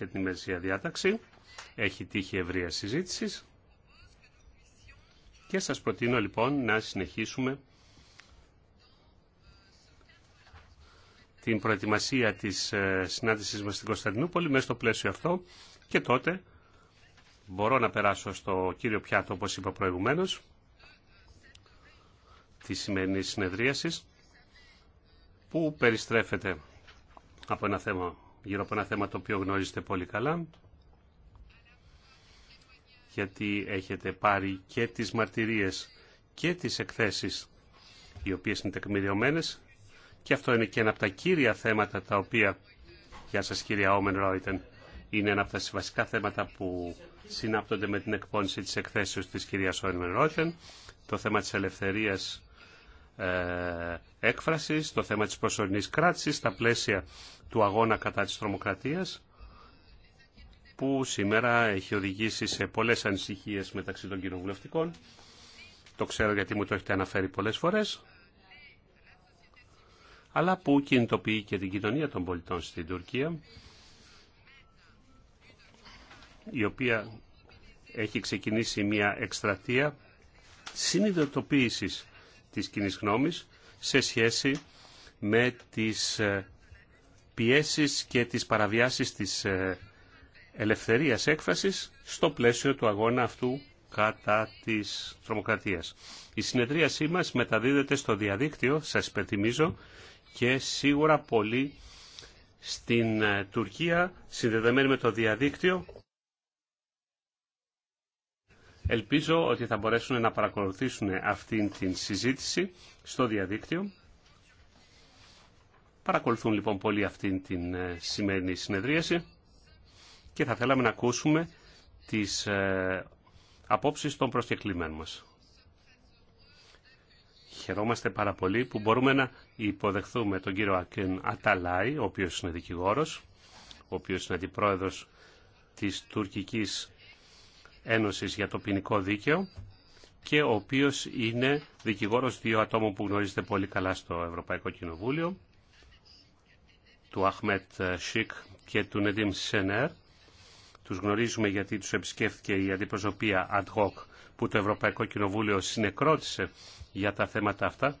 και την ημερησία διάταξη. Έχει τύχει ευρεία συζήτηση. Και σας προτείνω λοιπόν να συνεχίσουμε την προετοιμασία της ε, συνάντησης μας στην Κωνσταντινούπολη μέσα στο πλαίσιο αυτό και τότε μπορώ να περάσω στο κύριο πιάτο όπως είπα προηγουμένως τη σημερινή συνεδρίασης που περιστρέφεται από ένα θέμα γύρω από ένα θέμα το οποίο γνωρίζετε πολύ καλά γιατί έχετε πάρει και τις μαρτυρίες και τις εκθέσεις οι οποίες είναι τεκμηριωμένες και αυτό είναι και ένα από τα κύρια θέματα τα οποία για σας κυρία Όμεν Ρόιτεν είναι ένα από τα βασικά θέματα που συνάπτονται με την εκπόνηση της εκθέσεως της κυρίας Όμεν Ρόιτεν το θέμα της ελευθερίας ε, έκφρασης, το θέμα της προσωρινής κράτησης στα πλαίσια του αγώνα κατά της τρομοκρατίας που σήμερα έχει οδηγήσει σε πολλές ανησυχίες μεταξύ των κοινοβουλευτικών. Το ξέρω γιατί μου το έχετε αναφέρει πολλές φορές. Αλλά που κινητοποιεί και την κοινωνία των πολιτών στην Τουρκία η οποία έχει ξεκινήσει μια εκστρατεία συνειδητοποίησης της κοινή γνώμης σε σχέση με τις ε, πιέσεις και τις παραβιάσεις της ε, ελευθερίας έκφρασης στο πλαίσιο του αγώνα αυτού κατά της τρομοκρατίας. Η συνεδρίασή μας μεταδίδεται στο διαδίκτυο, σας υπενθυμίζω, και σίγουρα πολύ στην ε, Τουρκία συνδεδεμένη με το διαδίκτυο Ελπίζω ότι θα μπορέσουν να παρακολουθήσουν αυτήν την συζήτηση στο διαδίκτυο. Παρακολουθούν λοιπόν πολύ αυτήν την ε, σημερινή συνεδρίαση και θα θέλαμε να ακούσουμε τις ε, απόψεις των προσκεκλημένων μας. Χαιρόμαστε πάρα πολύ που μπορούμε να υποδεχθούμε τον κύριο Ακέν Αταλάη, ο οποίος είναι δικηγόρος, ο οποίος είναι αντιπρόεδρος της τουρκικής Ένωσης για το Ποινικό Δίκαιο και ο οποίος είναι δικηγόρος δύο ατόμων που γνωρίζετε πολύ καλά στο Ευρωπαϊκό Κοινοβούλιο, του Αχμέτ ε, Σίκ και του Νεδίμ Σενέρ. Τους γνωρίζουμε γιατί τους επισκέφθηκε η αντιπροσωπεία ad hoc που το Ευρωπαϊκό Κοινοβούλιο συνεκρότησε για τα θέματα αυτά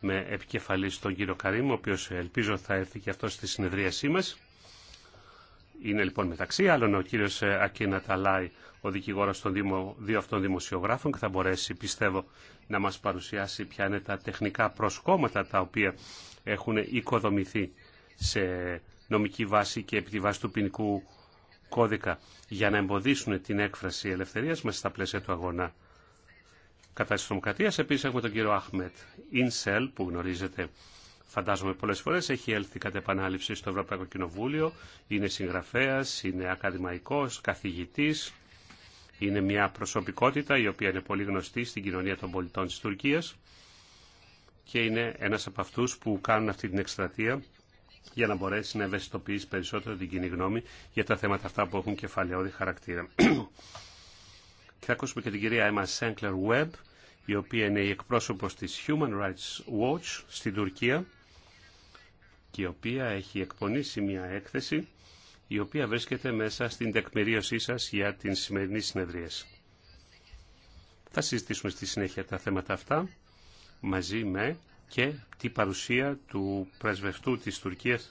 με επικεφαλής τον κύριο Καρύμ, ο οποίος ε, ελπίζω θα έρθει και αυτό στη συνεδρίασή μας. Είναι λοιπόν μεταξύ άλλων ο κύριο ε, Ακίνα Ταλάη, ο δικηγόρο των δύο αυτών δημοσιογράφων και θα μπορέσει πιστεύω να μα παρουσιάσει ποια είναι τα τεχνικά προσκόμματα τα οποία έχουν οικοδομηθεί σε νομική βάση και επί τη βάση του ποινικού κώδικα για να εμποδίσουν την έκφραση ελευθερία μέσα στα πλαίσια του αγώνα κατά τη τρομοκρατία. Επίση έχουμε τον κύριο Αχμέτ Ινσελ που γνωρίζετε φαντάζομαι πολλέ φορέ έχει έλθει κατ' επανάληψη στο Ευρωπαϊκό Κοινοβούλιο, είναι συγγραφέα, είναι ακαδημαϊκός, Καθηγητή, είναι μια προσωπικότητα η οποία είναι πολύ γνωστή στην κοινωνία των πολιτών τη Τουρκία και είναι ένας από αυτούς που κάνουν αυτή την εκστρατεία για να μπορέσει να ευαισθητοποιήσει περισσότερο την κοινή γνώμη για τα θέματα αυτά που έχουν κεφαλαιόδη χαρακτήρα. και θα ακούσουμε και την κυρία Emma Sankler Webb, η οποία είναι η εκπρόσωπος της Human Rights Watch στην Τουρκία και η οποία έχει εκπονήσει μια έκθεση η οποία βρίσκεται μέσα στην τεκμηρίωσή σας για την σημερινή συνεδρία. Θα συζητήσουμε στη συνέχεια τα θέματα αυτά μαζί με και την παρουσία του πρεσβευτού της Τουρκίας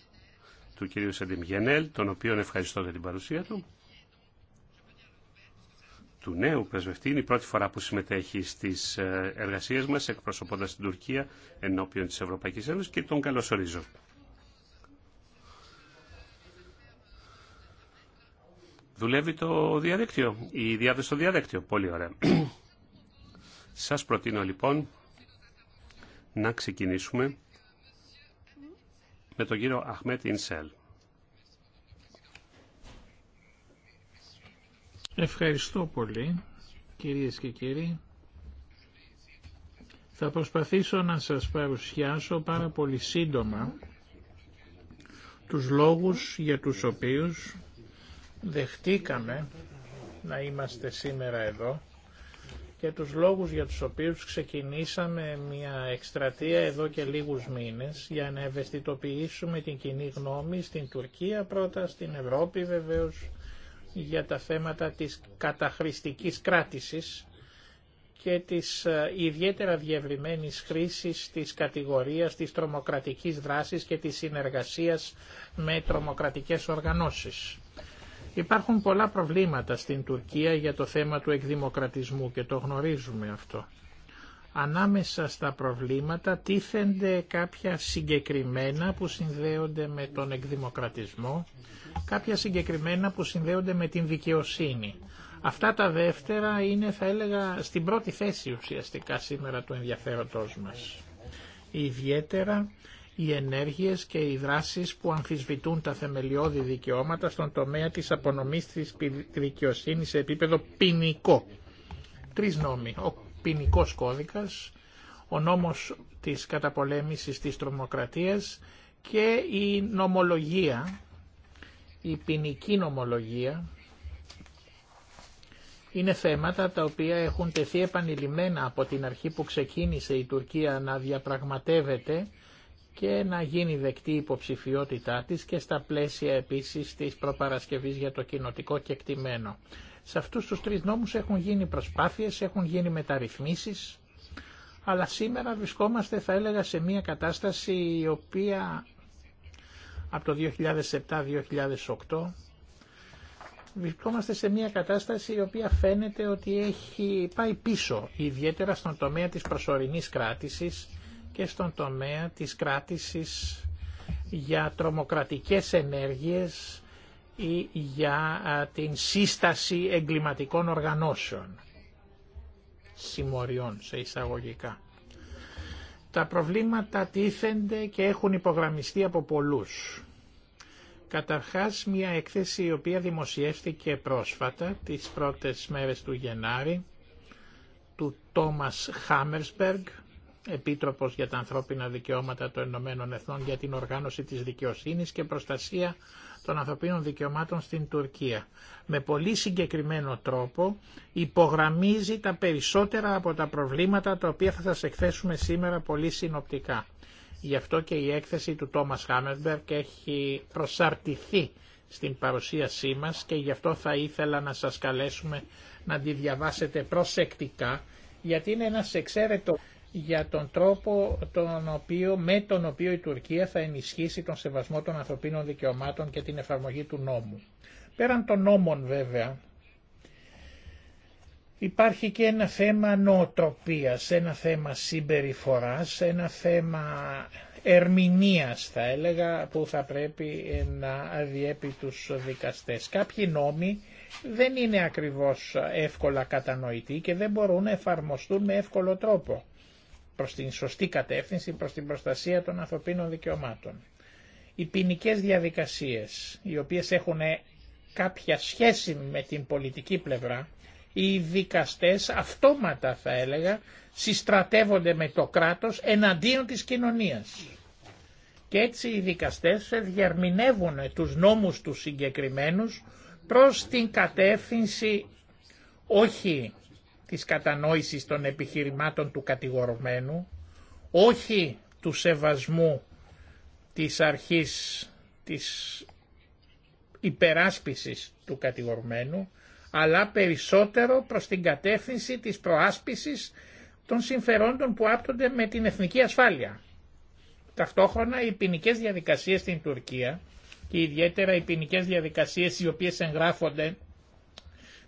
του κυρίου Σαντιμ Γενέλ, τον οποίον ευχαριστώ για την παρουσία του. Του νέου πρεσβευτή είναι η πρώτη φορά που συμμετέχει στις ε, εργασίες μας εκπροσωπώντας την Τουρκία ενώπιον της Ευρωπαϊκής Ένωσης και τον καλωσορίζω. Δουλεύει το διαδίκτυο, η διάδοση στο διαδίκτυο. Πολύ ωραία. Σας προτείνω λοιπόν να ξεκινήσουμε με τον κύριο Αχμέτ Ινσέλ. Ευχαριστώ πολύ, κυρίες και κύριοι. Θα προσπαθήσω να σας παρουσιάσω πάρα πολύ σύντομα τους λόγους για τους οποίους δεχτήκαμε να είμαστε σήμερα εδώ και τους λόγους για τους οποίους ξεκινήσαμε μια εκστρατεία εδώ και λίγους μήνες για να ευαισθητοποιήσουμε την κοινή γνώμη στην Τουρκία πρώτα, στην Ευρώπη βεβαίως για τα θέματα της καταχρηστικής κράτησης και της ε, ιδιαίτερα διευρυμένης χρήσης της κατηγορίας της τρομοκρατικής δράσης και της συνεργασίας με τρομοκρατικές οργανώσεις. Υπάρχουν πολλά προβλήματα στην Τουρκία για το θέμα του εκδημοκρατισμού και το γνωρίζουμε αυτό. Ανάμεσα στα προβλήματα τίθενται κάποια συγκεκριμένα που συνδέονται με τον εκδημοκρατισμό, κάποια συγκεκριμένα που συνδέονται με την δικαιοσύνη. Αυτά τα δεύτερα είναι, θα έλεγα, στην πρώτη θέση ουσιαστικά σήμερα του ενδιαφέροντός μας. Ιδιαίτερα οι ενέργειες και οι δράσεις που αμφισβητούν τα θεμελιώδη δικαιώματα στον τομέα της απονομής της δικαιοσύνη σε επίπεδο ποινικό. Τρεις νόμοι. Ο ποινικό κώδικας, ο νόμος της καταπολέμησης της τρομοκρατίας και η νομολογία, η ποινική νομολογία, είναι θέματα τα οποία έχουν τεθεί επανειλημμένα από την αρχή που ξεκίνησε η Τουρκία να διαπραγματεύεται και να γίνει δεκτή η υποψηφιότητά της και στα πλαίσια επίσης της προπαρασκευής για το κοινοτικό κεκτημένο. Σε αυτούς τους τρεις νόμους έχουν γίνει προσπάθειες, έχουν γίνει μεταρρυθμίσεις, αλλά σήμερα βρισκόμαστε θα έλεγα σε μια κατάσταση η οποία από το 2007-2008 βρισκόμαστε σε μια κατάσταση η οποία φαίνεται ότι έχει πάει πίσω, ιδιαίτερα στον τομέα της προσωρινής κράτησης, και στον τομέα της κράτησης για τρομοκρατικές ενέργειες ή για την σύσταση εγκληματικών οργανώσεων, συμμοριών σε εισαγωγικά. Τα προβλήματα τίθενται και έχουν υπογραμμιστεί από πολλούς. Καταρχάς μια έκθεση η οποία δημοσιεύτηκε πρόσφατα τις πρώτες μέρες του Γενάρη του Τόμας Χάμερσπεργκ, Επίτροπος για τα Ανθρώπινα Δικαιώματα των Ηνωμένων Εθνών για την Οργάνωση της Δικαιοσύνης και Προστασία των Ανθρωπίνων Δικαιωμάτων στην Τουρκία. Με πολύ συγκεκριμένο τρόπο υπογραμμίζει τα περισσότερα από τα προβλήματα τα οποία θα σας εκθέσουμε σήμερα πολύ συνοπτικά. Γι' αυτό και η έκθεση του Τόμας Χάμερμπερκ έχει προσαρτηθεί στην παρουσίασή μας και γι' αυτό θα ήθελα να σας καλέσουμε να τη διαβάσετε προσεκτικά γιατί είναι ένας εξαίρετο για τον τρόπο τον οποίο, με τον οποίο η Τουρκία θα ενισχύσει τον σεβασμό των ανθρωπίνων δικαιωμάτων και την εφαρμογή του νόμου. Πέραν των νόμων βέβαια, Υπάρχει και ένα θέμα νοοτροπίας, ένα θέμα συμπεριφοράς, ένα θέμα ερμηνείας θα έλεγα που θα πρέπει να διέπει τους δικαστές. Κάποιοι νόμοι δεν είναι ακριβώς εύκολα κατανοητοί και δεν μπορούν να εφαρμοστούν με εύκολο τρόπο προς την σωστή κατεύθυνση, προς την προστασία των ανθρωπίνων δικαιωμάτων. Οι ποινικέ διαδικασίες, οι οποίες έχουν κάποια σχέση με την πολιτική πλευρά, οι δικαστές αυτόματα θα έλεγα συστρατεύονται με το κράτος εναντίον της κοινωνίας. Και έτσι οι δικαστές διαρμηνεύουν τους νόμους τους συγκεκριμένους προς την κατεύθυνση όχι της κατανόησης των επιχειρημάτων του κατηγορουμένου, όχι του σεβασμού της αρχής της υπεράσπισης του κατηγορουμένου, αλλά περισσότερο προς την κατεύθυνση της προάσπισης των συμφερόντων που άπτονται με την εθνική ασφάλεια. Ταυτόχρονα οι ποινικέ διαδικασίες στην Τουρκία και ιδιαίτερα οι ποινικέ διαδικασίες οι οποίες εγγράφονται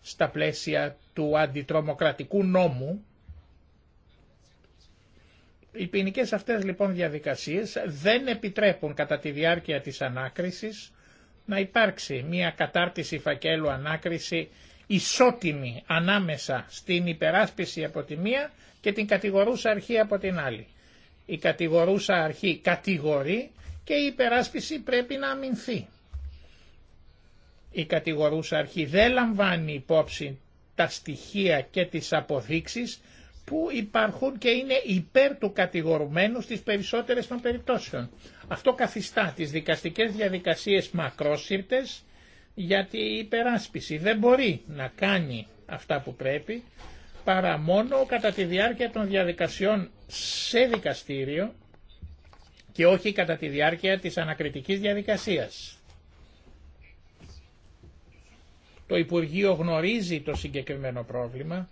στα πλαίσια του αντιτρομοκρατικού νόμου. Οι ποινικέ αυτές λοιπόν διαδικασίες δεν επιτρέπουν κατά τη διάρκεια της ανάκρισης να υπάρξει μια κατάρτιση φακέλου ανάκριση ισότιμη ανάμεσα στην υπεράσπιση από τη μία και την κατηγορούσα αρχή από την άλλη. Η κατηγορούσα αρχή κατηγορεί και η υπεράσπιση πρέπει να αμυνθεί η κατηγορούσα αρχή δεν λαμβάνει υπόψη τα στοιχεία και τις αποδείξεις που υπάρχουν και είναι υπέρ του κατηγορουμένου στις περισσότερες των περιπτώσεων. Αυτό καθιστά τις δικαστικές διαδικασίες μακρόσυρτες γιατί η υπεράσπιση δεν μπορεί να κάνει αυτά που πρέπει παρά μόνο κατά τη διάρκεια των διαδικασιών σε δικαστήριο και όχι κατά τη διάρκεια της ανακριτικής διαδικασίας. Το Υπουργείο γνωρίζει το συγκεκριμένο πρόβλημα.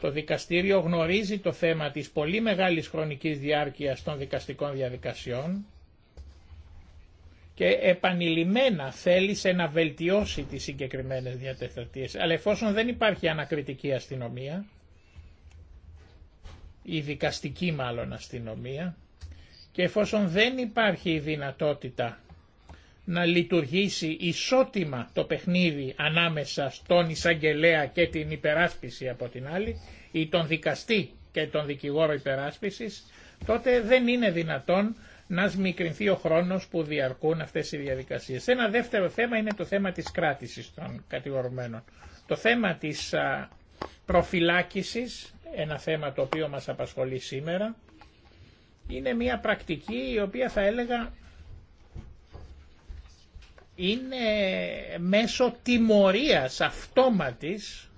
Το δικαστήριο γνωρίζει το θέμα της πολύ μεγάλης χρονικής διάρκειας των δικαστικών διαδικασιών και επανειλημμένα θέλησε να βελτιώσει τις συγκεκριμένες διατεθατίες. Αλλά εφόσον δεν υπάρχει ανακριτική αστυνομία, η δικαστική μάλλον αστυνομία, και εφόσον δεν υπάρχει η δυνατότητα να λειτουργήσει ισότιμα το παιχνίδι ανάμεσα στον εισαγγελέα και την υπεράσπιση από την άλλη ή τον δικαστή και τον δικηγόρο υπεράσπισης, τότε δεν είναι δυνατόν να σμικρινθεί ο χρόνος που διαρκούν αυτές οι διαδικασίες. Ένα δεύτερο θέμα είναι το θέμα της κράτησης των κατηγορουμένων. Το θέμα της προφυλάκησης, ένα θέμα το οποίο μας απασχολεί σήμερα, είναι μια πρακτική η οποία θα έλεγα είναι μέσω τιμωρίας αυτόματης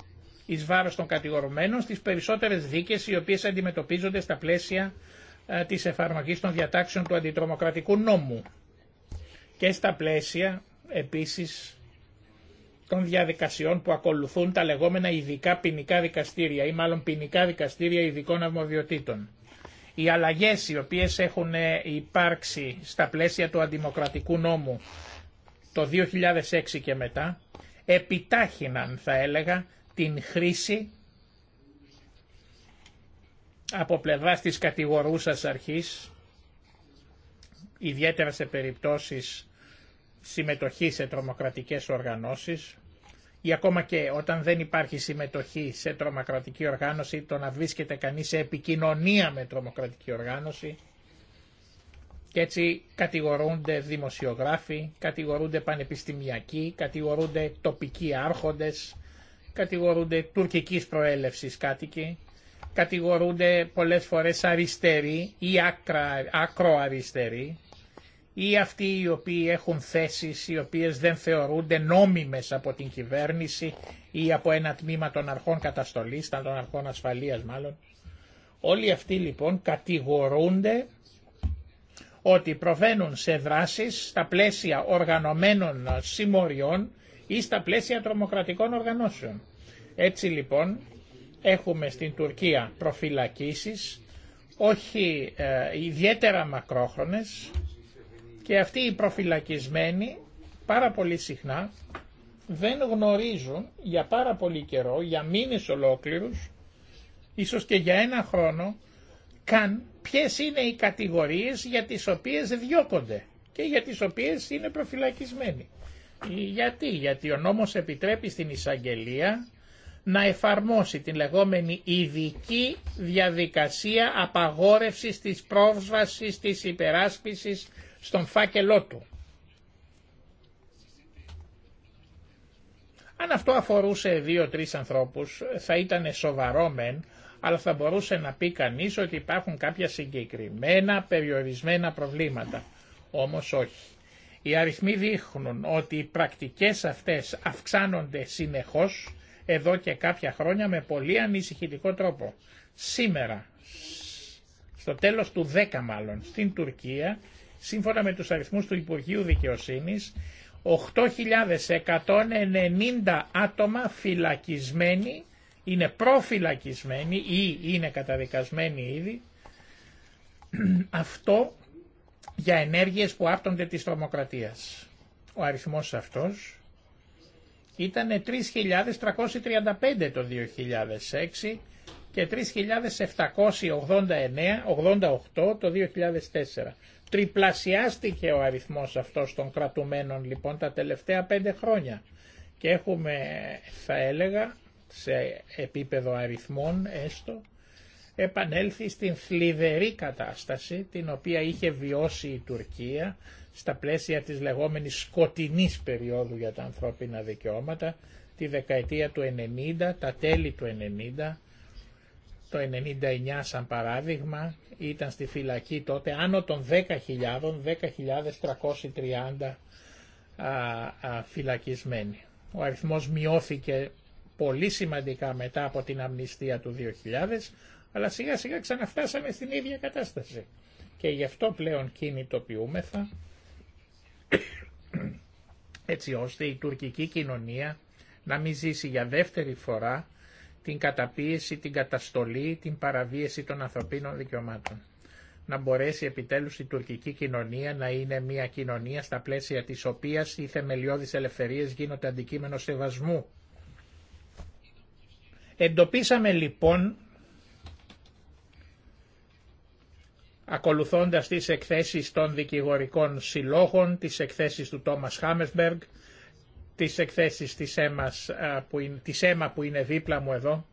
εις βάρος των κατηγορουμένων στις περισσότερες δίκες οι οποίες αντιμετωπίζονται στα πλαίσια ε, της εφαρμογής των διατάξεων του αντιτρομοκρατικού νόμου και στα πλαίσια επίσης των διαδικασιών που ακολουθούν τα λεγόμενα ειδικά ποινικά δικαστήρια ή μάλλον ποινικά δικαστήρια ειδικών αρμοδιοτήτων. Οι αλλαγές οι οποίες έχουν ε, υπάρξει στα πλαίσια του αντιμοκρατικού νόμου το 2006 και μετά επιτάχυναν θα έλεγα την χρήση από πλευράς της κατηγορούσας αρχής ιδιαίτερα σε περιπτώσεις συμμετοχή σε τρομοκρατικές οργανώσεις ή ακόμα και όταν δεν υπάρχει συμμετοχή σε τρομοκρατική οργάνωση το να βρίσκεται κανείς σε επικοινωνία με τρομοκρατική οργάνωση και έτσι κατηγορούνται δημοσιογράφοι, κατηγορούνται πανεπιστημιακοί, κατηγορούνται τοπικοί άρχοντες, κατηγορούνται τουρκικής προέλευσης κάτοικοι, κατηγορούνται πολλές φορές αριστεροί ή ακροαριστεροί ή αυτοί οι οποίοι έχουν θέσεις οι οποίες δεν θεωρούνται νόμιμες από την κυβέρνηση ή από ένα τμήμα των αρχών καταστολής, των αρχών ασφαλείας μάλλον. Όλοι αυτοί λοιπόν κατηγορούνται ότι προβαίνουν σε δράσεις στα πλαίσια οργανωμένων συμμοριών ή στα πλαίσια τρομοκρατικών οργανώσεων. Έτσι λοιπόν έχουμε στην Τουρκία προφυλακίσεις, όχι ε, ιδιαίτερα μακρόχρονες και αυτοί οι προφυλακισμένοι πάρα πολύ συχνά δεν γνωρίζουν για πάρα πολύ καιρό, για μήνες ολόκληρους, ίσως και για ένα χρόνο, καν ποιες είναι οι κατηγορίες για τις οποίες διώκονται και για τις οποίες είναι προφυλακισμένοι. Γιατί, γιατί ο νόμος επιτρέπει στην εισαγγελία να εφαρμόσει την λεγόμενη ειδική διαδικασία απαγόρευσης της πρόσβασης της υπεράσπισης στον φάκελό του. Αν αυτό αφορούσε δύο-τρεις ανθρώπους θα ήταν σοβαρό αλλά θα μπορούσε να πει κανείς ότι υπάρχουν κάποια συγκεκριμένα περιορισμένα προβλήματα. Όμως όχι. Οι αριθμοί δείχνουν ότι οι πρακτικές αυτές αυξάνονται συνεχώς εδώ και κάποια χρόνια με πολύ ανησυχητικό τρόπο. Σήμερα, στο τέλος του 10 μάλλον, στην Τουρκία, σύμφωνα με τους αριθμούς του Υπουργείου Δικαιοσύνης, 8.190 άτομα φυλακισμένοι είναι προφυλακισμένοι ή είναι καταδικασμένοι ήδη, αυτό για ενέργειες που άπτονται της τρομοκρατίας. Ο αριθμός αυτός ήταν 3.335 το 2006 και 3.789-88 το 2004. Τριπλασιάστηκε ο αριθμός αυτός των κρατουμένων λοιπόν τα τελευταία πέντε χρόνια και έχουμε θα έλεγα σε επίπεδο αριθμών έστω, επανέλθει στην θλιβερή κατάσταση την οποία είχε βιώσει η Τουρκία στα πλαίσια της λεγόμενης σκοτεινής περίοδου για τα ανθρώπινα δικαιώματα τη δεκαετία του 90, τα τέλη του 90, το 99 σαν παράδειγμα ήταν στη φυλακή τότε άνω των 10.000, 10.330 φυλακισμένοι. Ο αριθμός μειώθηκε πολύ σημαντικά μετά από την αμνηστία του 2000, αλλά σιγά σιγά ξαναφτάσαμε στην ίδια κατάσταση. Και γι' αυτό πλέον κινητοποιούμεθα έτσι ώστε η τουρκική κοινωνία να μην ζήσει για δεύτερη φορά την καταπίεση, την καταστολή, την παραβίαση των ανθρωπίνων δικαιωμάτων. Να μπορέσει επιτέλους η τουρκική κοινωνία να είναι μια κοινωνία στα πλαίσια της οποίας οι θεμελιώδεις ελευθερίες γίνονται αντικείμενο σεβασμού Εντοπίσαμε λοιπόν, ακολουθώντας τις εκθέσεις των δικηγορικών συλλόγων, τις εκθέσεις του Τόμας Χάμεσμπεργκ, τις εκθέσεις της, που είναι, ΕΜΑ που είναι δίπλα μου εδώ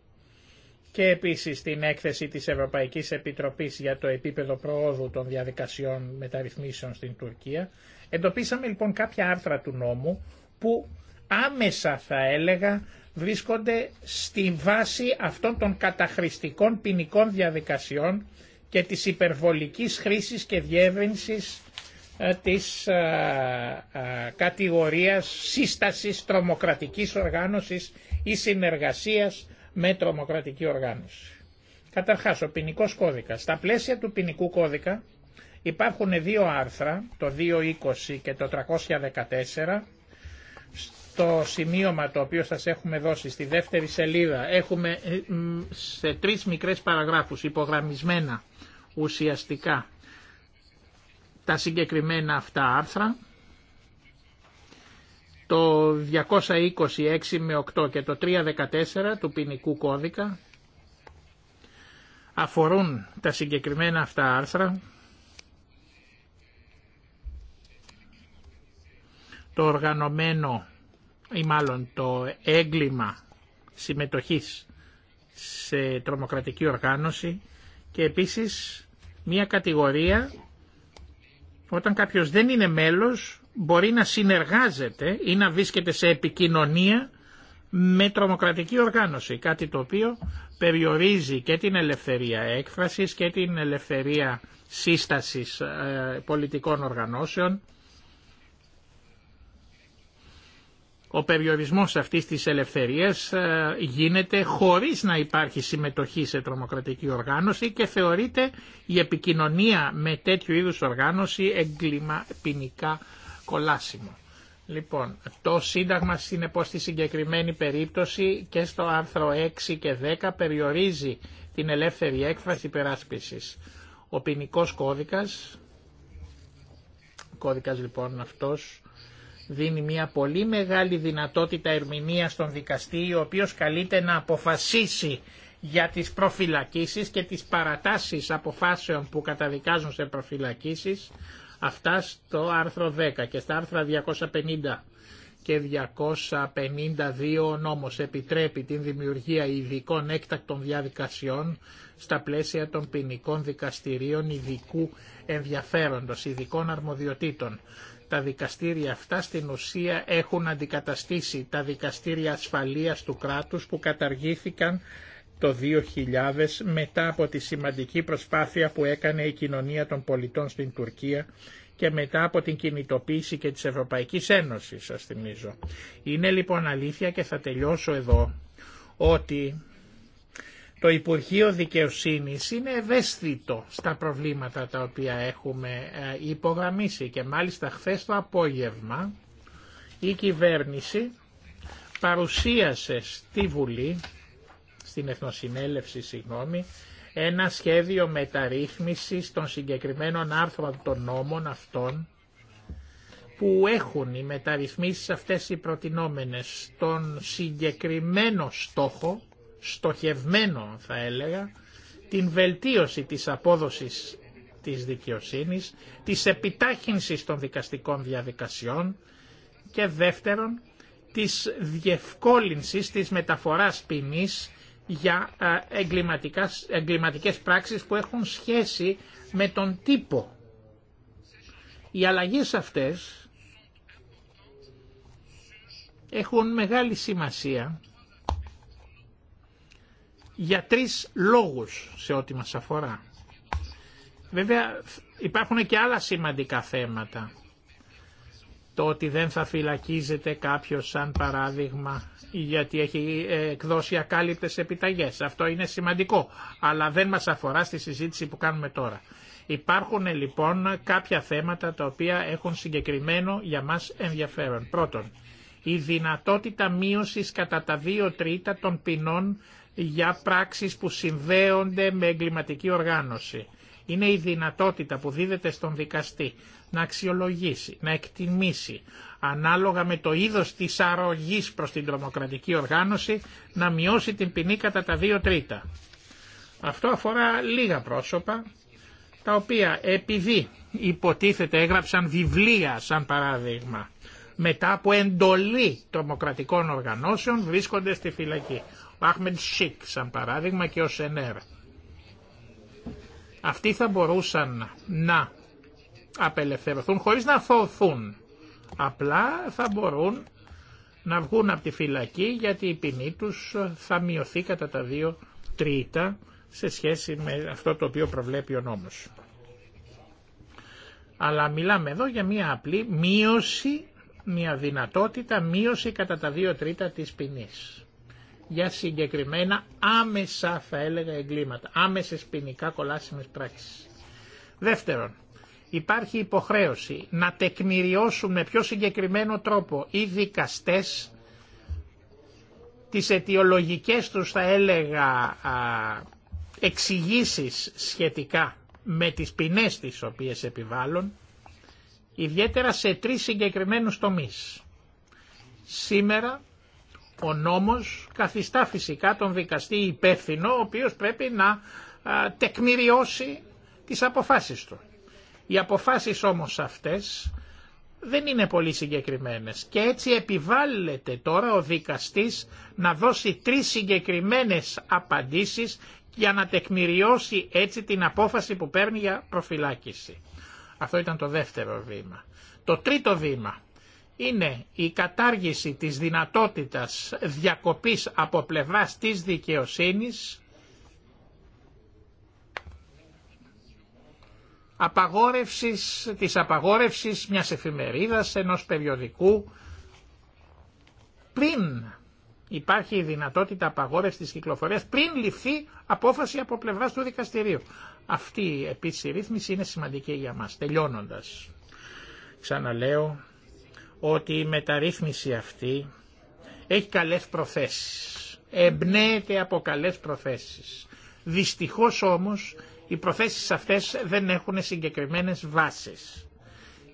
και επίσης την έκθεση της Ευρωπαϊκής Επιτροπής για το επίπεδο προόδου των διαδικασιών μεταρρυθμίσεων στην Τουρκία, εντοπίσαμε λοιπόν κάποια άρθρα του νόμου που άμεσα θα έλεγα βρίσκονται στη βάση αυτών των καταχρηστικών ποινικών διαδικασιών και της υπερβολικής χρήσης και διεύρυνσης ε, της ε, ε, κατηγορίας σύστασης τρομοκρατικής οργάνωσης ή συνεργασίας με τρομοκρατική οργάνωση. Καταρχάς, ο ποινικό κώδικας. Στα πλαίσια του ποινικού κώδικα υπάρχουν δύο άρθρα, το 220 και το 314, το σημείωμα το οποίο σας έχουμε δώσει στη δεύτερη σελίδα έχουμε ε, σε τρεις μικρές παραγράφους υπογραμμισμένα ουσιαστικά τα συγκεκριμένα αυτά άρθρα το 226 με 8 και το 314 του ποινικού κώδικα αφορούν τα συγκεκριμένα αυτά άρθρα το οργανωμένο ή μάλλον το έγκλημα συμμετοχής σε τρομοκρατική οργάνωση και επίσης μια κατηγορία όταν κάποιος δεν είναι μέλος μπορεί να συνεργάζεται ή να βρίσκεται σε επικοινωνία με τρομοκρατική οργάνωση, κάτι το οποίο περιορίζει και την ελευθερία έκφρασης και την ελευθερία σύστασης ε, πολιτικών οργανώσεων Ο περιορισμός αυτής της ελευθερίας ε, γίνεται χωρίς να υπάρχει συμμετοχή σε τρομοκρατική οργάνωση και θεωρείται η επικοινωνία με τέτοιου είδους οργάνωση έγκλημα ποινικά κολάσιμο. Λοιπόν, το Σύνταγμα συνεπώς στη συγκεκριμένη περίπτωση και στο άρθρο 6 και 10 περιορίζει την ελεύθερη έκφραση υπεράσπισης. Ο ποινικό κώδικας, κώδικας λοιπόν αυτός, δίνει μια πολύ μεγάλη δυνατότητα ερμηνεία στον δικαστή, ο οποίος καλείται να αποφασίσει για τις προφυλακίσεις και τις παρατάσεις αποφάσεων που καταδικάζουν σε προφυλακίσεις, αυτά στο άρθρο 10 και στα άρθρα 250 και 252 ο νόμος επιτρέπει την δημιουργία ειδικών έκτακτων διαδικασιών στα πλαίσια των ποινικών δικαστηρίων ειδικού ενδιαφέροντος, ειδικών αρμοδιοτήτων τα δικαστήρια αυτά στην ουσία έχουν αντικαταστήσει τα δικαστήρια ασφαλείας του κράτους που καταργήθηκαν το 2000 μετά από τη σημαντική προσπάθεια που έκανε η κοινωνία των πολιτών στην Τουρκία και μετά από την κινητοποίηση και της Ευρωπαϊκής Ένωσης, σας θυμίζω. Είναι λοιπόν αλήθεια και θα τελειώσω εδώ ότι το Υπουργείο Δικαιοσύνης είναι ευαίσθητο στα προβλήματα τα οποία έχουμε ε, υπογραμμίσει και μάλιστα χθες το απόγευμα η κυβέρνηση παρουσίασε στη Βουλή, στην Εθνοσυνέλευση συγγνώμη, ένα σχέδιο μεταρρύθμισης των συγκεκριμένων άρθρων των νόμων αυτών που έχουν οι μεταρρυθμίσεις αυτές οι προτινόμενες στον συγκεκριμένο στόχο στοχευμένο θα έλεγα, την βελτίωση της απόδοσης της δικαιοσύνης, της επιτάχυνσης των δικαστικών διαδικασιών και δεύτερον της διευκόλυνσης της μεταφοράς ποινή για εγκληματικές πράξεις που έχουν σχέση με τον τύπο. Οι αλλαγές αυτές έχουν μεγάλη σημασία για τρεις λόγους σε ό,τι μας αφορά. Βέβαια υπάρχουν και άλλα σημαντικά θέματα. Το ότι δεν θα φυλακίζεται κάποιος σαν παράδειγμα γιατί έχει ε, εκδώσει ακάλυπτες επιταγές. Αυτό είναι σημαντικό, αλλά δεν μας αφορά στη συζήτηση που κάνουμε τώρα. Υπάρχουν λοιπόν κάποια θέματα τα οποία έχουν συγκεκριμένο για μας ενδιαφέρον. Πρώτον, η δυνατότητα μείωσης κατά τα δύο τρίτα των ποινών για πράξεις που συνδέονται με εγκληματική οργάνωση. Είναι η δυνατότητα που δίδεται στον δικαστή να αξιολογήσει, να εκτιμήσει, ανάλογα με το είδος της αρρωγής προς την τρομοκρατική οργάνωση, να μειώσει την ποινή κατά τα δύο τρίτα. Αυτό αφορά λίγα πρόσωπα, τα οποία επειδή υποτίθεται έγραψαν βιβλία σαν παράδειγμα, μετά από εντολή τρομοκρατικών οργανώσεων βρίσκονται στη φυλακή. Αχμεντ Σίκ σαν παράδειγμα και ο Σενέρ. Αυτοί θα μπορούσαν να απελευθερωθούν χωρίς να θωθούν. Απλά θα μπορούν να βγουν από τη φυλακή γιατί η ποινή τους θα μειωθεί κατά τα δύο τρίτα σε σχέση με αυτό το οποίο προβλέπει ο νόμος. Αλλά μιλάμε εδώ για μία απλή μείωση, μία δυνατότητα μείωση κατά τα δύο τρίτα της ποινής για συγκεκριμένα άμεσα θα έλεγα εγκλήματα, άμεσες ποινικά κολάσιμες πράξεις. Δεύτερον, υπάρχει υποχρέωση να τεκμηριώσουν με πιο συγκεκριμένο τρόπο οι δικαστές τις αιτιολογικές τους θα έλεγα α, εξηγήσεις σχετικά με τις ποινές τις οποίες επιβάλλουν, ιδιαίτερα σε τρεις συγκεκριμένους τομείς. Σήμερα ο νόμος καθιστά φυσικά τον δικαστή υπεύθυνο, ο οποίος πρέπει να τεκμηριώσει τις αποφάσεις του. Οι αποφάσεις όμως αυτές δεν είναι πολύ συγκεκριμένες και έτσι επιβάλλεται τώρα ο δικαστής να δώσει τρεις συγκεκριμένες απαντήσεις για να τεκμηριώσει έτσι την απόφαση που παίρνει για προφυλάκηση. Αυτό ήταν το δεύτερο βήμα. Το τρίτο βήμα είναι η κατάργηση της δυνατότητας διακοπής από πλευράς της δικαιοσύνης απαγόρευσης, της απαγόρευσης μιας εφημερίδας, ενός περιοδικού πριν υπάρχει η δυνατότητα απαγόρευσης της κυκλοφορίας πριν ληφθεί απόφαση από πλευράς του δικαστηρίου. Αυτή επίσης η ρύθμιση είναι σημαντική για μας. Τελειώνοντας, ξαναλέω ότι η μεταρρύθμιση αυτή έχει καλές προθέσεις. Εμπνέεται από καλές προθέσεις. Δυστυχώς όμως οι προθέσεις αυτές δεν έχουν συγκεκριμένες βάσεις.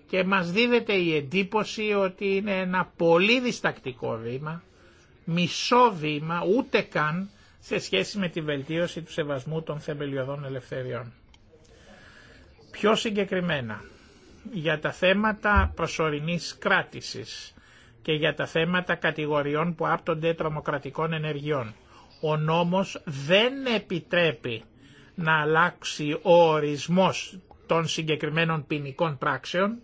Και μας δίδεται η εντύπωση ότι είναι ένα πολύ διστακτικό βήμα, μισό βήμα, ούτε καν σε σχέση με τη βελτίωση του σεβασμού των θεμελιωδών ελευθεριών. Πιο συγκεκριμένα, για τα θέματα προσωρινής κράτησης και για τα θέματα κατηγοριών που άπτονται τρομοκρατικών ενεργειών. Ο νόμος δεν επιτρέπει να αλλάξει ο ορισμός των συγκεκριμένων ποινικών πράξεων.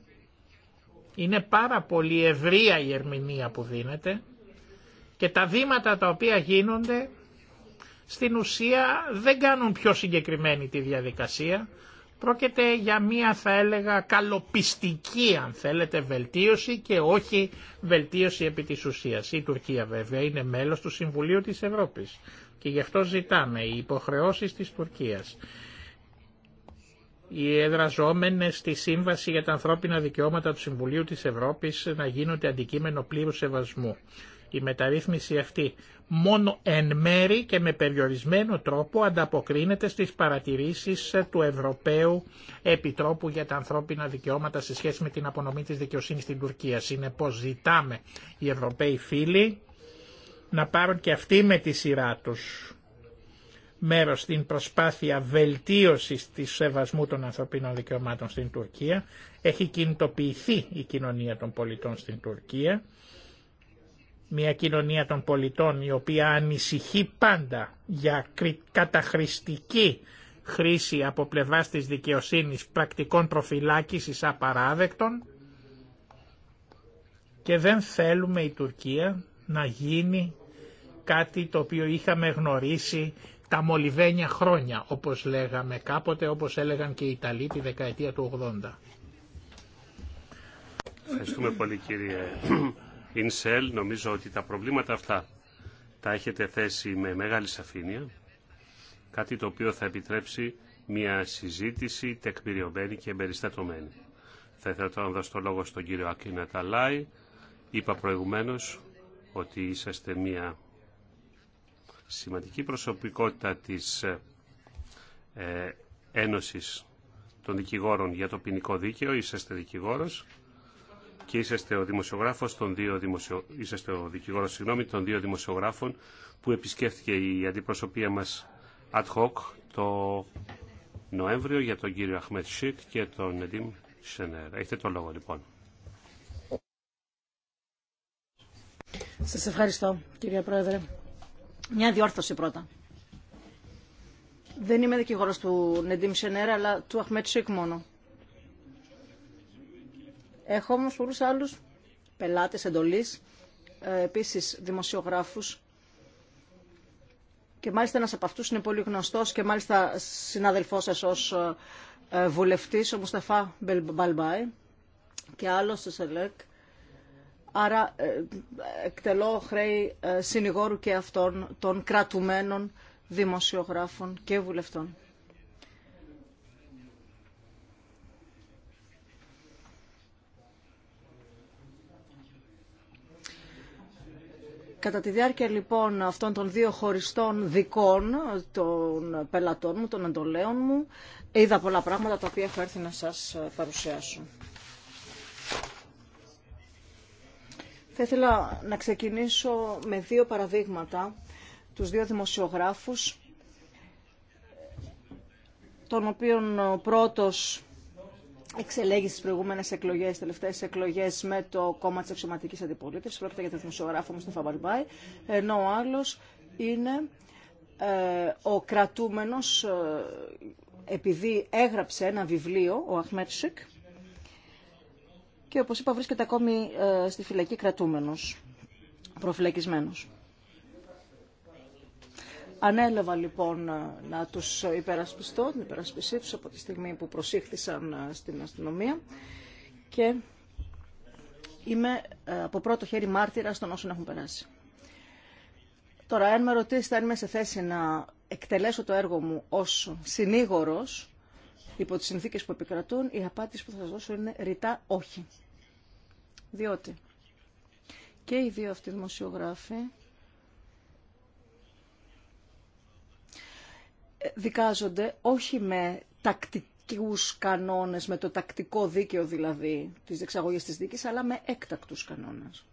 Είναι πάρα πολύ ευρία η ερμηνεία που δίνεται και τα βήματα τα οποία γίνονται στην ουσία δεν κάνουν πιο συγκεκριμένη τη διαδικασία, Πρόκειται για μία θα έλεγα καλοπιστική αν θέλετε βελτίωση και όχι βελτίωση επί της ουσίας. Η Τουρκία βέβαια είναι μέλος του Συμβουλίου της Ευρώπης και γι' αυτό ζητάμε οι υποχρεώσεις της Τουρκίας. Οι εδραζόμενες στη Σύμβαση για τα Ανθρώπινα Δικαιώματα του Συμβουλίου της Ευρώπης να γίνονται αντικείμενο πλήρου σεβασμού. Η μεταρρύθμιση αυτή μόνο εν μέρη και με περιορισμένο τρόπο ανταποκρίνεται στις παρατηρήσεις ε, του Ευρωπαίου Επιτρόπου για τα ανθρώπινα δικαιώματα σε σχέση με την απονομή της δικαιοσύνης στην Τουρκία. Συνεπώς ζητάμε οι Ευρωπαίοι φίλοι να πάρουν και αυτοί με τη σειρά τους μέρος στην προσπάθεια βελτίωσης της σεβασμού των ανθρωπίνων δικαιωμάτων στην Τουρκία. Έχει κινητοποιηθεί η κοινωνία των πολιτών στην Τουρκία μια κοινωνία των πολιτών η οποία ανησυχεί πάντα για καταχρηστική χρήση από πλευράς της δικαιοσύνης πρακτικών προφυλάκησης απαράδεκτων και δεν θέλουμε η Τουρκία να γίνει κάτι το οποίο είχαμε γνωρίσει τα μολυβένια χρόνια, όπως λέγαμε κάποτε, όπως έλεγαν και οι Ιταλοί τη δεκαετία του 80. Ευχαριστούμε πολύ Ινσέλ, νομίζω ότι τα προβλήματα αυτά τα έχετε θέσει με μεγάλη σαφήνεια, κάτι το οποίο θα επιτρέψει μια συζήτηση τεκμηριωμένη και εμπεριστατωμένη. Θα ήθελα τώρα να δώσω το λόγο στον κύριο Ακίνα Ταλάη. Είπα προηγουμένως ότι είσαστε μια σημαντική προσωπικότητα της ε, Ένωσης των Δικηγόρων για το Ποινικό Δίκαιο. Είσαστε δικηγόρος και είσαστε ο δημοσιογράφος των δύο δημοσιο... είσαστε ο δικηγόρος συγγνώμη, των δύο δημοσιογράφων που επισκέφθηκε η αντιπροσωπεία μας ad hoc το Νοέμβριο για τον κύριο Αχμέτ Σιτ και τον Εντίμ Σενέρ. Έχετε το λόγο λοιπόν. Σας ευχαριστώ κύριε Πρόεδρε. Μια διόρθωση πρώτα. Δεν είμαι δικηγόρος του Νεντίμ Σενέρ αλλά του Αχμέτ Σίκ μόνο. Έχω όμως πολλούς άλλους πελάτες εντολής, ε, επίσης δημοσιογράφους και μάλιστα ένας από αυτούς είναι πολύ γνωστός και μάλιστα συναδελφός σας ως ε, βουλευτής, ο Μουσταφά Μπαλμπάη και άλλος στο ΣΕΛΕΚ. Άρα ε, εκτελώ χρέη συνηγόρου και αυτών των κρατουμένων δημοσιογράφων και βουλευτών. Κατά τη διάρκεια λοιπόν αυτών των δύο χωριστών δικών των πελατών μου, των εντολέων μου, είδα πολλά πράγματα τα οποία έχω έρθει να σας παρουσιάσω. Θα ήθελα να ξεκινήσω με δύο παραδείγματα, τους δύο δημοσιογράφους, τον οποίον ο πρώτος εξελέγει στι προηγούμενε εκλογέ, τι τελευταίε εκλογέ, με το κόμμα τη αξιωματική αντιπολίτευση. Πρόκειται για τον δημοσιογράφο στο Φαμπαρμπάι, Ενώ ο άλλο είναι ε, ο κρατούμενο, ε, επειδή έγραψε ένα βιβλίο, ο Αχμέτσικ και όπως είπα βρίσκεται ακόμη ε, στη φυλακή κρατούμενος, προφυλακισμένος. Ανέλαβα λοιπόν ε, να τους υπερασπιστώ, την υπερασπισή τους από τη στιγμή που προσήχθησαν ε, στην αστυνομία και είμαι ε, από πρώτο χέρι μάρτυρα των όσων έχουν περάσει. Τώρα, αν με ρωτήσετε αν είμαι σε θέση να εκτελέσω το έργο μου ως συνήγορος υπό τις συνθήκες που επικρατούν, η απάντηση που θα σας δώσω είναι ρητά όχι. Διότι και οι δύο αυτοί δημοσιογράφοι δικάζονται όχι με τακτικούς κανόνες, με το τακτικό δίκαιο δηλαδή της εξαγωγής της δίκης, αλλά με έκτακτους κανόνες,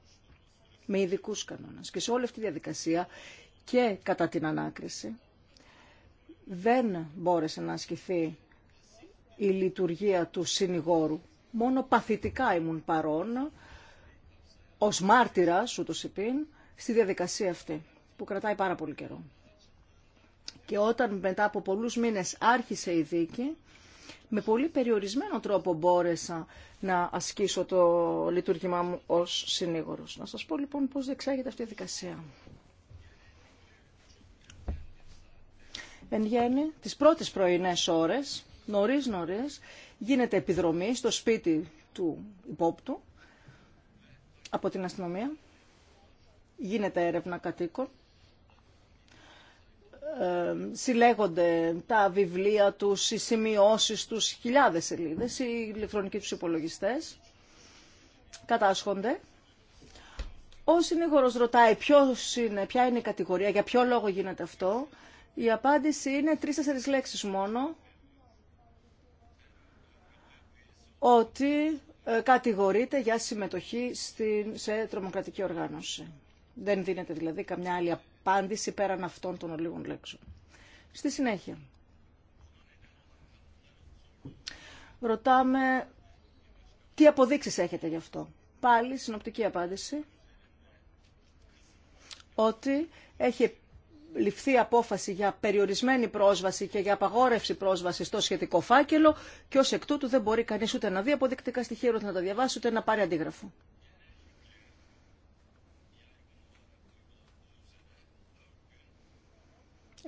με ειδικού κανόνες. Και σε όλη αυτή τη διαδικασία και κατά την ανάκριση δεν μπόρεσε να ασκηθεί η λειτουργία του συνηγόρου. Μόνο παθητικά ήμουν παρόν, ως μάρτυρας, ούτως υπήν, στη διαδικασία αυτή, που κρατάει πάρα πολύ καιρό. Και όταν μετά από πολλούς μήνες άρχισε η δίκη, με πολύ περιορισμένο τρόπο μπόρεσα να ασκήσω το λειτουργήμά μου ως συνήγορος. Να σας πω λοιπόν πώς διεξάγεται αυτή η δικασία. Εν γέννη, τις πρώτες πρωινές ώρες, νωρίς νωρίς, γίνεται επιδρομή στο σπίτι του υπόπτου από την αστυνομία. Γίνεται έρευνα κατοίκων συλλέγονται τα βιβλία τους, οι σημειώσεις τους, χιλιάδες σελίδες, οι ηλεκτρονικοί τους υπολογιστές κατάσχονται. Ο συνήγορος ρωτάει ποιος είναι, ποια είναι η κατηγορία, για ποιο λόγο γίνεται αυτό. Η απάντηση είναι τρεις-τέσσερις λέξεις μόνο. Ότι ε, κατηγορείται για συμμετοχή στην, σε τρομοκρατική οργάνωση. Δεν δίνεται δηλαδή καμιά άλλη απάντηση πέραν αυτών των ολίγων λέξεων. Στη συνέχεια. Ρωτάμε τι αποδείξεις έχετε γι' αυτό. Πάλι συνοπτική απάντηση ότι έχει ληφθεί απόφαση για περιορισμένη πρόσβαση και για απαγόρευση πρόσβαση στο σχετικό φάκελο και ως εκ τούτου δεν μπορεί κανείς ούτε να δει αποδεικτικά στοιχεία, ούτε να τα διαβάσει, ούτε να πάρει αντίγραφο.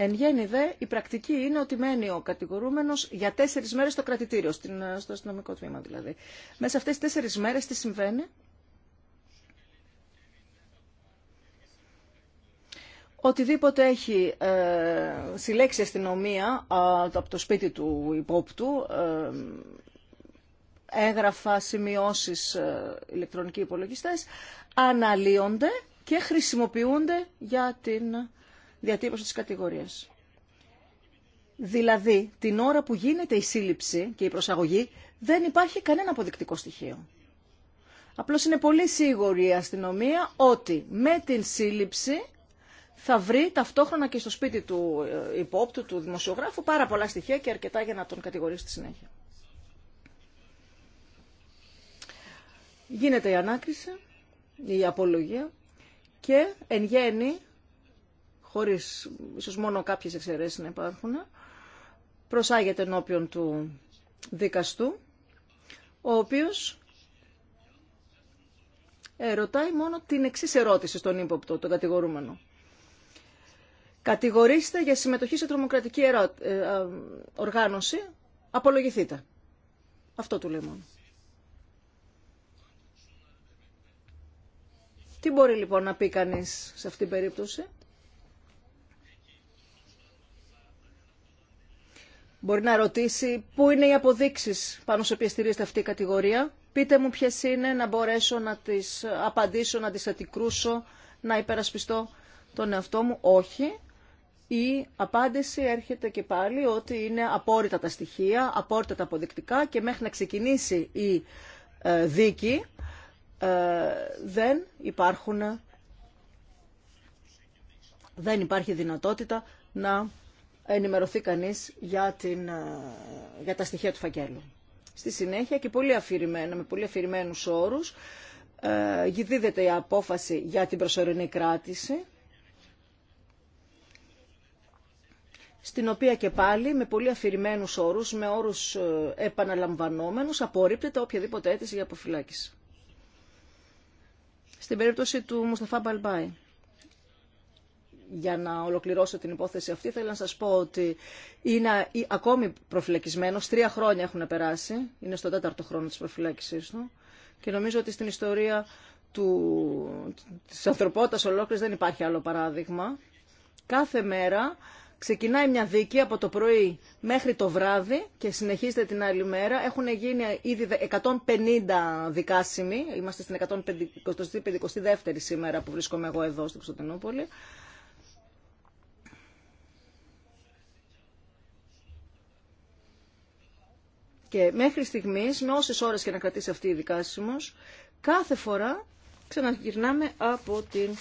Εν γέννη δε, η πρακτική είναι ότι μένει ο κατηγορούμενο για τέσσερι μέρε στο κρατητήριο, ε, στο αστυνομικό τμήμα δηλαδή. Μέσα αυτέ τι τέσσερι μέρε τι συμβαίνει. Οτιδήποτε έχει ε, συλλέξει αστυνομία από το σπίτι του υπόπτου, ε, έγραφα σημειώσεις, ε, ηλεκτρονικοί υπολογιστές, αναλύονται και χρησιμοποιούνται για την διατύπωση της κατηγορίας. Δηλαδή, την ώρα που γίνεται η σύλληψη και η προσαγωγή, δεν υπάρχει κανένα αποδεικτικό στοιχείο. Απλώς είναι πολύ σίγουρη η αστυνομία ότι με την σύλληψη θα βρει ταυτόχρονα και στο σπίτι του ε, υπόπτου, του δημοσιογράφου, πάρα πολλά στοιχεία και αρκετά για να τον κατηγορήσει στη συνέχεια. Γίνεται η ανάκριση, η απολογία και εν γέννη χωρίς ίσως μόνο κάποιες εξαιρέσεις να υπάρχουν, προσάγεται ενώπιον του δικαστού, ο οποίος ε, ρωτάει μόνο την εξή ερώτηση στον ύποπτο, τον κατηγορούμενο. Κατηγορήστε για συμμετοχή σε τρομοκρατική ε, οργάνωση, απολογηθείτε. Αυτό του λέει μόνο. Τι μπορεί λοιπόν να πει κανείς σε αυτήν την περίπτωση. Μπορεί να ρωτήσει πού είναι οι αποδείξεις πάνω σε οποίες στηρίζεται αυτή η κατηγορία. Πείτε μου ποιε είναι να μπορέσω να τις απαντήσω, να τις αντικρούσω, να υπερασπιστώ τον εαυτό μου. Όχι. Η απάντηση έρχεται και πάλι ότι είναι απόρριτα τα στοιχεία, απόρριτα τα αποδεικτικά και μέχρι να ξεκινήσει η ε, δίκη ε, δεν υπάρχουν δεν υπάρχει δυνατότητα να ενημερωθεί κανείς για, ε, για τα στοιχεία του φακέλου. Στη συνέχεια και πολύ αφηρημένα, με πολύ αφηρημένους όρους, ε, γιδίδεται η απόφαση για την προσωρινή κράτηση, στην οποία και πάλι με πολύ αφηρημένους όρους, με όρους ε, επαναλαμβανόμενους, απορρίπτεται οποιαδήποτε αίτηση για αποφυλάκηση. Στην περίπτωση του Μουσταφά Μπαλμπάη για να ολοκληρώσω την υπόθεση αυτή, θέλω να σας πω ότι είναι ακόμη προφυλακισμένος. Τρία χρόνια έχουν περάσει. Είναι στο τέταρτο χρόνο της προφυλάκησής του. Και νομίζω ότι στην ιστορία του, της ανθρωπότητας ολόκληρης δεν υπάρχει άλλο παράδειγμα. Κάθε μέρα ξεκινάει μια δίκη από το πρωί μέχρι το βράδυ και συνεχίζεται την άλλη μέρα. Έχουν γίνει ήδη 150 δικάσιμοι. Είμαστε στην 152η σήμερα που βρίσκομαι εγώ εδώ στην Κωνσταντινούπολη. Και μέχρι στιγμής, με όσε ώρες και να κρατήσει αυτή η δικάσιμος, κάθε φορά ξαναγυρνάμε από την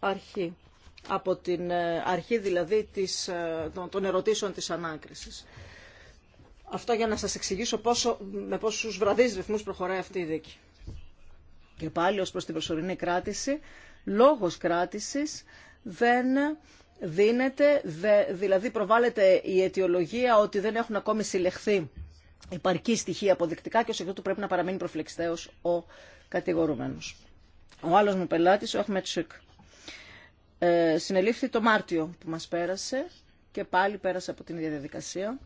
αρχή. Από την ε, αρχή δηλαδή της, ε, των ερωτήσεων της ανάκρισης. Αυτό για να σας εξηγήσω πόσο, με πόσους βραδείς ρυθμούς προχωράει αυτή η δίκη. Και πάλι ως προς την προσωρινή κράτηση, λόγος κράτησης δεν δίνεται, δηλαδή προβάλλεται η αιτιολογία ότι δεν έχουν ακόμη συλλεχθεί υπαρκή στοιχεία αποδεικτικά και ω εκ τούτου πρέπει να παραμείνει προφλεξιτέως ο κατηγορούμενος. Ο άλλο μου πελάτη, ο Σουκ, ε, συνελήφθη το Μάρτιο που μας πέρασε και πάλι πέρασε από την ίδια διαδικασία.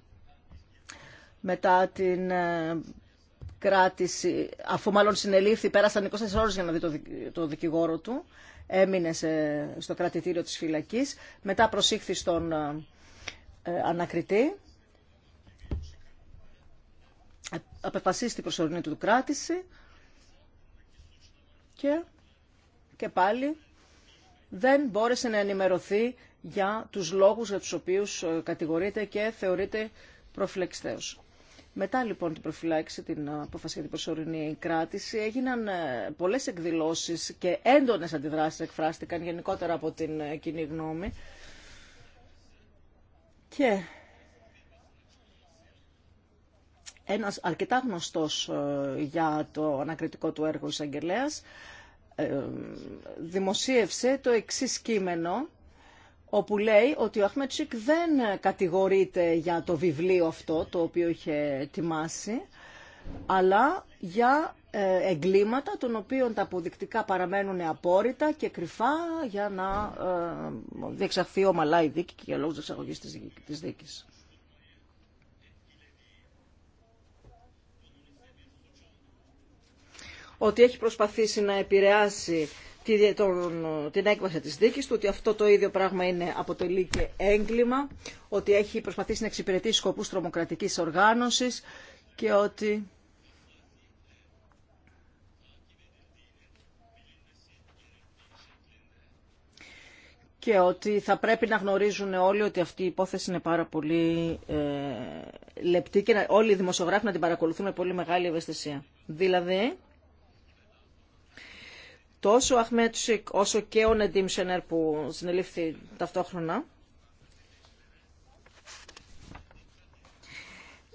Μετά την ε, κράτηση, αφού μάλλον συνελήφθη, πέρασαν 24 ώρες για να δει το, δικηγόρο του, έμεινε στο κρατητήριο της φυλακής, μετά προσήχθη στον ε, ε, ανακριτή την προσωρινή του κράτηση και, και πάλι δεν μπόρεσε να ενημερωθεί για τους λόγους για τους οποίους ε, κατηγορείται και θεωρείται προφυλαξιστέως. Μετά λοιπόν την προφυλάξη, την ε, απόφαση για την προσωρινή κράτηση, έγιναν ε, πολλές εκδηλώσεις και έντονες αντιδράσεις εκφράστηκαν γενικότερα από την κοινή γνώμη ένας αρκετά γνωστός ε, για το ανακριτικό του έργο εισαγγελέα ε, δημοσίευσε το εξής κείμενο όπου λέει ότι ο Αχμέτσικ δεν κατηγορείται για το βιβλίο αυτό το οποίο είχε ετοιμάσει αλλά για ε, εγκλήματα των οποίων τα αποδεικτικά παραμένουν απόρριτα και κρυφά για να διεξαχθεί ομαλά η δίκη και για λόγους εξαγωγής της δίκης. ότι έχει προσπαθήσει να επηρεάσει την έκβαση της δίκης του, ότι αυτό το ίδιο πράγμα είναι, αποτελεί και έγκλημα, ότι έχει προσπαθήσει να εξυπηρετήσει σκοπούς τρομοκρατικής οργάνωσης και ότι... και ότι θα πρέπει να γνωρίζουν όλοι ότι αυτή η υπόθεση είναι πάρα πολύ ε, λεπτή και να, όλοι οι δημοσιογράφοι να την παρακολουθούν με πολύ μεγάλη ευαισθησία. Δηλαδή, τόσο ο Αχμέτσικ όσο και ο Νεντίμ Σενέρ που συνελήφθη ταυτόχρονα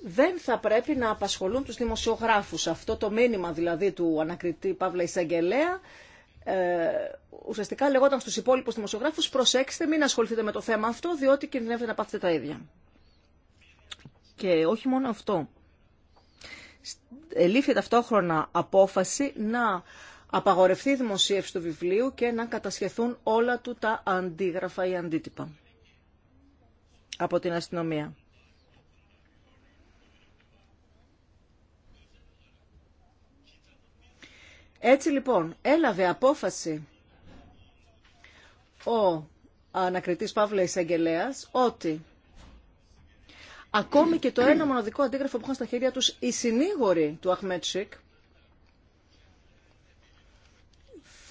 δεν θα πρέπει να απασχολούν τους δημοσιογράφους. Αυτό το μήνυμα δηλαδή του ανακριτή Παύλα Ισαγγελέα ε, ουσιαστικά λεγόταν στους υπόλοιπους δημοσιογράφους προσέξτε μην ασχοληθείτε με το θέμα αυτό διότι κινδυνεύετε να πάθετε τα ίδια. Και όχι μόνο αυτό. Ελήφθη ταυτόχρονα απόφαση να απαγορευτεί η δημοσίευση του βιβλίου και να κατασχεθούν όλα του τα αντίγραφα ή αντίτυπα από την αστυνομία. Έτσι λοιπόν έλαβε απόφαση ο ανακριτής Παύλα εισαγγελέα ότι ακόμη και το ένα μοναδικό αντίγραφο που είχαν στα χέρια τους οι συνήγοροι του Αχμέτσικ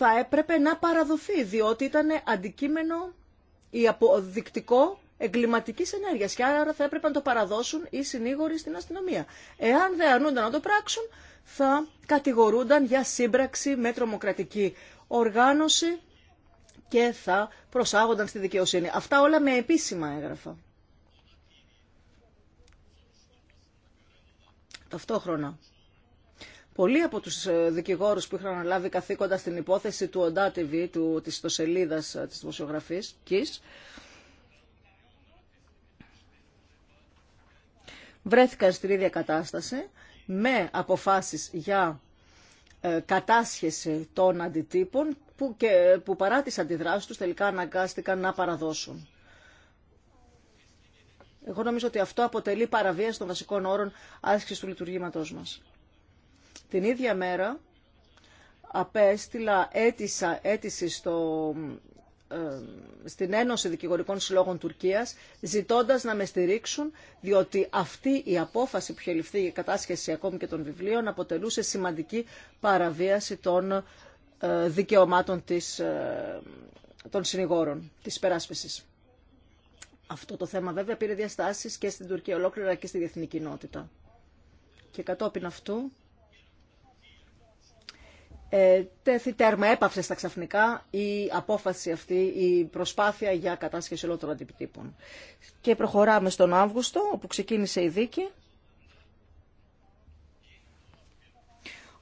θα έπρεπε να παραδοθεί, διότι ήταν αντικείμενο ή αποδεικτικό εγκληματική ενέργεια. Και άρα θα έπρεπε να το παραδώσουν οι συνήγοροι στην αστυνομία. Εάν δεν αρνούνταν να το πράξουν, θα κατηγορούνταν για σύμπραξη με τρομοκρατική οργάνωση και θα προσάγονταν στη δικαιοσύνη. Αυτά όλα με επίσημα έγραφα. Ταυτόχρονα πολλοί από τους ε, δικηγόρους που είχαν αναλάβει καθήκοντα στην υπόθεση του TV, του, της ιστοσελίδας ε, της δημοσιογραφής, ΚΙΣ, βρέθηκαν στην ίδια κατάσταση με αποφάσεις για ε, κατάσχεση των αντιτύπων που, που παρά τις αντιδράσεις τους τελικά αναγκάστηκαν να παραδώσουν. Εγώ νομίζω ότι αυτό αποτελεί παραβίαση των βασικών όρων άσκησης του λειτουργήματός μας. Την ίδια μέρα απέστειλα αίτησα, αίτηση στο, ε, στην Ένωση Δικηγορικών Συλλόγων Τουρκίας ζητώντας να με στηρίξουν διότι αυτή η απόφαση που είχε ληφθεί η κατάσχεση ακόμη και των βιβλίων αποτελούσε σημαντική παραβίαση των ε, δικαιωμάτων της, ε, των συνηγόρων της υπεράσπισης. Αυτό το θέμα βέβαια πήρε διαστάσεις και στην Τουρκία ολόκληρα και στη διεθνή κοινότητα. Και κατόπιν αυτού ε, τέθη τέρμα έπαυσε στα ξαφνικά η απόφαση αυτή, η προσπάθεια για κατάσχεση όλων αντιπτύπων. Και προχωράμε στον Αύγουστο, όπου ξεκίνησε η δίκη,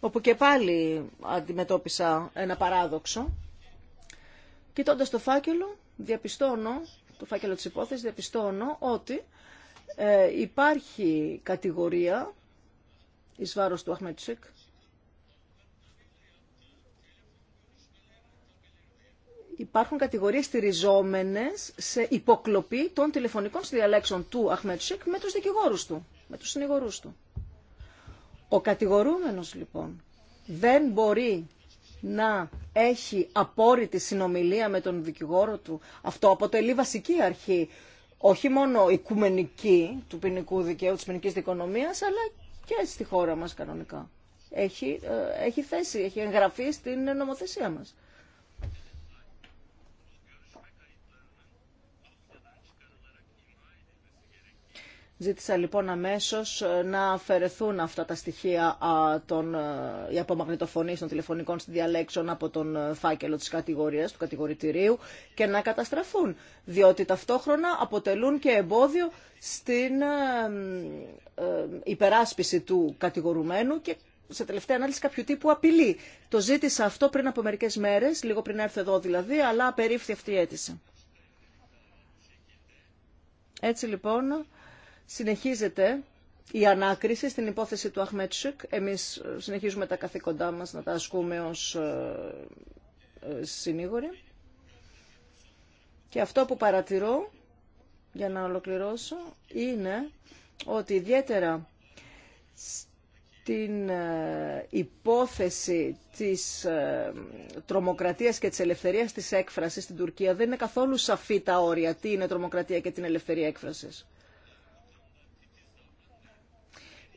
όπου και πάλι αντιμετώπισα ένα παράδοξο. Κοιτώντας το φάκελο, διαπιστώνω, το φάκελο της υπόθεσης, διαπιστώνω ότι ε, υπάρχει κατηγορία εις βάρος του Αχμέτσικ, υπάρχουν κατηγορίες στηριζόμενες σε υποκλοπή των τηλεφωνικών συνδιαλέξεων του Αχμετσίκ με τους δικηγόρους του, με τους συνηγορούς του. Ο κατηγορούμενος λοιπόν δεν μπορεί να έχει απόρριτη συνομιλία με τον δικηγόρο του. Αυτό αποτελεί βασική αρχή, όχι μόνο οικουμενική του ποινικού δικαίου, της ποινικής δικονομίας, αλλά και στη χώρα μας κανονικά. Έχει, ε, έχει θέση, έχει εγγραφεί στην νομοθεσία μας. Ζήτησα λοιπόν αμέσως ε, να αφαιρεθούν αυτά τα στοιχεία των, ε, οι απομαγνητοφωνίες των τηλεφωνικών διαλέξεων από τον ε, φάκελο της κατηγορίας, του κατηγορητηρίου και να καταστραφούν, διότι ταυτόχρονα αποτελούν και εμπόδιο στην υπεράσπιση του κατηγορουμένου και σε τελευταία ανάλυση κάποιου τύπου απειλή. Το ζήτησα αυτό πριν από μερικές μέρες, λίγο πριν έρθω εδώ δηλαδή, αλλά απερίφθη αυτή η αίτηση. Έτσι λοιπόν συνεχίζεται η ανάκριση στην υπόθεση του Αχμέτσουκ. Εμείς ε, συνεχίζουμε τα καθήκοντά μας να τα ασκούμε ως ε, ε, συνήγοροι. Και αυτό που παρατηρώ, για να ολοκληρώσω, είναι ότι ιδιαίτερα την υπόθεση της τρομοκρατίας και της ελευθερίας της έκφρασης στην Τουρκία δεν είναι καθόλου σαφή τα όρια τι είναι τρομοκρατία και την ελευθερία έκφρασης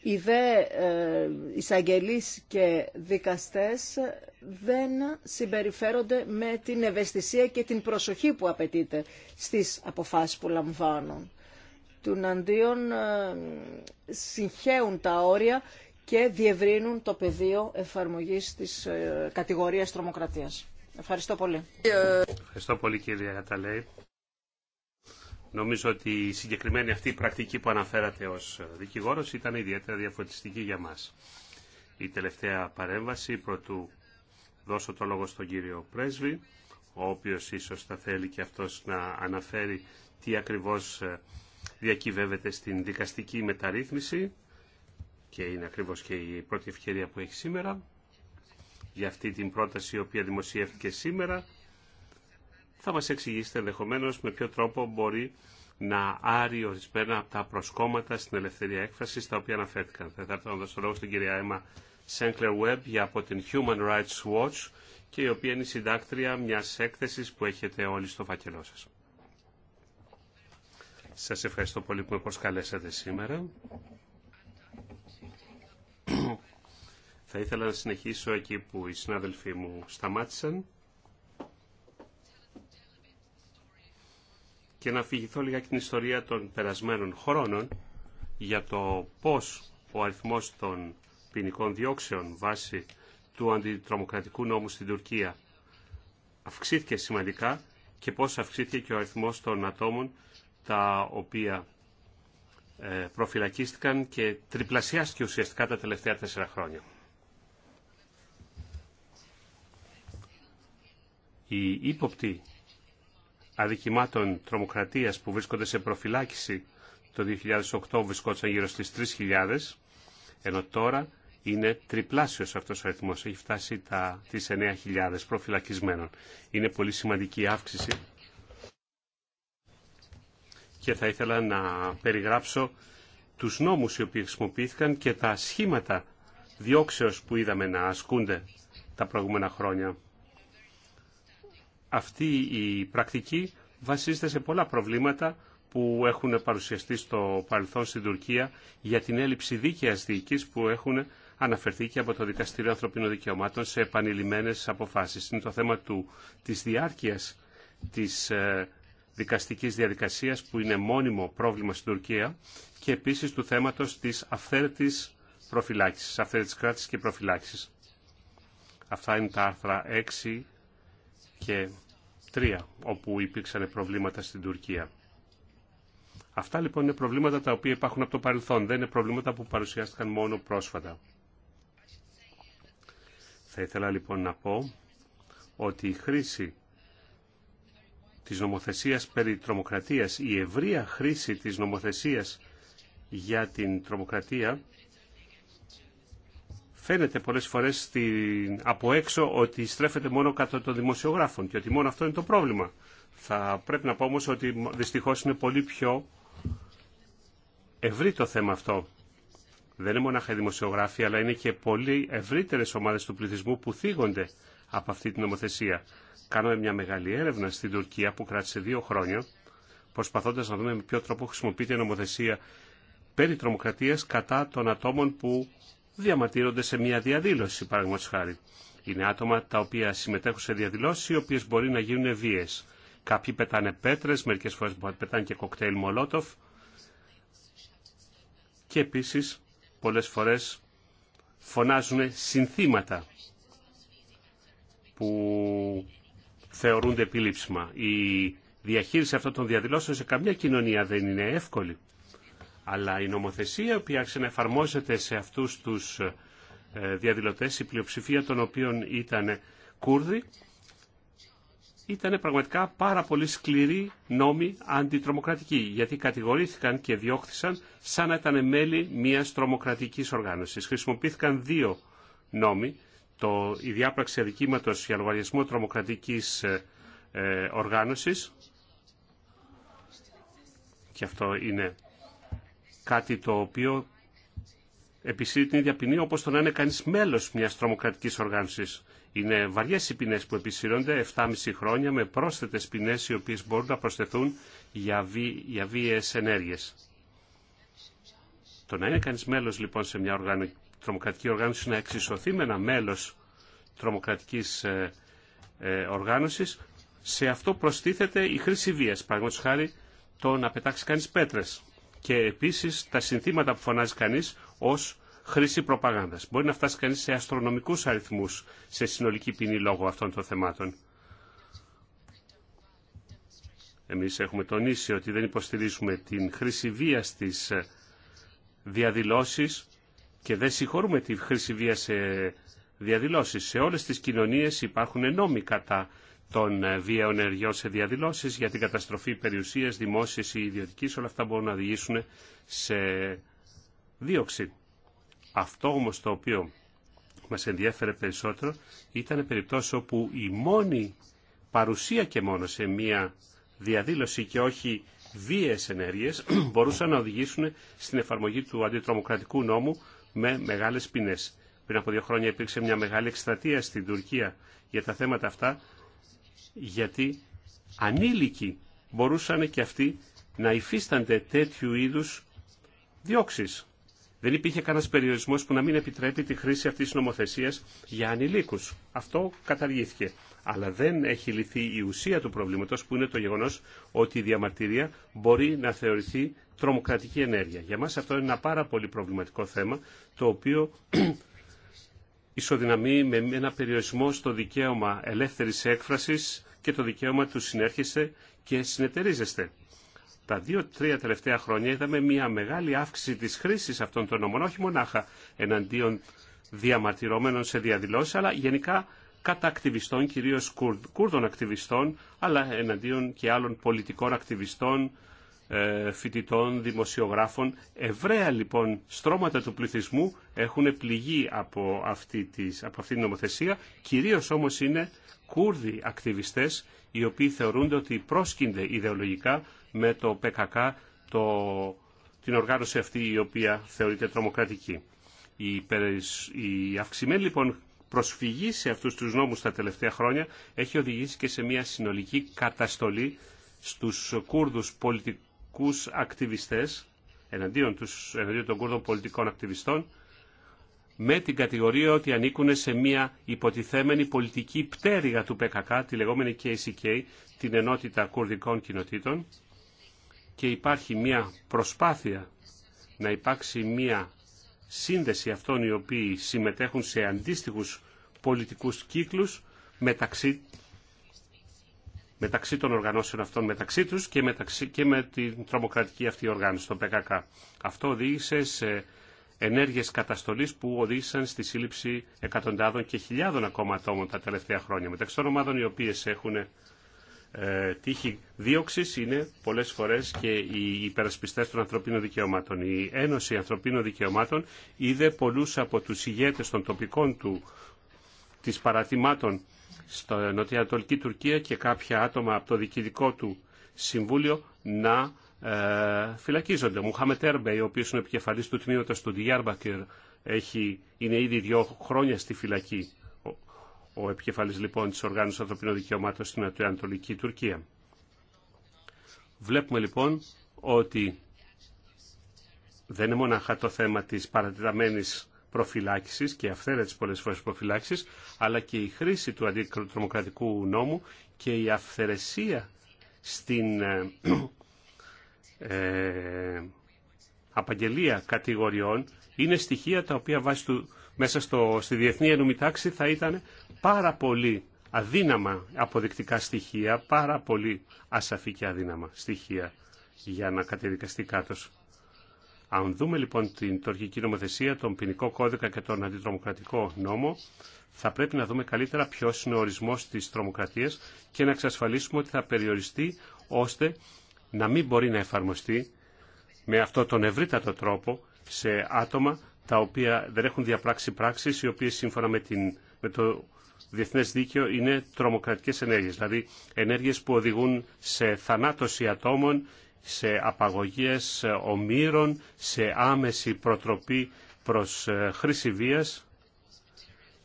οι δε ε, εισαγγελείς και δικαστές δεν συμπεριφέρονται με την ευαισθησία και την προσοχή που απαιτείται στις αποφάσεις που λαμβάνουν. Τουναντίον ε, συγχέουν τα όρια και διευρύνουν το πεδίο εφαρμογής της ε, κατηγορίας τρομοκρατίας. Ευχαριστώ πολύ. Ευχαριστώ πολύ κύριε Νομίζω ότι η συγκεκριμένη αυτή η πρακτική που αναφέρατε ως δικηγόρος ήταν ιδιαίτερα διαφωτιστική για μας. Η τελευταία παρέμβαση, πρωτού δώσω το λόγο στον κύριο Πρέσβη, ο οποίος ίσως θα θέλει και αυτός να αναφέρει τι ακριβώς ε, διακυβεύεται στην δικαστική μεταρρύθμιση και είναι ακριβώς και η πρώτη ευκαιρία που έχει σήμερα για αυτή την πρόταση η οποία δημοσιεύτηκε σήμερα θα μας εξηγήσετε ενδεχομένω με ποιο τρόπο μπορεί να άρει ορισμένα από τα προσκόμματα στην ελευθερία έκφραση τα οποία αναφέρθηκαν. Θα ήθελα να δώσω λόγο στην κυρία Έμα Έμα Βέμπ για από την Human Rights Watch και η οποία είναι η συντάκτρια μιας έκθεσης που έχετε όλοι στο φακελό σας. Σας ευχαριστώ πολύ που με προσκαλέσατε σήμερα. Θα ήθελα να συνεχίσω εκεί που οι συνάδελφοί μου σταμάτησαν. και να αφηγηθώ λίγα και την ιστορία των περασμένων χρόνων για το πώς ο αριθμός των ποινικών διώξεων βάσει του αντιτρομοκρατικού νόμου στην Τουρκία αυξήθηκε σημαντικά και πώς αυξήθηκε και ο αριθμός των ατόμων τα οποία ε, προφυλακίστηκαν και τριπλασιάστηκε ουσιαστικά τα τελευταία τέσσερα χρόνια. Η ύποπτοι αδικημάτων τρομοκρατίας που βρίσκονται σε προφυλάκηση το 2008 βρισκόταν γύρω στις 3.000, ενώ τώρα είναι τριπλάσιος αυτός ο αριθμός, έχει φτάσει τα, 9.000 προφυλακισμένων. Είναι πολύ σημαντική αύξηση και θα ήθελα να περιγράψω τους νόμους οι οποίοι χρησιμοποιήθηκαν και τα σχήματα διώξεως που είδαμε να ασκούνται τα προηγούμενα χρόνια αυτή η πρακτική βασίζεται σε πολλά προβλήματα που έχουν παρουσιαστεί στο παρελθόν στην Τουρκία για την έλλειψη δίκαιας διοικής που έχουν αναφερθεί και από το Δικαστήριο Ανθρωπίνων Δικαιωμάτων σε επανειλημμένες αποφάσεις. Είναι το θέμα του, της διάρκειας της ε, δικαστικής διαδικασίας που είναι μόνιμο πρόβλημα στην Τουρκία και επίσης του θέματος της αυθαίρετης προφυλάξης, αυθαίρετης κράτησης και προφυλάξης. Αυτά είναι τα άρθρα 6 και τρία, όπου υπήρξαν προβλήματα στην Τουρκία. Αυτά λοιπόν είναι προβλήματα τα οποία υπάρχουν από το παρελθόν, δεν είναι προβλήματα που παρουσιάστηκαν μόνο πρόσφατα. Θα ήθελα λοιπόν να πω ότι η χρήση της νομοθεσίας περί τρομοκρατίας, η ευρεία χρήση της νομοθεσίας για την τρομοκρατία φαίνεται πολλές φορές στην, από έξω ότι στρέφεται μόνο κατά των δημοσιογράφων και ότι μόνο αυτό είναι το πρόβλημα. Θα πρέπει να πω όμως ότι δυστυχώς είναι πολύ πιο ευρύ το θέμα αυτό. Δεν είναι μονάχα οι δημοσιογράφοι, αλλά είναι και πολύ ευρύτερε ομάδε του πληθυσμού που θίγονται από αυτή την νομοθεσία. Κάναμε μια μεγάλη έρευνα στην Τουρκία που κράτησε δύο χρόνια, προσπαθώντα να δούμε με ποιο τρόπο χρησιμοποιείται η νομοθεσία περί τρομοκρατίας κατά των ατόμων που διαμαρτύρονται σε μια διαδήλωση, παραδείγματο χάρη. Είναι άτομα τα οποία συμμετέχουν σε διαδηλώσει οι οποίε μπορεί να γίνουν βίε. Κάποιοι πετάνε πέτρε, μερικέ φορέ πετάνε και κοκτέιλ μολότοφ. Και επίση πολλέ φορέ φωνάζουν συνθήματα που θεωρούνται επιλήψιμα. Η διαχείριση αυτών των διαδηλώσεων σε καμιά κοινωνία δεν είναι εύκολη. Αλλά η νομοθεσία η οποία άρχισε να σε αυτούς τους ε, διαδηλωτές, η πλειοψηφία των οποίων ήταν Κούρδοι, ήταν πραγματικά πάρα πολύ σκληροί νόμοι αντιτρομοκρατικοί, γιατί κατηγορήθηκαν και διώχθησαν σαν να ήταν μέλη μιας τρομοκρατικής οργάνωσης. Χρησιμοποιήθηκαν δύο νόμοι, το, η διάπραξη αδικήματος για λογαριασμό τρομοκρατικής ε, ε, οργάνωσης, και αυτό είναι κάτι το οποίο επισύρει την ίδια ποινή όπως το να είναι κανείς μέλος μιας τρομοκρατικής οργάνωσης. Είναι βαριές οι ποινές που επισύρονται, 7,5 χρόνια με πρόσθετες ποινές οι οποίες μπορούν να προσθεθούν για, βί, για βίαιες ενέργειες. Το να είναι κανείς μέλος λοιπόν σε μια τρομοκρατική οργάνωση να εξισωθεί με ένα μέλος τρομοκρατικής ε, ε οργάνωσης, σε αυτό προστίθεται η χρήση βίας. πραγματικά χάρη το να πετάξει κανείς πέτρες και επίσης τα συνθήματα που φωνάζει κανείς ως χρήση προπαγάνδας. Μπορεί να φτάσει κανείς σε αστρονομικούς αριθμούς σε συνολική ποινή λόγω αυτών των θεμάτων. Εμείς έχουμε τονίσει ότι δεν υποστηρίζουμε την χρήση βία στις ε, διαδηλώσεις και δεν συγχωρούμε τη χρήση βίας σε διαδηλώσεις. Σε όλες τις κοινωνίες υπάρχουν νόμοι κατά των ε, βίαιων ενεργειών σε διαδηλώσεις, για την καταστροφή περιουσίας, δημόσιας ή ιδιωτικής, όλα αυτά περιουσία, το οποίο μας ενδιέφερε περισσότερο ήταν περιπτώσεις όπου η μόνη παρουσία και μόνο σε μία διαδήλωση και όχι βίαιες ενέργειες μπορούσαν να οδηγήσουν στην εφαρμογή του αντιτρομοκρατικού νόμου με μεγάλες περιπτωσει οπου Πριν από δύο χρόνια υπήρξε μια μεγάλη εκστρατεία στην Τουρκία για τα θέματα αυτά γιατί ανήλικοι μπορούσαν και αυτοί να υφίστανται τέτοιου είδους διώξεις. Δεν υπήρχε κανένας περιορισμός που να μην επιτρέπει τη χρήση αυτής της νομοθεσίας για ανηλίκους. Αυτό καταργήθηκε. Αλλά δεν έχει λυθεί η ουσία του προβλήματος που είναι το γεγονός ότι η διαμαρτυρία μπορεί να θεωρηθεί τρομοκρατική ενέργεια. Για μας αυτό είναι ένα πάρα πολύ προβληματικό θέμα, το οποίο ισοδυναμεί με ένα περιορισμό στο δικαίωμα ελεύθερης έκφρασης και το δικαίωμα του συνέρχεστε και συνεταιρίζεστε. Τα δύο-τρία τελευταία χρόνια είδαμε μια μεγάλη αύξηση της χρήσης αυτών των νόμων, όχι μονάχα εναντίον διαμαρτυρώμενων σε διαδηλώσεις, αλλά γενικά κατά ακτιβιστών, κυρίως Κούρδων ακτιβιστών, αλλά εναντίον και άλλων πολιτικών ακτιβιστών, ε, φοιτητών, δημοσιογράφων. Ευραία λοιπόν στρώματα του πληθυσμού έχουν πληγεί από αυτή, της, από αυτή την νομοθεσία. Κυρίως όμως είναι Κούρδοι ακτιβιστές οι οποίοι θεωρούνται ότι πρόσκυνται ιδεολογικά με το ΠΚΚ, το, την οργάνωση αυτή η οποία θεωρείται τρομοκρατική. Η, η αυξημένη λοιπόν προσφυγή σε αυτούς τους νόμους τα τελευταία χρόνια έχει οδηγήσει και σε μια συνολική καταστολή στους Κούρδους πολιτικούς κουρδικούς ακτιβιστές εναντίον, εναντίον των Κούρδων πολιτικών ακτιβιστών με την κατηγορία ότι ανήκουν σε μια υποτιθέμενη πολιτική πτέρυγα του ΠΚΚ, τη λεγόμενη KCK, την Ενότητα Κουρδικών Κοινοτήτων και υπάρχει μια προσπάθεια να υπάρξει μια σύνδεση αυτών οι οποίοι συμμετέχουν σε αντίστοιχους πολιτικού κύκλου μεταξύ μεταξύ των οργανώσεων αυτών μεταξύ τους και, μεταξύ, και με την τρομοκρατική αυτή οργάνωση, το ΠΚΚ. Αυτό οδήγησε σε ενέργειες καταστολής που οδήγησαν στη σύλληψη εκατοντάδων και χιλιάδων ακόμα ατόμων τα τελευταία χρόνια. Μεταξύ των ομάδων οι οποίες έχουν ε, τύχη δίωξη είναι πολλές φορές και οι υπερασπιστές των ανθρωπίνων δικαιωμάτων. Η Ένωση Ανθρωπίνων Δικαιωμάτων είδε πολλούς από τους ηγέτες των τοπικών του της παρατημάτων στο νοτιοανατολική Τουρκία και κάποια άτομα από το διοικητικό του συμβούλιο να ε, φυλακίζονται. Ο Μουχάμετ Έρμπεϊ, ο οποίος είναι επικεφαλής του τμήματος του Διάρμπακερ, έχει, είναι ήδη δύο χρόνια στη φυλακή. Ο, επικεφαλής λοιπόν της Οργάνωσης Ανθρωπίνων Δικαιωμάτων στην Ανατολική Τουρκία. Βλέπουμε λοιπόν ότι δεν είναι μονάχα το θέμα της παρατεταμένης προφυλάξης και αυθαίρετης πολλέ φορέ προφυλάξη, αλλά και η χρήση του αντιτρομοκρατικού νόμου και η αυθαιρεσία στην ε, ε, απαγγελία κατηγοριών είναι στοιχεία τα οποία βάσει του, μέσα στο, στη διεθνή Τάξη θα ήταν πάρα πολύ αδύναμα αποδεικτικά στοιχεία, πάρα πολύ ασαφή και αδύναμα στοιχεία για να κατεδικαστεί κάτω. Αν δούμε λοιπόν την τουρκική νομοθεσία, τον ποινικό κώδικα και τον αντιτρομοκρατικό νόμο, θα πρέπει να δούμε καλύτερα ποιο είναι ο ορισμό τη τρομοκρατία και να εξασφαλίσουμε ότι θα περιοριστεί ώστε να μην μπορεί να εφαρμοστεί με αυτόν τον ευρύτατο τρόπο σε άτομα τα οποία δεν έχουν διαπράξει πράξεις οι οποίες σύμφωνα με, την, με το διεθνές δίκαιο είναι τρομοκρατικές ενέργειες, δηλαδή ενέργειες που οδηγούν σε θανάτωση ατόμων σε απαγωγές ομήρων, σε άμεση προτροπή προς ε, χρήση βίας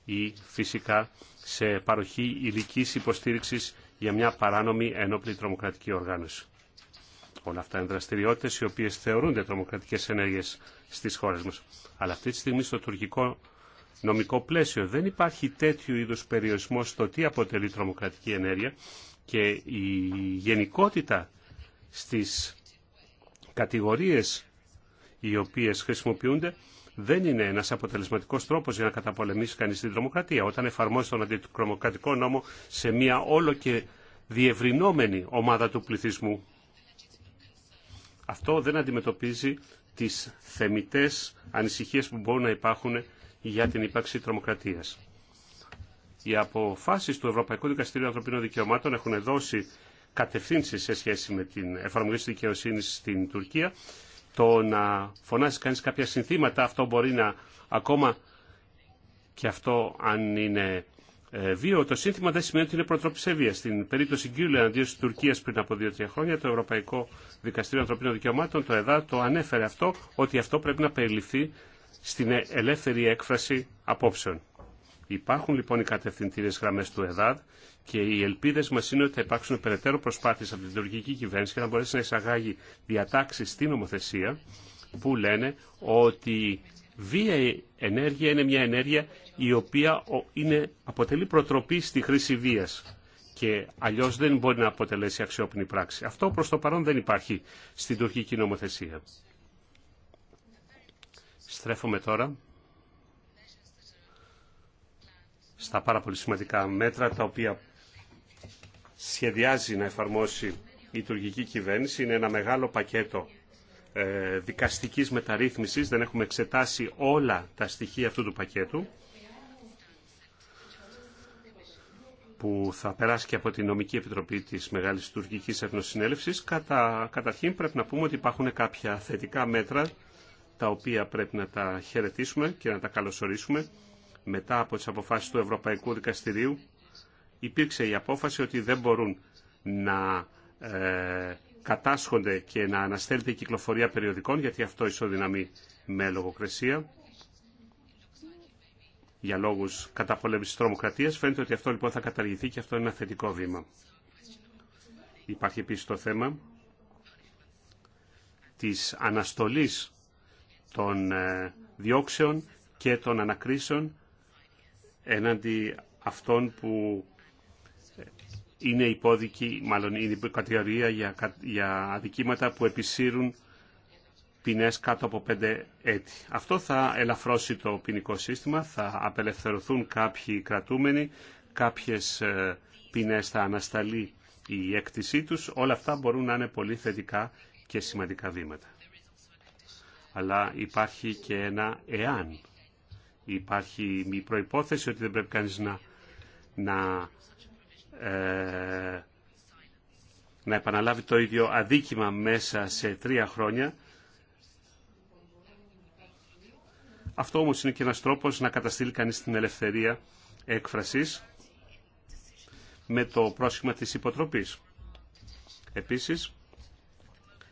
ή φυσικά σε παροχή υλικής υποστήριξης για μια παράνομη ενόπλη τρομοκρατική οργάνωση. Όλα αυτά είναι δραστηριότητε οι οποίε θεωρούνται τρομοκρατικέ ενέργειε στι χώρε μα. Αλλά αυτή τη στιγμή στο τουρκικό νομικό πλαίσιο δεν υπάρχει τέτοιου είδου περιορισμό στο τι αποτελεί τρομοκρατική ενέργεια και η γενικότητα στις κατηγορίες οι οποίες χρησιμοποιούνται δεν είναι ένας αποτελεσματικός τρόπος για να καταπολεμήσει κανείς την τρομοκρατία. Όταν εφαρμόζει τον αντιτρομοκρατικό νόμο σε μια όλο και διευρυνόμενη ομάδα του πληθυσμού, αυτό δεν αντιμετωπίζει τις θεμητές ανησυχίες που μπορούν να υπάρχουν για την ύπαρξη τρομοκρατίας. Οι αποφάσεις του Ευρωπαϊκού Δικαστηρίου Ανθρωπίνων Δικαιωμάτων έχουν δώσει σε σχέση με την εφαρμογή τη δικαιοσύνη στην Τουρκία. Το να φωνάσει κανεί κάποια συνθήματα, αυτό μπορεί να ακόμα και αυτό αν είναι ε, βίο, το σύνθημα δεν σημαίνει ότι είναι προτρόπη σε βία. Στην περίπτωση Γκιούλε αντίον τη Τουρκία πριν από 2-3 χρόνια, το Ευρωπαϊκό Δικαστήριο Ανθρωπίνων Δικαιωμάτων, το ΕΔΑ, το ανέφερε αυτό, ότι αυτό πρέπει να περιληφθεί στην ελεύθερη έκφραση απόψεων. Υπάρχουν λοιπόν οι κατευθυντήριε γραμμέ του ΕΔΑΔ και οι ελπίδε μα είναι ότι θα υπάρξουν περαιτέρω προσπάθειε από την τουρκική κυβέρνηση και θα μπορέσει να εισαγάγει διατάξει στην νομοθεσία που λένε ότι βία ενέργεια είναι μια ενέργεια η οποία είναι, αποτελεί προτροπή στη χρήση βία και αλλιώ δεν μπορεί να αποτελέσει αξιόπινη πράξη. Αυτό προ το παρόν δεν υπάρχει στην τουρκική νομοθεσία. Στρέφομαι τώρα στα πάρα πολύ σημαντικά μέτρα τα οποία σχεδιάζει να εφαρμόσει η τουρκική κυβέρνηση. Είναι ένα μεγάλο πακέτο ε, δικαστικής μεταρρύθμισης. Δεν έχουμε εξετάσει όλα τα στοιχεία αυτού του πακέτου που θα περάσει και από την Νομική Επιτροπή της Μεγάλης Τουρκικής Εθνοσυνέλευσης. Κατα... Καταρχήν πρέπει να πούμε ότι υπάρχουν κάποια θετικά μέτρα τα οποία πρέπει να τα χαιρετήσουμε και να τα καλωσορίσουμε μετά από τις αποφάσεις του Ευρωπαϊκού Δικαστηρίου υπήρξε η απόφαση ότι δεν μπορούν να ε, κατάσχονται και να αναστέλλεται η κυκλοφορία περιοδικών γιατί αυτό ισοδυναμεί με λογοκρισία για λόγους καταπολέμησης τρομοκρατίας. Φαίνεται ότι αυτό λοιπόν θα καταργηθεί και αυτό είναι ένα θετικό βήμα. Υπάρχει επίσης το θέμα της αναστολής των ε, διώξεων και των ανακρίσεων έναντι αυτών που είναι υπόδικοι, μάλλον είναι υποκατηγορία για, για αδικήματα που επισύρουν ποινές κάτω από πέντε έτη. Αυτό θα ελαφρώσει το ποινικό σύστημα, θα απελευθερωθούν κάποιοι κρατούμενοι, κάποιες ε, ποινές θα ανασταλεί η έκτησή τους. Όλα αυτά μπορούν να είναι πολύ θετικά και σημαντικά βήματα. Αλλά υπάρχει και ένα εάν Υπάρχει μη προϋπόθεση ότι δεν πρέπει κανείς να, να, ε, να επαναλάβει το ίδιο αδίκημα μέσα σε τρία χρόνια. Αυτό όμως είναι και ένας τρόπος να καταστήλει κανείς την ελευθερία έκφρασης με το πρόσχημα της υποτροπής. Επίσης,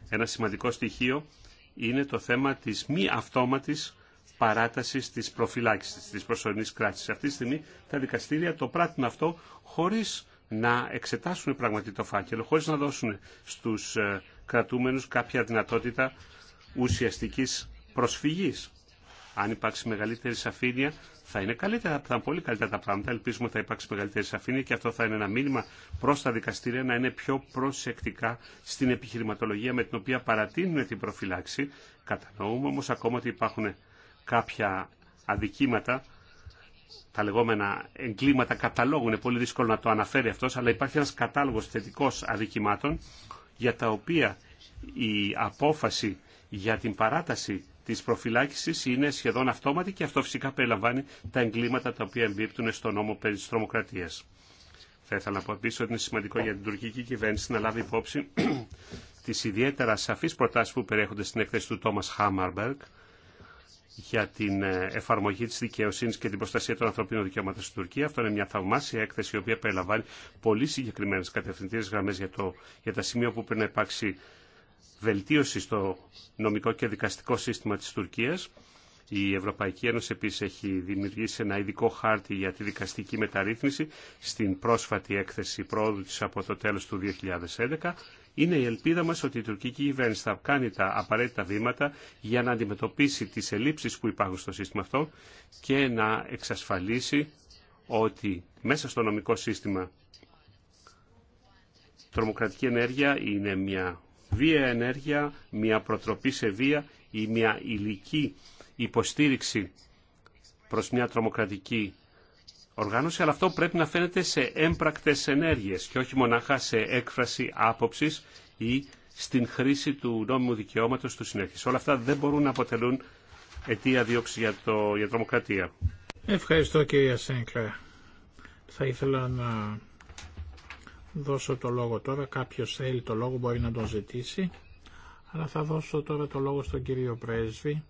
ένα σημαντικό στοιχείο είναι το θέμα της μη αυτόματης παράταση τη προφυλάξη τη προσωρινή κράτηση. Αυτή τη στιγμή τα δικαστήρια το πράττουν αυτό χωρί να εξετάσουν πραγματικά το φάκελο, χωρί να δώσουν στου ε, κρατούμενου κάποια δυνατότητα ουσιαστική προσφυγή. Αν υπάρξει μεγαλύτερη σαφήνεια, θα είναι καλύτερα, θα είναι πολύ καλύτερα τα πράγματα. Ελπίζουμε ότι θα υπάρξει μεγαλύτερη σαφήνεια και αυτό θα είναι ένα μήνυμα προ τα δικαστήρια να είναι πιο προσεκτικά στην επιχειρηματολογία με την οποία παρατείνουν την προφυλάξη. Κατανοούμε όμω ακόμα ότι υπάρχουν κάποια αδικήματα, τα λεγόμενα εγκλήματα καταλόγου, είναι πολύ δύσκολο να το αναφέρει αυτός, αλλά υπάρχει ένας κατάλογος θετικός αδικημάτων για τα οποία η απόφαση για την παράταση της προφυλάκησης είναι σχεδόν αυτόματη και αυτό φυσικά περιλαμβάνει τα εγκλήματα τα οποία εμπίπτουν στο νόμο περί της τρομοκρατίας. Θα ήθελα να πω επίση ότι είναι σημαντικό για την τουρκική κυβέρνηση να λάβει υπόψη τι ιδιαίτερα σαφεί προτάσει που περιέχονται στην έκθεση του Τόμα Χάμαρμπεργκ για την ε, εφαρμογή της δικαιοσύνης και την προστασία των ανθρωπίνων δικαιωμάτων στην Τουρκία. Αυτό είναι μια θαυμάσια έκθεση η οποία περιλαμβάνει πολύ συγκεκριμένες κατευθυντήρες γραμμές για, το, για τα σημεία που πρέπει να υπάρξει βελτίωση στο νομικό και δικαστικό σύστημα της Τουρκίας. Η Ευρωπαϊκή Ένωση επίσης έχει δημιουργήσει ένα ειδικό χάρτη για τη δικαστική μεταρρύθμιση στην πρόσφατη έκθεση πρόοδου της από το τέλος του 2011 είναι η ελπίδα μας ότι η τουρκική κυβέρνηση θα κάνει τα απαραίτητα βήματα για να αντιμετωπίσει τις ελλείψεις που υπάρχουν στο σύστημα αυτό και να εξασφαλίσει ότι μέσα στο νομικό σύστημα τρομοκρατική ενέργεια είναι μια βία ενέργεια, μια προτροπή σε βία ή μια υλική υποστήριξη προς μια τρομοκρατική οργάνωση, αλλά αυτό πρέπει να φαίνεται σε έμπρακτες ενέργειες και όχι μονάχα σε έκφραση άποψης ή στην χρήση του νόμιμου δικαιώματος του συνέχεια. Όλα αυτά δεν μπορούν να αποτελούν αιτία δίωξη για, το, για τρομοκρατία. Ευχαριστώ κυρία Σέγκρα. Θα ήθελα να δώσω το λόγο τώρα. Κάποιος θέλει το λόγο μπορεί να τον ζητήσει. Αλλά θα δώσω τώρα το λόγο στον κύριο Πρέσβη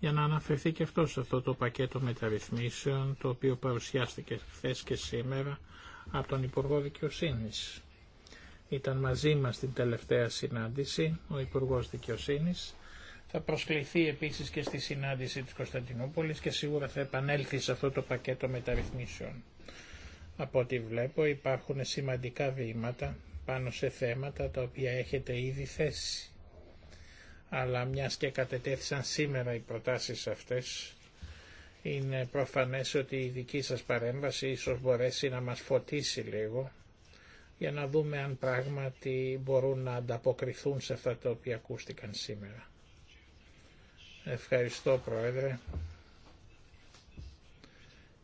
για να αναφερθεί και αυτό σε αυτό το πακέτο μεταρρυθμίσεων το οποίο παρουσιάστηκε χθε και σήμερα από τον Υπουργό Δικαιοσύνη. Ήταν μαζί μας την τελευταία συνάντηση ο Υπουργός Δικαιοσύνη. Θα προσκληθεί επίση και στη συνάντηση της Κωνσταντινούπολης και σίγουρα θα επανέλθει σε αυτό το πακέτο μεταρρυθμίσεων. Από ό,τι βλέπω υπάρχουν σημαντικά βήματα πάνω σε θέματα τα οποία έχετε ήδη θέσει αλλά μιας και κατετέθησαν σήμερα οι προτάσεις αυτές, είναι προφανές ότι η δική σας παρέμβαση ίσως μπορέσει να μας φωτίσει λίγο για να δούμε αν πράγματι μπορούν να ανταποκριθούν σε αυτά τα οποία ακούστηκαν σήμερα. Ευχαριστώ Πρόεδρε.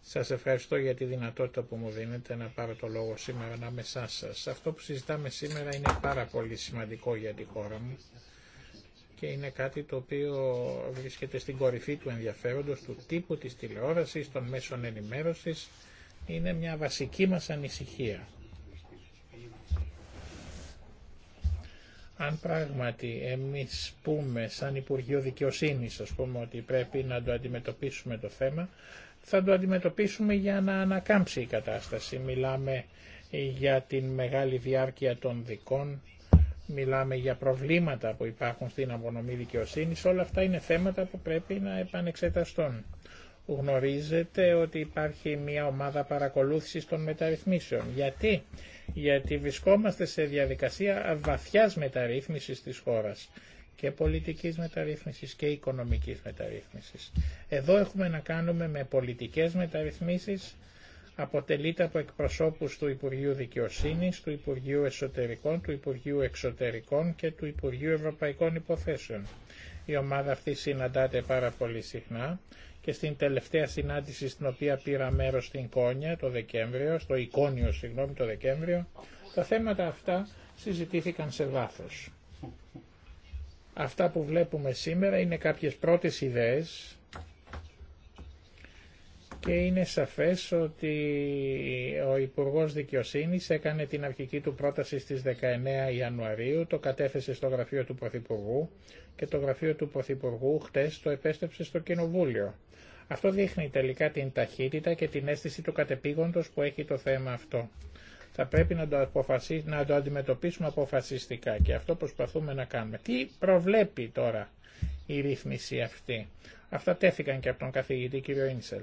Σας ευχαριστώ για τη δυνατότητα που μου δίνετε να πάρω το λόγο σήμερα ανάμεσά σας. Αυτό που συζητάμε σήμερα είναι πάρα πολύ σημαντικό για τη χώρα μου και είναι κάτι το οποίο βρίσκεται στην κορυφή του ενδιαφέροντος του τύπου της τηλεόρασης, των μέσων ενημέρωσης, είναι μια βασική μας ανησυχία. Αν πράγματι εμείς πούμε σαν Υπουργείο Δικαιοσύνης, ας πούμε, ότι πρέπει να το αντιμετωπίσουμε το θέμα, θα το αντιμετωπίσουμε για να ανακάμψει η κατάσταση. Μιλάμε για την μεγάλη διάρκεια των δικών, μιλάμε για προβλήματα που υπάρχουν στην απονομή δικαιοσύνη, όλα αυτά είναι θέματα που πρέπει να επανεξεταστούν. Γνωρίζετε ότι υπάρχει μια ομάδα παρακολούθησης των μεταρρυθμίσεων. Γιατί? Γιατί βρισκόμαστε σε διαδικασία βαθιάς μεταρρύθμισης της χώρας και πολιτικής μεταρρύθμισης και οικονομικής μεταρρύθμισης. Εδώ έχουμε να κάνουμε με πολιτικές μεταρρυθμίσεις αποτελείται από εκπροσώπους του Υπουργείου Δικαιοσύνης, του Υπουργείου Εσωτερικών, του Υπουργείου Εξωτερικών και του Υπουργείου Ευρωπαϊκών Υποθέσεων. Η ομάδα αυτή συναντάται πάρα πολύ συχνά και στην τελευταία συνάντηση στην οποία πήρα μέρος στην Κόνια το Δεκέμβριο, στο Εικόνιο συγγνώμη το Δεκέμβριο, τα θέματα αυτά συζητήθηκαν σε βάθος. Αυτά που βλέπουμε σήμερα είναι κάποιες πρώτες ιδέες και είναι σαφές ότι ο Υπουργός Δικαιοσύνης έκανε την αρχική του πρόταση στις 19 Ιανουαρίου, το κατέθεσε στο γραφείο του Πρωθυπουργού και το γραφείο του Πρωθυπουργού χτες το επέστρεψε στο Κοινοβούλιο. Αυτό δείχνει τελικά την ταχύτητα και την αίσθηση του κατεπήγοντος που έχει το θέμα αυτό. Θα πρέπει να το, αποφασί... να το αντιμετωπίσουμε αποφασιστικά και αυτό προσπαθούμε να κάνουμε. Τι προβλέπει τώρα η ρύθμιση αυτή. Αυτά τέθηκαν και από τον καθηγητή κ. Ίνσελ.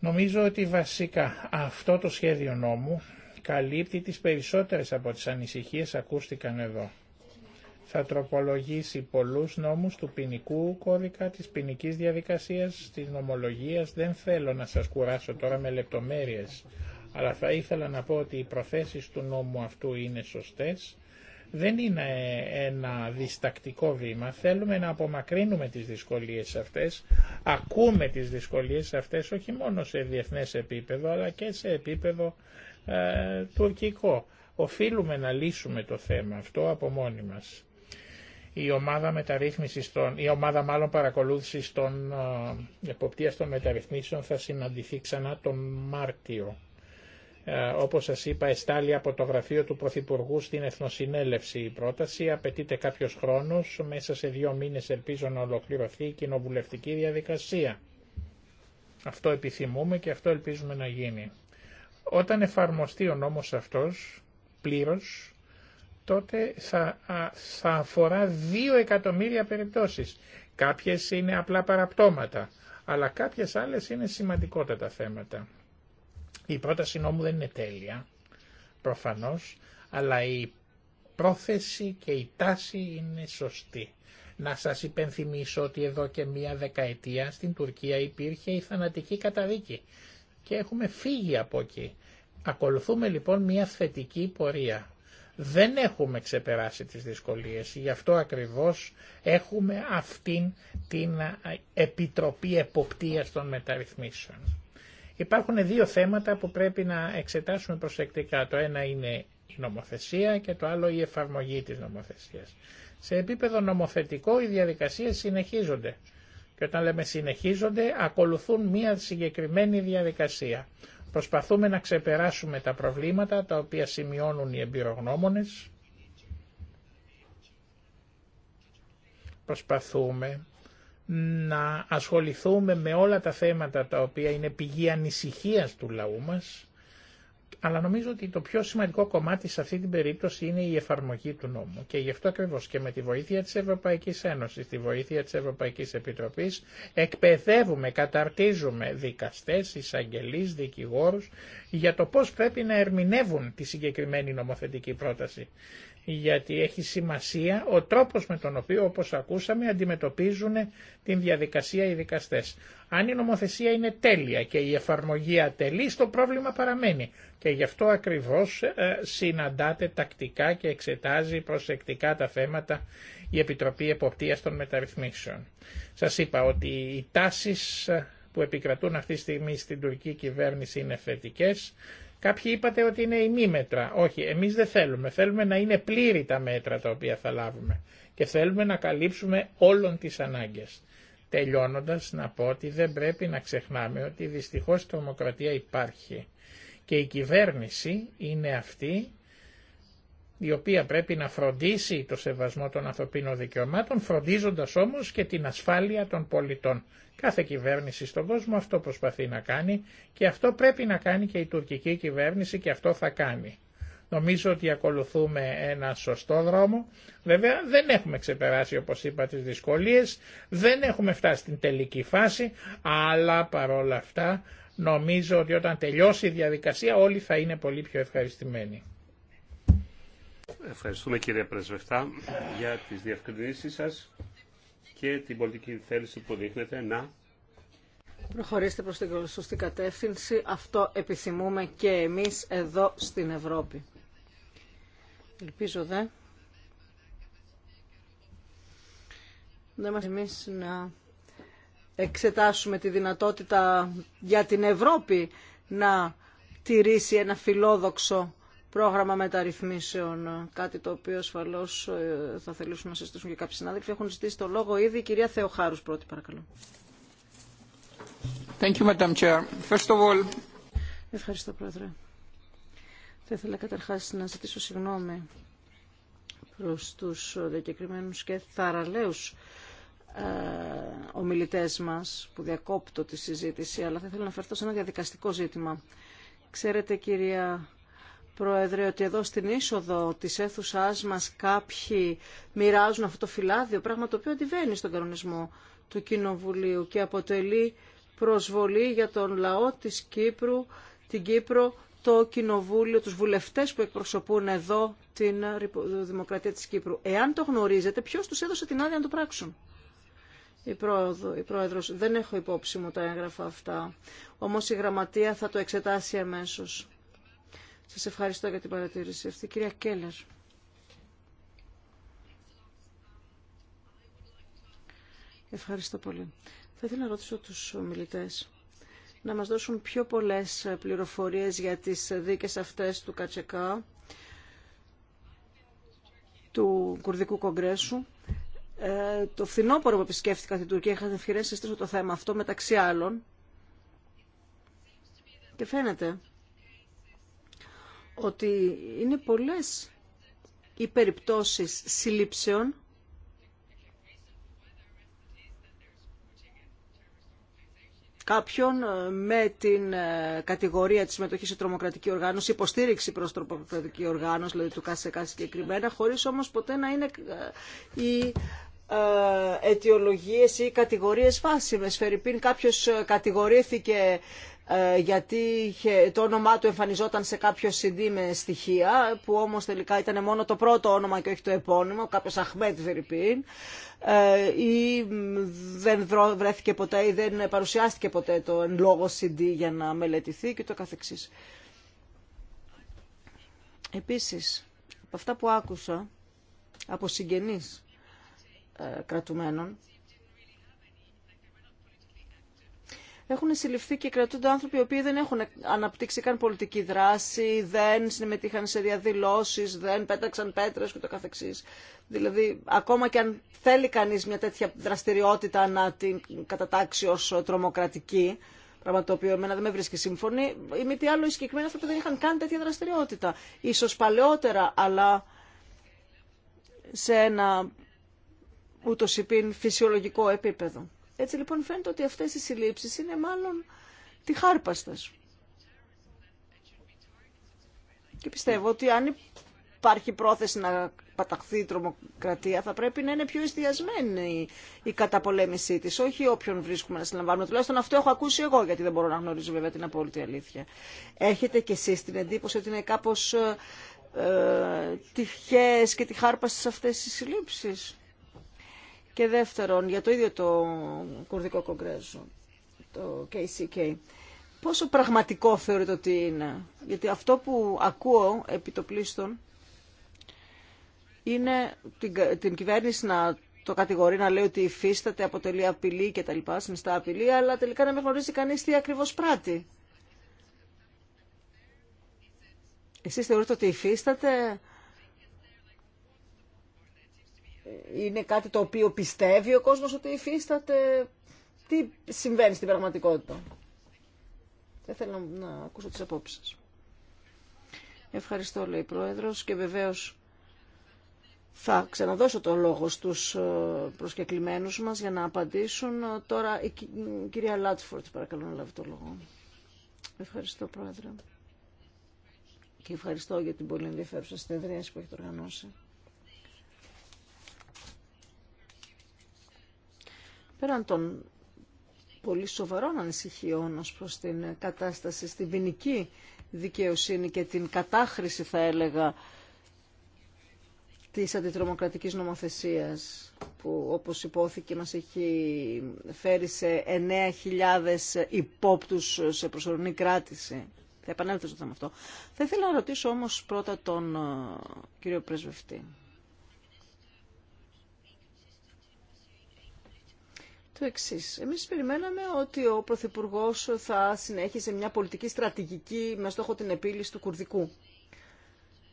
Νομίζω ότι βασικά αυτό το σχέδιο νόμου καλύπτει τις περισσότερες από τις ανησυχίες ακούστηκαν εδώ. Θα τροπολογήσει πολλούς νόμους του ποινικού κώδικα, της ποινική διαδικασίας, της νομολογίας. Δεν θέλω να σας κουράσω τώρα με λεπτομέρειες, αλλά θα ήθελα να πω ότι οι προθέσεις του νόμου αυτού είναι σωστές δεν είναι ένα διστακτικό βήμα. Θέλουμε να απομακρύνουμε τις δυσκολίες αυτές, ακούμε τις δυσκολίες αυτές όχι μόνο σε διεθνές επίπεδο αλλά και σε επίπεδο ε, τουρκικό. Οφείλουμε να λύσουμε το θέμα αυτό από μόνοι μας. Η ομάδα, μεταρρύθμισης των, η ομάδα μάλλον παρακολούθησης των ε, εποπτείας των μεταρρυθμίσεων θα συναντηθεί ξανά τον Μάρτιο. Ε, όπως σας είπα, εστάλει από το γραφείο του Πρωθυπουργού στην Εθνοσυνέλευση η πρόταση. Απαιτείται κάποιος χρόνος. Μέσα σε δύο μήνες ελπίζω να ολοκληρωθεί η κοινοβουλευτική διαδικασία. Αυτό επιθυμούμε και αυτό ελπίζουμε να γίνει. Όταν εφαρμοστεί ο νόμος αυτός πλήρως, τότε θα, θα αφορά δύο εκατομμύρια περιπτώσεις. Κάποιες είναι απλά παραπτώματα, αλλά κάποιες άλλες είναι σημαντικότατα θέματα. Η πρόταση νόμου δεν είναι τέλεια, προφανώς, αλλά η πρόθεση και η τάση είναι σωστή. Να σας υπενθυμίσω ότι εδώ και μία δεκαετία στην Τουρκία υπήρχε η θανατική καταδίκη και έχουμε φύγει από εκεί. Ακολουθούμε λοιπόν μία θετική πορεία. Δεν έχουμε ξεπεράσει τις δυσκολίες, γι' αυτό ακριβώς έχουμε αυτήν την Επιτροπή Εποπτείας των Μεταρρυθμίσεων. Υπάρχουν δύο θέματα που πρέπει να εξετάσουμε προσεκτικά. Το ένα είναι η νομοθεσία και το άλλο η εφαρμογή της νομοθεσίας. Σε επίπεδο νομοθετικό οι διαδικασίες συνεχίζονται. Και όταν λέμε συνεχίζονται, ακολουθούν μία συγκεκριμένη διαδικασία. Προσπαθούμε να ξεπεράσουμε τα προβλήματα τα οποία σημειώνουν οι εμπειρογνώμονες. Προσπαθούμε να ασχοληθούμε με όλα τα θέματα τα οποία είναι πηγή ανησυχίας του λαού μας, αλλά νομίζω ότι το πιο σημαντικό κομμάτι σε αυτή την περίπτωση είναι η εφαρμογή του νόμου. Και γι' αυτό ακριβώ και με τη βοήθεια της Ευρωπαϊκής Ένωσης, τη βοήθεια της Ευρωπαϊκής Επιτροπής εκπαιδεύουμε, καταρτίζουμε δικαστές, εισαγγελείς, δικηγόρους για το πώς πρέπει να ερμηνεύουν τη συγκεκριμένη νομοθετική πρόταση γιατί έχει σημασία ο τρόπος με τον οποίο, όπως ακούσαμε, αντιμετωπίζουν την διαδικασία οι δικαστές. Αν η νομοθεσία είναι τέλεια και η εφαρμογή ατελής, το πρόβλημα παραμένει. Και γι' αυτό ακριβώς ε, συναντάται τακτικά και εξετάζει προσεκτικά τα θέματα η Επιτροπή Εποπτείας των Μεταρρυθμίσεων. Σας είπα ότι οι τάσεις ε, που επικρατούν αυτή τη στιγμή στην τουρκική κυβέρνηση είναι θετικές Κάποιοι είπατε ότι είναι ημίμετρα. Όχι, εμείς δεν θέλουμε. Θέλουμε να είναι πλήρη τα μέτρα τα οποία θα λάβουμε και θέλουμε να καλύψουμε όλων τις ανάγκες. Τελειώνοντας να πω ότι δεν πρέπει να ξεχνάμε ότι δυστυχώς τρομοκρατία υπάρχει και η κυβέρνηση είναι αυτή η οποία πρέπει να φροντίσει το σεβασμό των ανθρωπίνων δικαιωμάτων, φροντίζοντας όμως και την ασφάλεια των πολιτών. Κάθε κυβέρνηση στον κόσμο αυτό προσπαθεί να κάνει και αυτό πρέπει να κάνει και η τουρκική κυβέρνηση και αυτό θα κάνει. Νομίζω ότι ακολουθούμε ένα σωστό δρόμο. Βέβαια δεν έχουμε ξεπεράσει όπως είπα τις δυσκολίες, δεν έχουμε φτάσει στην τελική φάση, αλλά παρόλα αυτά νομίζω ότι όταν τελειώσει η διαδικασία όλοι θα είναι πολύ πιο ευχαριστημένοι. Ευχαριστούμε κύριε Πρεσβευτά για τις διευκρινήσεις σας και την πολιτική θέληση που δείχνετε να προχωρήσετε προς την σωστή κατεύθυνση. Αυτό επιθυμούμε και εμείς εδώ στην Ευρώπη. Ελπίζω δε Δεν είμαστε εμείς να εξετάσουμε τη δυνατότητα για την Ευρώπη να τηρήσει ένα φιλόδοξο πρόγραμμα μεταρρυθμίσεων, κάτι το οποίο ασφαλώ ε, θα θελήσουν να συζητήσουν και κάποιοι συνάδελφοι. Έχουν ζητήσει το λόγο ήδη. Η κυρία Θεοχάρου πρώτη, παρακαλώ. Thank you, Madam Chair. First of all... Ευχαριστώ, Πρόεδρε. Θα ήθελα καταρχά να ζητήσω συγγνώμη προ του διακεκριμένου και θαραλέου ε, ομιλητέ μα που διακόπτω τη συζήτηση, αλλά θα ήθελα να φερθώ σε ένα διαδικαστικό ζήτημα. Ξέρετε, κυρία Πρόεδρε, ότι εδώ στην είσοδο της αίθουσα μας κάποιοι μοιράζουν αυτό το φυλάδιο, πράγμα το οποίο αντιβαίνει στον κανονισμό του Κοινοβουλίου και αποτελεί προσβολή για τον λαό της Κύπρου, την Κύπρο, το Κοινοβούλιο, τους βουλευτές που εκπροσωπούν εδώ την Δημοκρατία της Κύπρου. Εάν το γνωρίζετε, ποιο τους έδωσε την άδεια να το πράξουν. Η, πρόεδρο, η δεν έχω υπόψη μου τα έγγραφα αυτά, Όμω η Γραμματεία θα το εξετάσει αμέσω. Σας ευχαριστώ για την παρατήρηση αυτή. Κυρία Κέλλερ. Ευχαριστώ πολύ. Θα ήθελα να ρωτήσω τους ομιλητές να μας δώσουν πιο πολλές πληροφορίες για τις δίκες αυτές του Κατσεκά, του Κουρδικού Κογκρέσου. Ε, το φθινόπωρο που επισκέφθηκα την Τουρκία είχα την ευκαιρία να το θέμα αυτό μεταξύ άλλων. Και φαίνεται ότι είναι πολλές οι περιπτώσεις συλλήψεων κάποιον ε, με την ε, κατηγορία της συμμετοχής σε τρομοκρατική οργάνωση, υποστήριξη προς τρομοκρατική οργάνωση, δηλαδή του κάθε συγκεκριμένα, χωρίς όμως ποτέ να είναι ε, οι αιτιολογίες ή κατηγορίες βάσιμες. Φερρυπίν κάποιος κατηγορήθηκε ε, γιατί το όνομά του εμφανιζόταν σε κάποιο CD με στοιχεία, που όμως τελικά ήταν μόνο το πρώτο όνομα και όχι το επώνυμο, κάποιος Αχμέτ Βερυπίν, ε, ή δεν βρέθηκε ποτέ ή δεν παρουσιάστηκε ποτέ το λόγο CD για να μελετηθεί και το καθεξής. Επίσης, από αυτά που άκουσα από συγγενείς ε, κρατουμένων, έχουν συλληφθεί και κρατούνται άνθρωποι οι οποίοι δεν έχουν αναπτύξει καν πολιτική δράση, δεν συμμετείχαν σε διαδηλώσεις, δεν πέταξαν πέτρες και το Δηλαδή, ακόμα και αν θέλει κανείς μια τέτοια δραστηριότητα να την κατατάξει ως τρομοκρατική, Πράγμα το οποίο εμένα δεν με βρίσκει σύμφωνη. Ή με τι άλλο, οι συγκεκριμένοι άνθρωποι δεν είχαν καν τέτοια δραστηριότητα. Ίσως παλαιότερα, αλλά σε ένα ούτως υπήν φυσιολογικό επίπεδο. Έτσι λοιπόν φαίνεται ότι αυτές οι συλλήψεις είναι μάλλον τη χάρπαστας. Και πιστεύω ότι αν υπάρχει πρόθεση να παταχθεί η τρομοκρατία, θα πρέπει να είναι πιο εστιασμένη η καταπολέμησή τη, όχι όποιον βρίσκουμε να συλλαμβάνουμε. Τουλάχιστον αυτό έχω ακούσει εγώ, γιατί δεν μπορώ να γνωρίζω βέβαια την απόλυτη αλήθεια. Έχετε κι εσεί την εντύπωση ότι είναι κάπω ε, ε τυχαίε και τη χάρπα σε αυτέ τι συλλήψει. Και δεύτερον, για το ίδιο το Κουρδικό Κογκρέσο, το KCK. Πόσο πραγματικό θεωρείτε ότι είναι. Γιατί αυτό που ακούω επί το πλήστον είναι την, την κυβέρνηση να το κατηγορεί να λέει ότι υφίσταται, αποτελεί απειλή και τα λοιπά, συνιστά απειλή, αλλά τελικά να μην γνωρίζει κανείς τι ακριβώς πράττει. Εσείς θεωρείτε ότι υφίσταται, είναι κάτι το οποίο πιστεύει ο κόσμος ότι υφίσταται. Τι συμβαίνει στην πραγματικότητα. Θα θέλω να, να ακούσω τις απόψεις. Ευχαριστώ, λέει η Πρόεδρος, και βεβαίως θα ξαναδώσω το λόγο στους ε, προσκεκλημένους μας για να απαντήσουν. Ε, τώρα η κυρία Λάτσφορτ, παρακαλώ να λάβει το λόγο. Ευχαριστώ, Πρόεδρε. Και ευχαριστώ για την πολύ ενδιαφέρουσα συνεδρίαση που έχετε οργανώσει. πέραν των πολύ σοβαρών ανησυχιών ως προς την κατάσταση στην ποινική δικαιοσύνη και την κατάχρηση θα έλεγα της αντιτρομοκρατικής νομοθεσίας που όπως υπόθηκε μας έχει φέρει σε 9.000 υπόπτους σε προσωρινή κράτηση. Θα επανέλθω στο θέμα αυτό. Θα ήθελα να ρωτήσω όμως πρώτα τον ε, κύριο Πρεσβευτή. το εξή. Εμείς περιμέναμε ότι ο Πρωθυπουργό θα συνέχισε μια πολιτική στρατηγική με στόχο την επίλυση του κουρδικού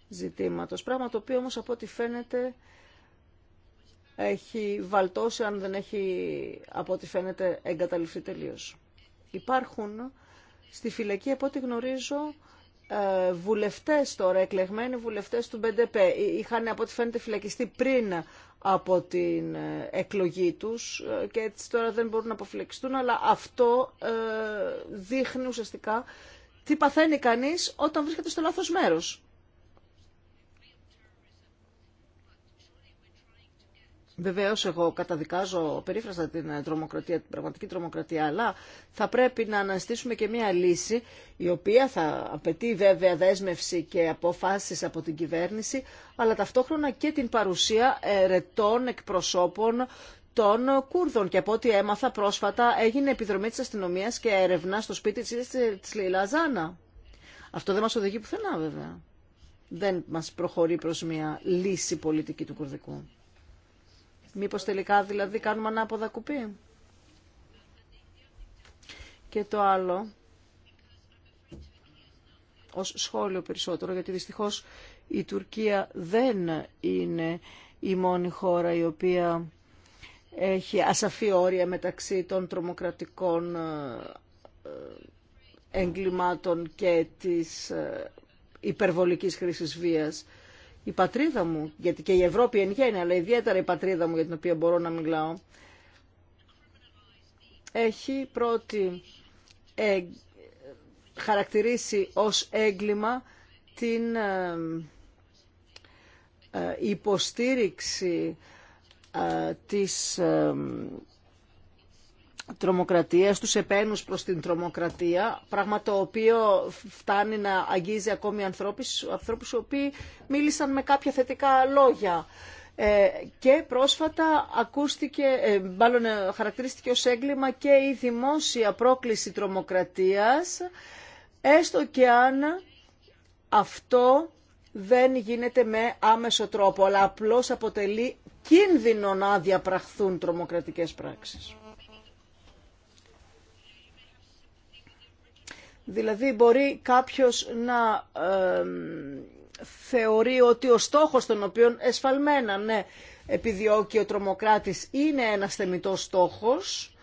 ζητήματος. Πράγμα το οποίο όμως από ό,τι φαίνεται έχει βαλτώσει αν δεν έχει από ό,τι φαίνεται εγκαταλειφθεί τελείω. Υπάρχουν στη φυλακή από ό,τι γνωρίζω ε, βουλευτές τώρα, εκλεγμένοι βουλευτές του ΜΠΕΝΤΕΠΕ. Είχαν από ό,τι φαίνεται φυλακιστεί πριν από την ε, εκλογή τους ε, και έτσι τώρα δεν μπορούν να αποφυλεξτούν, αλλά αυτό ε, δείχνει ουσιαστικά τι παθαίνει κανείς όταν βρίσκεται στο λάθος μέρος. Βεβαίω, εγώ καταδικάζω περίφρασα την τρομοκρατία, την πραγματική τρομοκρατία, αλλά θα πρέπει να αναστήσουμε και μια λύση η οποία θα απαιτεί βέβαια δέσμευση και αποφάσει από την κυβέρνηση, αλλά ταυτόχρονα και την παρουσία ερετών εκπροσώπων των Κούρδων. Και από ό,τι έμαθα πρόσφατα έγινε επιδρομή τη αστυνομία και έρευνα στο σπίτι τη Λιλά Ζάνα. Αυτό δεν μα οδηγεί πουθενά βέβαια. Δεν μα προχωρεί προ μια λύση πολιτική του Κουρδικού. Μήπως τελικά δηλαδή κάνουμε ανάποδα κουπί. Και το άλλο, ως σχόλιο περισσότερο, γιατί δυστυχώς η Τουρκία δεν είναι η μόνη χώρα η οποία έχει ασαφή όρια μεταξύ των τρομοκρατικών ε, ε, εγκλημάτων και της ε, υπερβολικής χρήσης βίας η πατρίδα μου, γιατί και η Ευρώπη εν γέννη, αλλά ιδιαίτερα η πατρίδα μου για την οποία μπορώ να μιλάω, έχει πρώτη χαρακτηρίσει ως έγκλημα την ε, ε, υποστήριξη ε, της τρομοκρατίας, τους επένους προς την τρομοκρατία, πράγμα το οποίο φτάνει να αγγίζει ακόμη ανθρώπους, ανθρώπους οι οποίοι μίλησαν με κάποια θετικά λόγια. Ε, και πρόσφατα ακούστηκε, ε, μάλλον ε, χαρακτηρίστηκε ως έγκλημα και η δημόσια πρόκληση τρομοκρατίας, έστω και αν αυτό δεν γίνεται με άμεσο τρόπο, αλλά απλώς αποτελεί κίνδυνο να διαπραχθούν τρομοκρατικές πράξεις. Δηλαδή μπορεί κάποιος να θεωρεί ότι ο στόχος των οποίων εσφαλμένα ναι, επιδιώκει ο τρομοκράτης είναι ένας θεμητός στόχος,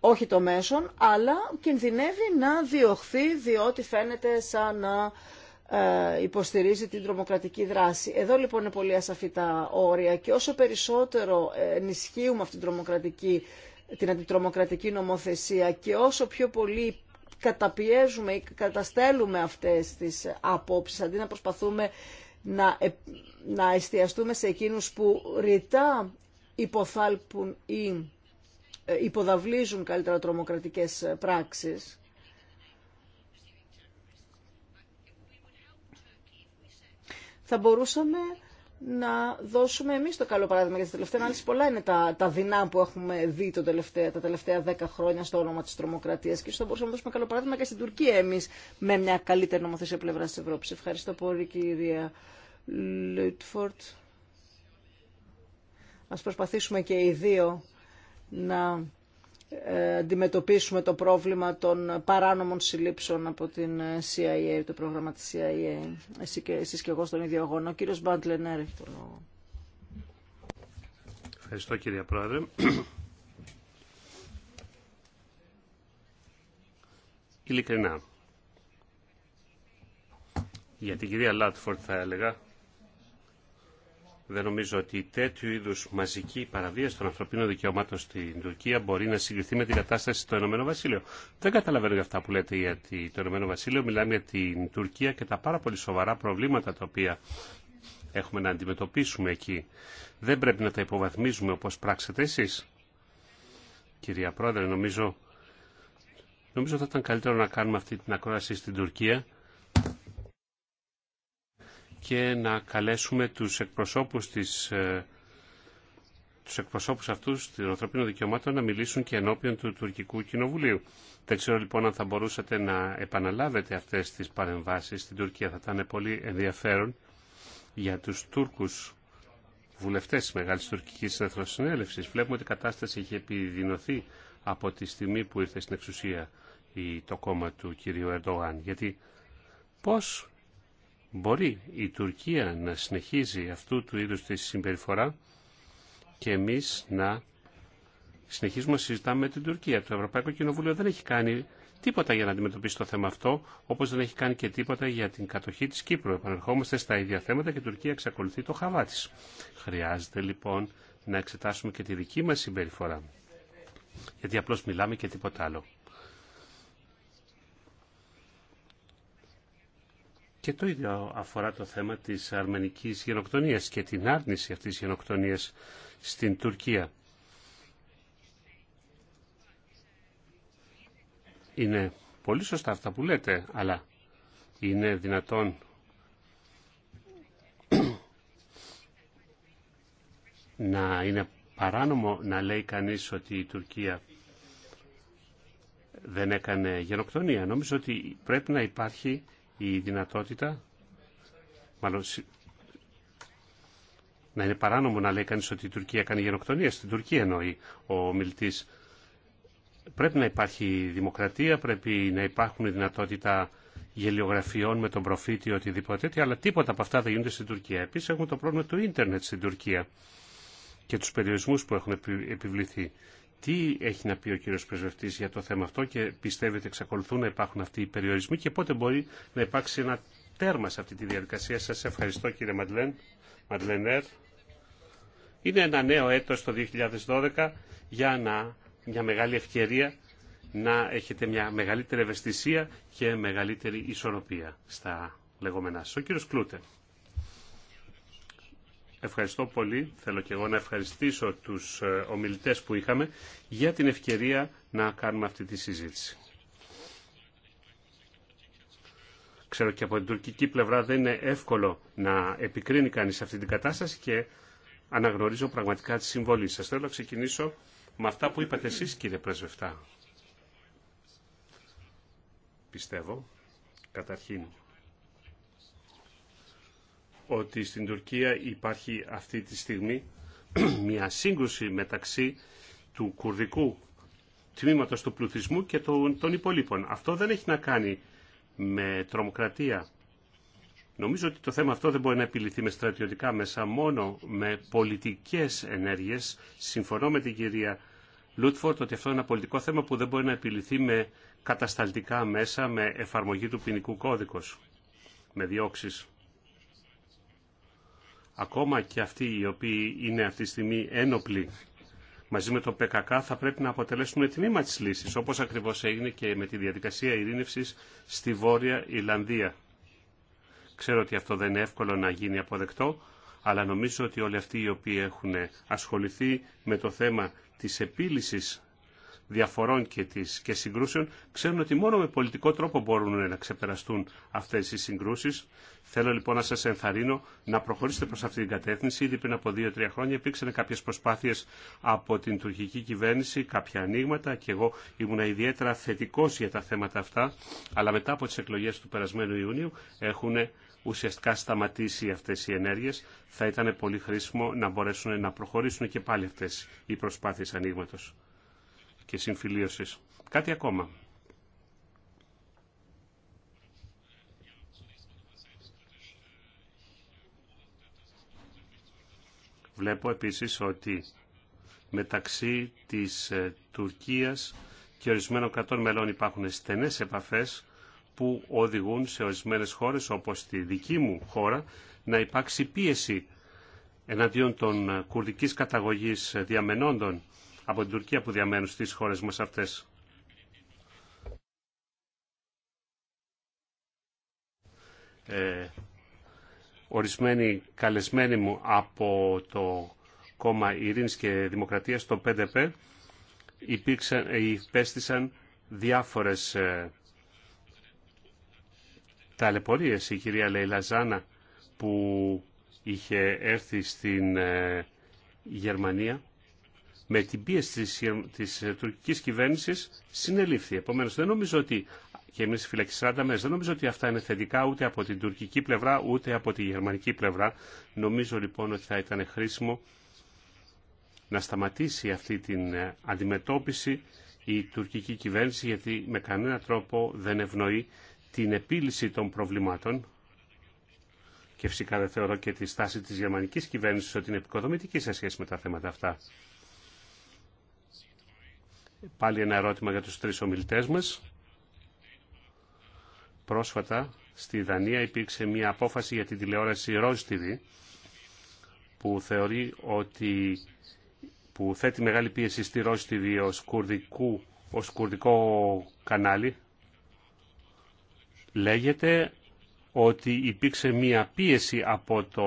όχι το μέσον, αλλά κινδυνεύει να διωχθεί διότι φαίνεται σαν να ε, υποστηρίζει την τρομοκρατική δράση. Εδώ λοιπόν είναι πολύ ασαφή τα όρια και όσο περισσότερο ενισχύουμε αυτή την την αντιτρομοκρατική νομοθεσία και όσο πιο πολύ καταπιέζουμε ή καταστέλουμε αυτές τις απόψεις αντί να προσπαθούμε να, ε, να εστιαστούμε σε εκείνους που ρητά υποθάλπουν ή ε, υποδαβλίζουν καλύτερα τρομοκρατικές πράξεις. Θα μπορούσαμε να δώσουμε εμείς το καλό παράδειγμα. Γιατί τελευταία ανάλυση πολλά είναι τα, τα δεινά που έχουμε δει το τελευταία, τα τελευταία δέκα χρόνια στο όνομα της τρομοκρατίας. Και στο θα μπορούσαμε να δώσουμε καλό παράδειγμα και στην Τουρκία εμείς με μια καλύτερη νομοθεσία πλευρά της Ευρώπης. Ευχαριστώ πολύ κυρία Λούτφορτ. Ας προσπαθήσουμε και οι δύο να ε, αντιμετωπίσουμε το πρόβλημα των παράνομων συλλήψεων από την CIA, το πρόγραμμα της CIA. Εσύ και, εσείς και εγώ στον ίδιο αγώνα. Ο κύριος Μπάντλενερ ναι, έχει το λόγο. Ευχαριστώ κύριε Πρόεδρε. Ειλικρινά. Για την κυρία Λάτφορντ θα έλεγα δεν νομίζω ότι τέτοιου είδου μαζική παραβίαση των ανθρωπίνων δικαιωμάτων στην Τουρκία μπορεί να συγκριθεί με την κατάσταση στο Ηνωμένο Βασίλειο. Δεν καταλαβαίνω για αυτά που λέτε γιατί το Ηνωμένο Βασίλειο. Μιλάμε για την Τουρκία και τα πάρα πολύ σοβαρά προβλήματα τα οποία έχουμε να αντιμετωπίσουμε εκεί. Δεν πρέπει να τα υποβαθμίζουμε όπως πράξετε εσείς. Κυρία Πρόεδρε, νομίζω, νομίζω θα ήταν καλύτερο να κάνουμε αυτή την ακρόαση στην Τουρκία και να καλέσουμε τους εκπροσώπους της ε, τους εκπροσώπους αυτούς των ανθρωπίνων δικαιωμάτων να μιλήσουν και ενώπιον του τουρκικού κοινοβουλίου. Δεν ξέρω λοιπόν αν θα μπορούσατε να επαναλάβετε αυτές τις παρεμβάσεις στην Τουρκία. Θα ήταν πολύ ενδιαφέρον για τους Τούρκους βουλευτές της Μεγάλης Τουρκικής Εθνοσυνέλευσης. Βλέπουμε ότι η κατάσταση έχει επιδεινωθεί από τη στιγμή που ήρθε στην εξουσία το κόμμα του κυρίου Ερντογάν. Γιατί πώς Μπορεί η Τουρκία να συνεχίζει αυτού του είδους τη συμπεριφορά και εμείς να συνεχίζουμε να συζητάμε με την Τουρκία. Το Ευρωπαϊκό Κοινοβούλιο δεν έχει κάνει τίποτα για να αντιμετωπίσει το θέμα αυτό, όπως δεν έχει κάνει και τίποτα για την κατοχή της Κύπρου. Επανερχόμαστε στα ίδια θέματα και η Τουρκία εξακολουθεί το χαβά της. Χρειάζεται λοιπόν να εξετάσουμε και τη δική μας συμπεριφορά. Γιατί απλώς μιλάμε και τίποτα άλλο. Και το ίδιο αφορά το θέμα της αρμενικής γενοκτονίας και την άρνηση αυτής της γενοκτονίας στην Τουρκία. Είναι πολύ σωστά αυτά που λέτε, αλλά είναι δυνατόν να είναι παράνομο να λέει κανείς ότι η Τουρκία δεν έκανε γενοκτονία. Νομίζω ότι πρέπει να υπάρχει η δυνατότητα, μάλλον να είναι παράνομο να λέει κανείς ότι η Τουρκία κάνει γενοκτονία, στην Τουρκία εννοεί ο μιλτής Πρέπει να υπάρχει δημοκρατία, πρέπει να υπάρχουν δυνατότητα γελιογραφιών με τον προφήτη ή οτιδήποτε τέτοιο, αλλά τίποτα από αυτά δεν γίνονται στην Τουρκία. Επίσης έχουμε το πρόβλημα του ίντερνετ στην Τουρκία και τους περιορισμούς που έχουν επιβληθεί τι έχει να πει ο κύριος Πρεσβευτής για το θέμα αυτό και πιστεύετε εξακολουθούν να υπάρχουν αυτοί οι περιορισμοί και πότε μπορεί να υπάρξει ένα τέρμα σε αυτή τη διαδικασία. Σας ευχαριστώ κύριε Μαντλέν, Μαντλενέρ. Είναι ένα νέο έτος το 2012 για να, μια μεγάλη ευκαιρία να έχετε μια μεγαλύτερη ευαισθησία και μεγαλύτερη ισορροπία στα λεγόμενά σας. Ο κύριος Κλούτε. Ευχαριστώ πολύ. Θέλω και εγώ να ευχαριστήσω τους ε, ομιλητές που είχαμε για την ευκαιρία να κάνουμε αυτή τη συζήτηση. Ξέρω και από την τουρκική πλευρά δεν είναι εύκολο να επικρίνει κανείς αυτή την κατάσταση και αναγνωρίζω πραγματικά τη συμβολή σας. Θέλω να ξεκινήσω με αυτά που είπατε εσείς κύριε Πρεσβευτά. Πιστεύω, καταρχήν, ότι στην Τουρκία υπάρχει αυτή τη στιγμή μια σύγκρουση μεταξύ του κουρδικού τμήματος του πληθυσμού και των υπολείπων. Αυτό δεν έχει να κάνει με τρομοκρατία. Νομίζω ότι το θέμα αυτό δεν μπορεί να επιληθεί με στρατιωτικά μέσα, μόνο με πολιτικές ενέργειες. Συμφωνώ με την κυρία Λούτφορτ ότι αυτό είναι ένα πολιτικό θέμα που δεν μπορεί να επιληθεί με κατασταλτικά μέσα, με εφαρμογή του ποινικού κώδικος, με διώξεις ακόμα και αυτοί οι οποίοι είναι αυτή τη στιγμή ένοπλοι μαζί με το ΠΚΚ θα πρέπει να αποτελέσουν τμήμα της λύση, όπως ακριβώς έγινε και με τη διαδικασία ειρήνευσης στη Βόρεια Ιρλανδία. Ξέρω ότι αυτό δεν είναι εύκολο να γίνει αποδεκτό, αλλά νομίζω ότι όλοι αυτοί οι οποίοι έχουν ασχοληθεί με το θέμα της επίλυσης διαφορών και, της, και συγκρούσεων ξέρουν ότι μόνο με πολιτικό τρόπο μπορούν να ξεπεραστούν αυτέ οι συγκρούσει. Θέλω λοιπόν να σα ενθαρρύνω να προχωρήσετε προ αυτή την κατεύθυνση. Ήδη πριν από δύο-τρία χρόνια υπήρξαν κάποιε προσπάθειες από την τουρκική κυβέρνηση, κάποια ανοίγματα και εγώ ήμουν ιδιαίτερα θετικό για τα θέματα αυτά, αλλά μετά από τι εκλογέ του περασμένου Ιουνίου έχουν ουσιαστικά σταματήσει αυτέ οι ενέργειε. θα ήταν πολύ χρήσιμο να μπορέσουν να προχωρήσουν και πάλι αυτέ οι προσπάθειε ανοίγματο και συμφιλίωσης. Κάτι ακόμα. Βλέπω επίσης ότι μεταξύ της ε, Τουρκίας και ορισμένων κρατών μελών υπάρχουν στενές επαφές που οδηγούν σε ορισμένες χώρες όπως τη δική μου χώρα να υπάρξει πίεση εναντίον των ε, κουρδικής καταγωγής ε, διαμενόντων από την Τουρκία που διαμένουν στις χώρες μας αυτές. Ε, ορισμένοι καλεσμένοι μου από το κόμμα Ειρήνης και Δημοκρατίας, το 5 ε, υπέστησαν διάφορες ε, ταλαιπωρίες. Η κυρία Ζάνα που είχε έρθει στην ε, Γερμανία με την πίεση της ε, τουρκικής κυβέρνησης συνελήφθη. Επομένως δεν νομίζω ότι και εμείς φυλακή 40 Δεν νομίζω ότι αυτά είναι θετικά ούτε από την τουρκική πλευρά ούτε από τη γερμανική πλευρά. Νομίζω λοιπόν ότι θα ήταν χρήσιμο να σταματήσει αυτή την ε, αντιμετώπιση η τουρκική κυβέρνηση γιατί με κανένα τρόπο δεν ευνοεί την επίλυση των προβλημάτων και φυσικά δεν θεωρώ και τη στάση της γερμανικής κυβέρνησης ότι είναι επικοδομητική σε σχέση με τα θέματα αυτά. Πάλι ένα ερώτημα για τους τρεις ομιλητές μας. Πρόσφατα στη Δανία υπήρξε μια απόφαση για την τηλεόραση Rose που θεωρεί ότι που θέτει μεγάλη πίεση στη Rose TV ως, κουρδικού, ως κουρδικό κανάλι λέγεται ότι υπήρξε μια πίεση από το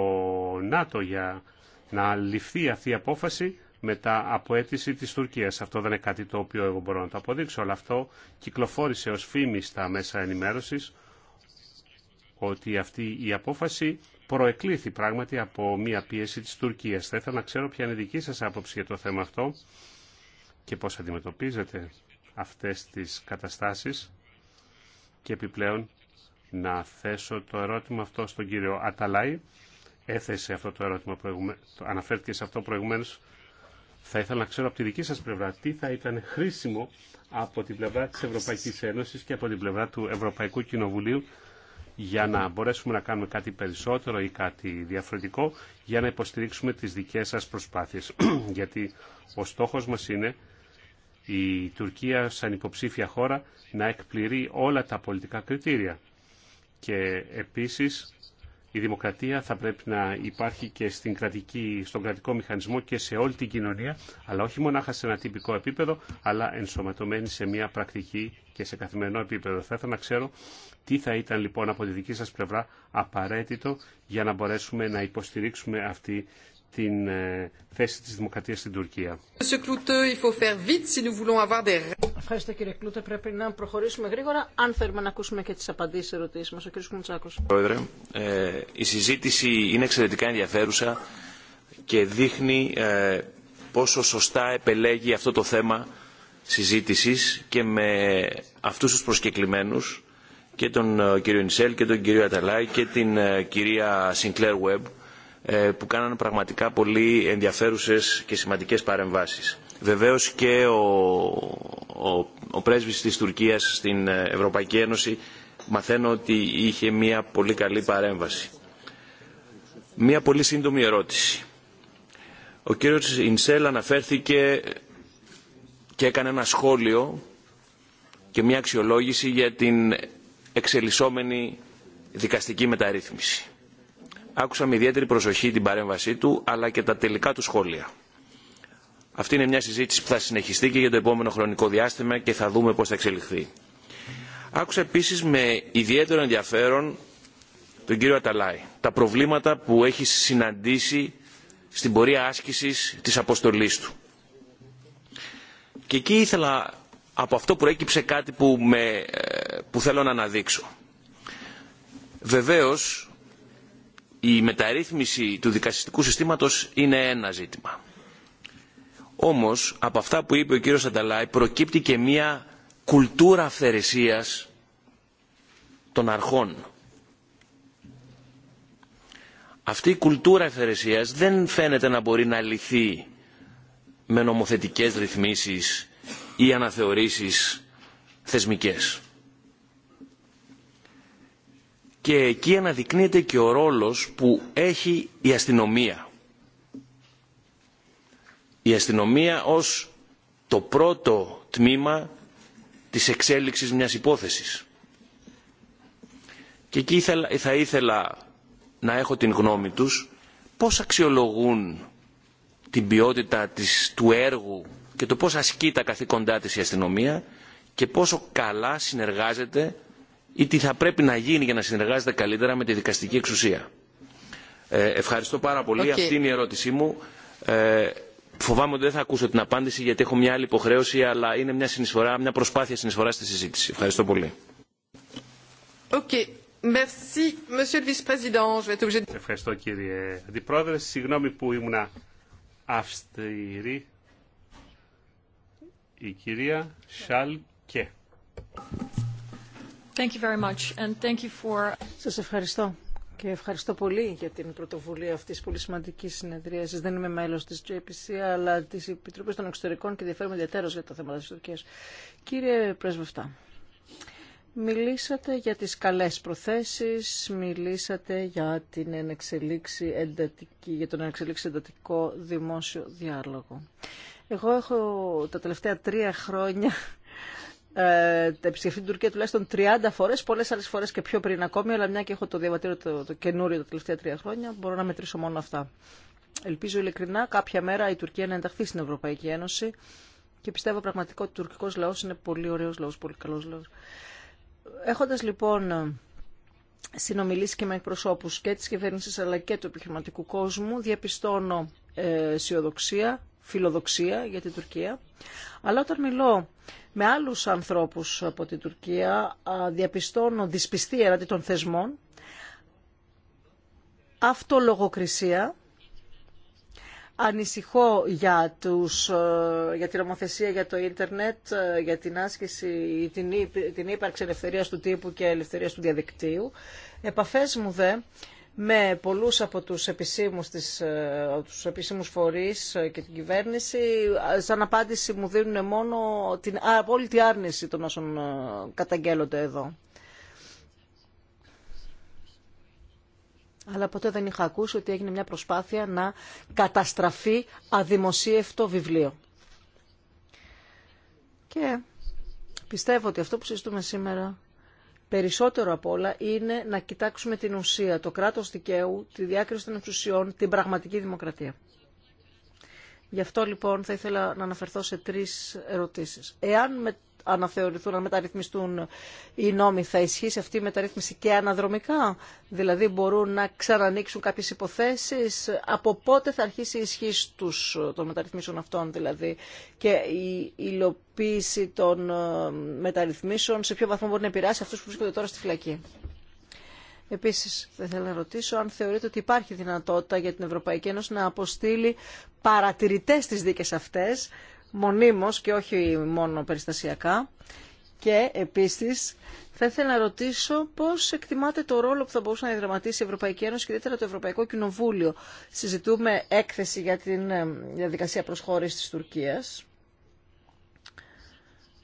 ΝΑΤΟ για να ληφθεί αυτή η απόφαση μετά από αίτηση της Τουρκίας. Αυτό δεν είναι κάτι το οποίο εγώ μπορώ να το αποδείξω, αλλά αυτό κυκλοφόρησε ως φήμη στα μέσα ενημέρωσης ότι αυτή η απόφαση προεκλήθη πράγματι από μια πίεση της Τουρκίας. Θα ήθελα να ξέρω ποια είναι η δική σας άποψη για το θέμα αυτό και πώς αντιμετωπίζετε αυτές τις καταστάσεις και επιπλέον να θέσω το ερώτημα αυτό στον κύριο Αταλάη. Έθεσε αυτό το ερώτημα, αναφέρθηκε σε αυτό προηγουμένως θα ήθελα να ξέρω από τη δική σας πλευρά τι θα ήταν χρήσιμο από την πλευρά της Ευρωπαϊκής Ένωσης και από την πλευρά του Ευρωπαϊκού Κοινοβουλίου για να μπορέσουμε να κάνουμε κάτι περισσότερο ή κάτι διαφορετικό για να υποστηρίξουμε τις δικές σας προσπάθειες. Γιατί ο στόχος μας είναι η Τουρκία σαν υποψήφια χώρα να εκπληρεί όλα τα πολιτικά κριτήρια. Και επίσης η δημοκρατία θα πρέπει να υπάρχει και στην κρατική, στον κρατικό μηχανισμό και σε όλη την κοινωνία, αλλά όχι μονάχα σε ένα τυπικό επίπεδο, αλλά ενσωματωμένη σε μια πρακτική και σε καθημερινό επίπεδο. Θα ήθελα να ξέρω τι θα ήταν λοιπόν από τη δική σας πλευρά απαραίτητο για να μπορέσουμε να υποστηρίξουμε αυτή την ε, θέση της δημοκρατίας στην Τουρκία. Ευχαριστώ κύριε Κλούτε. Πρέπει να προχωρήσουμε γρήγορα αν θέλουμε να ακούσουμε και τις απαντήσεις ερωτήσεις μας. Ο κύριος Κουμουτσάκος. Πρόεδρε, ε, η συζήτηση είναι εξαιρετικά ενδιαφέρουσα και δείχνει ε, πόσο σωστά επελέγει αυτό το θέμα συζήτησης και με αυτούς τους προσκεκλημένους και τον ε, κύριο Νισελ και τον κύριο Αταλάη και την ε, κυρία Σινκλέρ Βέμπ. Ε, που κάνανε πραγματικά πολύ ενδιαφέρουσες και σημαντικές παρεμβάσεις. Βεβαίως και ο, ο, πρέσβης της Τουρκίας στην ε, Ευρωπαϊκή Ένωση μαθαίνω ότι είχε μια πολύ καλή παρέμβαση. Μια πολύ σύντομη ερώτηση. Ο κύριος Ινσέλ αναφέρθηκε και έκανε ένα σχόλιο και μια αξιολόγηση για την εξελισσόμενη δικαστική μεταρρύθμιση Άκουσα με ιδιαίτερη προσοχή την παρέμβασή του, αλλά και τα τελικά του σχόλια. Αυτή είναι μια συζήτηση που θα συνεχιστεί και για το επόμενο χρονικό διάστημα και θα δούμε πώς θα εξελιχθεί. Άκουσα επίσης με ιδιαίτερο ενδιαφέρον τον κύριο Αταλάη τα προβλήματα που έχει συναντήσει στην πορεία άσκησης της αποστολής του. Και εκεί ήθελα από αυτό έκυψε κάτι που, με, ε, που θέλω να αναδείξω. Βεβαίως η μεταρρύθμιση του δικαστικού συστήματος είναι ένα ζήτημα. Όμως, από αυτά που είπε ο κύριος Σανταλάη, προκύπτει και μία κουλτούρα αυθαιρεσίας των αρχών. Αυτή η κουλτούρα αυθαιρεσίας δεν φαίνεται να μπορεί να λυθεί με νομοθετικές ρυθμίσεις ή αναθεωρήσεις θεσμικές και εκεί αναδεικνύεται και ο ρόλος που έχει η αστυνομία. Η αστυνομία ως το πρώτο τμήμα της εξέλιξης μιας υπόθεσης. Και εκεί θα ήθελα να έχω την γνώμη τους πώς αξιολογούν την ποιότητα της, του έργου και το πώς ασκεί τα καθήκοντά της η αστυνομία και πόσο καλά συνεργάζεται ή τι θα πρέπει να γίνει για να συνεργάζεται καλύτερα με τη δικαστική εξουσία. Ε, ευχαριστώ πάρα πολύ. Okay. Αυτή είναι η ερώτησή μου. Ε, φοβάμαι ότι δεν θα ακούσω την απάντηση γιατί έχω μια άλλη υποχρέωση, αλλά είναι μια, συνεισφορά, μια προσπάθεια συνεισφορά στη συζήτηση. Ευχαριστώ πολύ. Okay. Merci, Obligé... Ευχαριστώ κύριε Αντιπρόεδρε. Συγγνώμη που ήμουν αυστηρή. Η κυρία Σαλκέ. Σα Σας ευχαριστώ και ευχαριστώ πολύ για την πρωτοβουλία αυτής τη πολύ σημαντική συνεδρία. Δεν είμαι μέλος της JPC αλλά της Επιτροπής των Εξωτερικών και ενδιαφέρομαι ιδιαίτερως για τα θέματα της Τουρκίας. Κύριε Πρεσβευτά, μιλήσατε για τις καλές προθέσεις, μιλήσατε για, την για τον ενεξελίξη εντατικό δημόσιο διάλογο. Εγώ έχω τα τελευταία τρία χρόνια ε, επισκεφτεί την Τουρκία τουλάχιστον 30 φορέ, πολλέ άλλε φορέ και πιο πριν ακόμη, αλλά μια και έχω το διαβατήριο το, το καινούριο τα τελευταία τρία χρόνια, μπορώ να μετρήσω μόνο αυτά. Ελπίζω ειλικρινά κάποια μέρα η Τουρκία να ενταχθεί στην Ευρωπαϊκή Ένωση και πιστεύω πραγματικά ότι ο Τουρκικό λαό είναι πολύ ωραίο λαός, πολύ καλό λαός. Έχοντα λοιπόν ε, συνομιλήσει και με εκπροσώπου και τη κυβέρνηση αλλά και του επιχειρηματικού κόσμου, διαπιστώνω ε, αισιοδοξία φιλοδοξία για την Τουρκία. Αλλά όταν μιλώ με άλλους ανθρώπους από την Τουρκία, διαπιστώνω δυσπιστία αντί των θεσμών, αυτολογοκρισία, ανησυχώ για, τους, ε, για την ομοθεσία για το ίντερνετ, ε, για την άσκηση, την, την ύπαρξη ελευθερίας του τύπου και ελευθερίας του διαδικτύου. Επαφές μου δε με πολλούς από τους επισήμους, της, ε, τους επισήμους φορείς ε, και την κυβέρνηση. Σαν απάντηση μου δίνουν μόνο την απόλυτη άρνηση των όσων ε, καταγγέλλονται εδώ. Αλλά ποτέ δεν είχα ακούσει ότι έγινε μια προσπάθεια να καταστραφεί αδημοσίευτο βιβλίο. Και πιστεύω ότι αυτό που συζητούμε σήμερα περισσότερο απ' όλα είναι να κοιτάξουμε την ουσία, το κράτος δικαίου, τη διάκριση των εξουσιών, την πραγματική δημοκρατία. Γι' αυτό λοιπόν θα ήθελα να αναφερθώ σε τρεις ερωτήσεις. Εάν αναθεωρηθούν, να μεταρρυθμιστούν οι νόμοι, θα ισχύσει αυτή η μεταρρύθμιση και αναδρομικά. Δηλαδή μπορούν να ξανανοίξουν κάποιες υποθέσεις. Από πότε θα αρχίσει η ισχύ τους, των μεταρρυθμίσεων αυτών δηλαδή και η υλοποίηση των ε, μεταρρυθμίσεων, σε ποιο βαθμό μπορεί να επηρεάσει αυτούς που βρίσκονται τώρα στη φυλακή. Επίση, θα ήθελα να ρωτήσω αν θεωρείτε ότι υπάρχει δυνατότητα για την Ευρωπαϊκή Ένωση να αποστείλει παρατηρητέ στι δικέ αυτέ μονίμως και όχι μόνο περιστασιακά. Και επίσης θα ήθελα να ρωτήσω πώς εκτιμάτε το ρόλο που θα μπορούσε να διαδραματίσει η Ευρωπαϊκή Ένωση και ιδιαίτερα το Ευρωπαϊκό Κοινοβούλιο. Συζητούμε έκθεση για την ε, διαδικασία προσχώρησης της Τουρκίας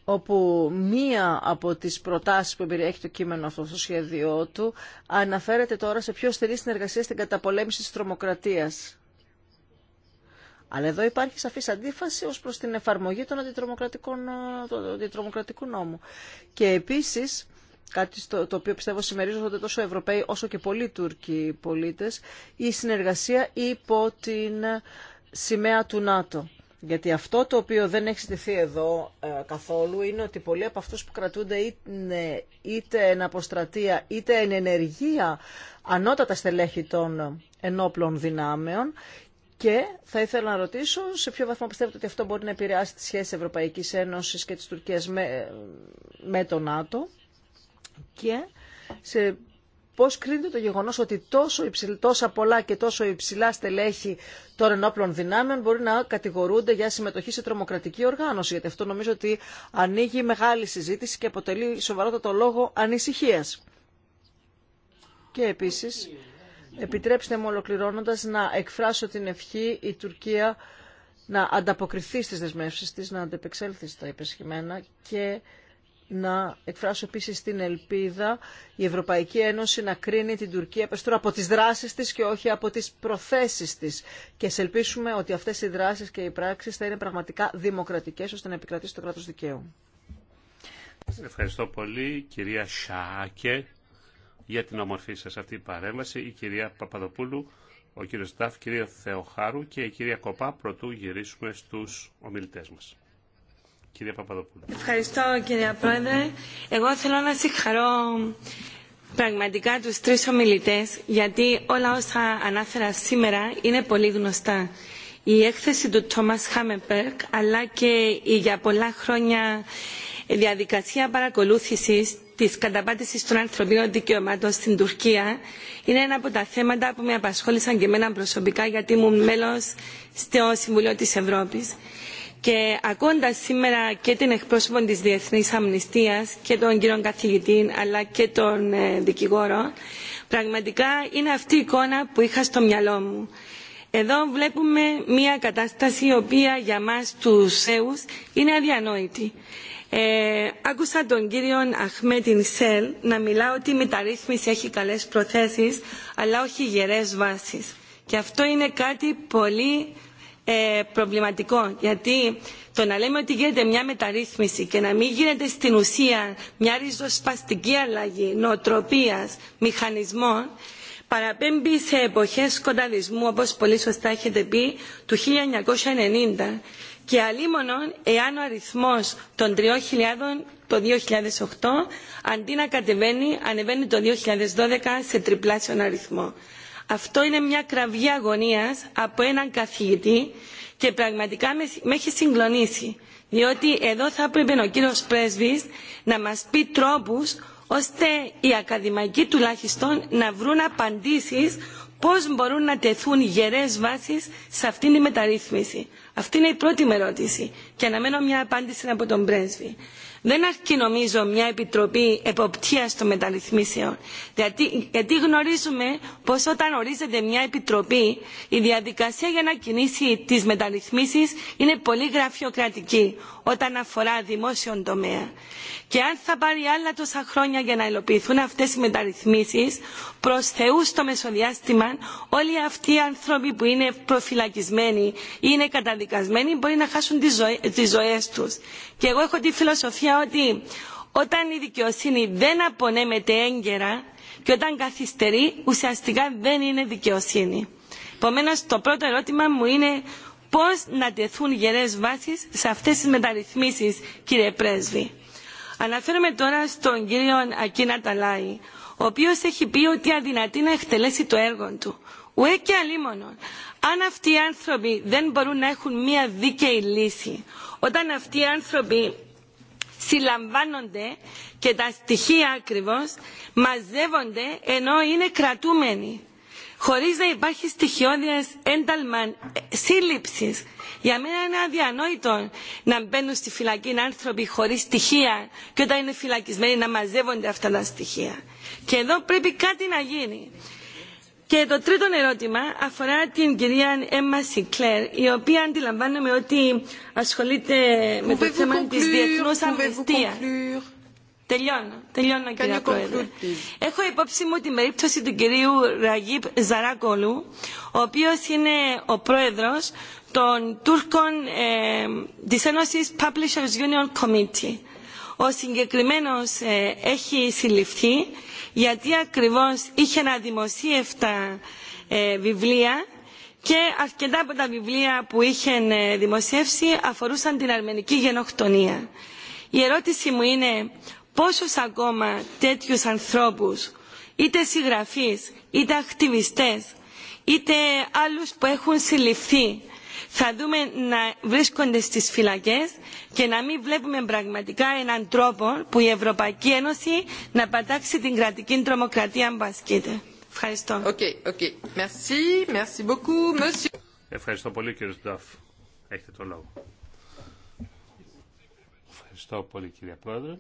όπου μία από τις προτάσεις που περιέχει το κείμενο αυτό στο σχέδιό του αναφέρεται τώρα σε πιο στενή συνεργασία στην καταπολέμηση της τρομοκρατίας. Αλλά εδώ υπάρχει σαφής αντίφαση ως προς την εφαρμογή των αντιτρομοκρατικών, ε, του αντιτρομοκρατικού νόμου. Και επίσης, κάτι στο, το οποίο πιστεύω συμμερίζονται τόσο Ευρωπαίοι όσο και πολλοί Τούρκοι πολίτες, η συνεργασία υπό την σημαία του ΝΑΤΟ. Γιατί αυτό το οποίο δεν έχει στηθεί εδώ ε, καθόλου είναι ότι πολλοί από αυτούς που κρατούνται είτε, είτε εν αποστρατεία είτε εν ενεργεία ανώτατα στελέχη των ενόπλων δυνάμεων και θα ήθελα να ρωτήσω σε ποιο βαθμό πιστεύετε ότι αυτό μπορεί να επηρεάσει τη σχέση Ευρωπαϊκής Ένωσης και της Τουρκίας με, με το ΝΑΤΟ και σε πώς κρίνεται το γεγονός ότι τόσο υψηλ, τόσα πολλά και τόσο υψηλά στελέχη των ενόπλων δυνάμεων μπορεί να κατηγορούνται για συμμετοχή σε τρομοκρατική οργάνωση. Γιατί αυτό νομίζω ότι ανοίγει μεγάλη συζήτηση και αποτελεί σοβαρότατο λόγο ανησυχίας. Και επίσης Επιτρέψτε μου ολοκληρώνοντας να εκφράσω την ευχή η Τουρκία να ανταποκριθεί στις δεσμεύσεις της, να αντεπεξέλθει στα υπεσχημένα και να εκφράσω επίσης την ελπίδα η Ευρωπαϊκή Ένωση να κρίνει την Τουρκία περισσότερο από τις δράσεις της και όχι από τις προθέσεις της. Και σε ελπίσουμε ότι αυτές οι δράσεις και οι πράξει θα είναι πραγματικά δημοκρατικέ ώστε να επικρατήσει το κράτος δικαίου. Ευχαριστώ πολύ κυρία Σάκε για την ομορφή σας αυτή η παρέμβαση, η κυρία Παπαδοπούλου, ο κύριος Σταφ, η κυρία Θεοχάρου και η κυρία Κοπά, προτού γυρίσουμε στους ομιλητές μας. Κυρία Παπαδοπούλου. Ευχαριστώ κυρία Πρόεδρε. Εγώ θέλω να συγχαρώ πραγματικά τους τρεις ομιλητές, γιατί όλα όσα ανάφερα σήμερα είναι πολύ γνωστά. Η έκθεση του Τόμας Χάμεμπερκ, αλλά και η για πολλά χρόνια διαδικασία παρακολούθησης Τη καταπάτηση των ανθρωπίνων δικαιωμάτων στην Τουρκία είναι ένα από τα θέματα που με απασχόλησαν και εμένα προσωπικά γιατί ήμουν μέλο στο Συμβουλίο τη Ευρώπη. Και ακούγοντα σήμερα και την εκπρόσωπο τη Διεθνή Αμνηστίας και τον κύριο καθηγητή αλλά και τον ε, δικηγόρο πραγματικά είναι αυτή η εικόνα που είχα στο μυαλό μου. Εδώ βλέπουμε μια κατάσταση η οποία για μας τους Θεούς είναι αδιανόητη. Ε, άκουσα τον κύριο Αχμέτιν Σελ να μιλά ότι η μεταρρύθμιση έχει καλές προθέσεις αλλά όχι γερές βάσεις. Και αυτό είναι κάτι πολύ ε, προβληματικό γιατί το να λέμε ότι γίνεται μια μεταρρύθμιση και να μην γίνεται στην ουσία μια ριζοσπαστική αλλαγή νοοτροπίας, μηχανισμών παραπέμπει σε εποχές σκοταδισμού όπως πολύ σωστά έχετε πει του 1990 και αλίμονον εάν ο αριθμός των 3.000 το 2008 αντί να κατεβαίνει, ανεβαίνει το 2012 σε τριπλάσιο αριθμό. Αυτό είναι μια κραυγή αγωνίας από έναν καθηγητή και πραγματικά με, έχει συγκλονίσει. Διότι εδώ θα έπρεπε ο κύριος Πρέσβης να μας πει τρόπους ώστε οι ακαδημαϊκοί τουλάχιστον να βρουν απαντήσεις πώς μπορούν να τεθούν γερές βάσεις σε αυτήν τη μεταρρύθμιση. Αυτή είναι η πρώτη μου ερώτηση και αναμένω μια απάντηση από τον πρέσβη. Δεν αρκεί νομίζω μια επιτροπή εποπτείας των μεταρρυθμίσεων. Γιατί, γιατί γνωρίζουμε πως όταν ορίζεται μια επιτροπή η διαδικασία για να κινήσει τις μεταρρυθμίσεις είναι πολύ γραφειοκρατική όταν αφορά δημόσιο τομέα. Και αν θα πάρει άλλα τόσα χρόνια για να υλοποιηθούν αυτές οι μεταρρυθμίσεις προς Θεού στο μεσοδιάστημα όλοι αυτοί οι άνθρωποι που είναι προφυλακισμένοι ή είναι καταδικασμένοι μπορεί να χάσουν τις ζωέ του. Και εγώ έχω τη φιλοσοφία αλήθεια ότι όταν η δικαιοσύνη δεν απονέμεται έγκαιρα και όταν καθυστερεί ουσιαστικά δεν είναι δικαιοσύνη. Επομένω, το πρώτο ερώτημα μου είναι πώ να τεθούν γερέ βάσει σε αυτέ τι μεταρρυθμίσει, κύριε Πρέσβη. Αναφέρομαι τώρα στον κύριο Ακίνα Ταλάη, ο οποίο έχει πει ότι αδυνατεί να εκτελέσει το έργο του. Ουέ και αλλήμον Αν αυτοί οι άνθρωποι δεν μπορούν να έχουν μία δίκαιη λύση, όταν αυτοί οι άνθρωποι συλλαμβάνονται και τα στοιχεία ακριβώς μαζεύονται ενώ είναι κρατούμενοι χωρίς να υπάρχει στοιχειώδες ένταλμα ε, σύλληψης. Για μένα είναι αδιανόητο να μπαίνουν στη φυλακή άνθρωποι χωρίς στοιχεία και όταν είναι φυλακισμένοι να μαζεύονται αυτά τα στοιχεία. Και εδώ πρέπει κάτι να γίνει. Και το τρίτο ερώτημα αφορά την κυρία Έμμα Σικλέρ, η οποία αντιλαμβάνομαι ότι ασχολείται με το θέμα της διεθνούς αμνηστίας. Τελειώνω, τελειώνω κυρία Πρόεδρε. Έχω υπόψη μου την περίπτωση του κυρίου Ραγίπ Ζαράκολου, ο οποίος είναι ο πρόεδρος των Τούρκων ε, της Ένωσης Publishers Union Committee ο συγκεκριμένος ε, έχει συλληφθεί γιατί ακριβώς είχε να δημοσίευτα ε, βιβλία και αρκετά από τα βιβλία που είχε ε, δημοσιεύσει αφορούσαν την αρμενική γενοκτονία. Η ερώτηση μου είναι πόσους ακόμα τέτοιους ανθρώπους, είτε συγγραφείς, είτε ακτιβιστές, είτε άλλους που έχουν συλληφθεί θα δούμε να βρίσκονται στις φυλακές και να μην βλέπουμε πραγματικά έναν τρόπο που η Ευρωπαϊκή Ένωση να πατάξει την κρατική τρομοκρατία που ασκείται. Ευχαριστώ. Okay, okay. Merci, merci beaucoup, monsieur. Ευχαριστώ πολύ κύριε Σταφ. Έχετε το λόγο. Ευχαριστώ πολύ κύριε Πρόεδρε.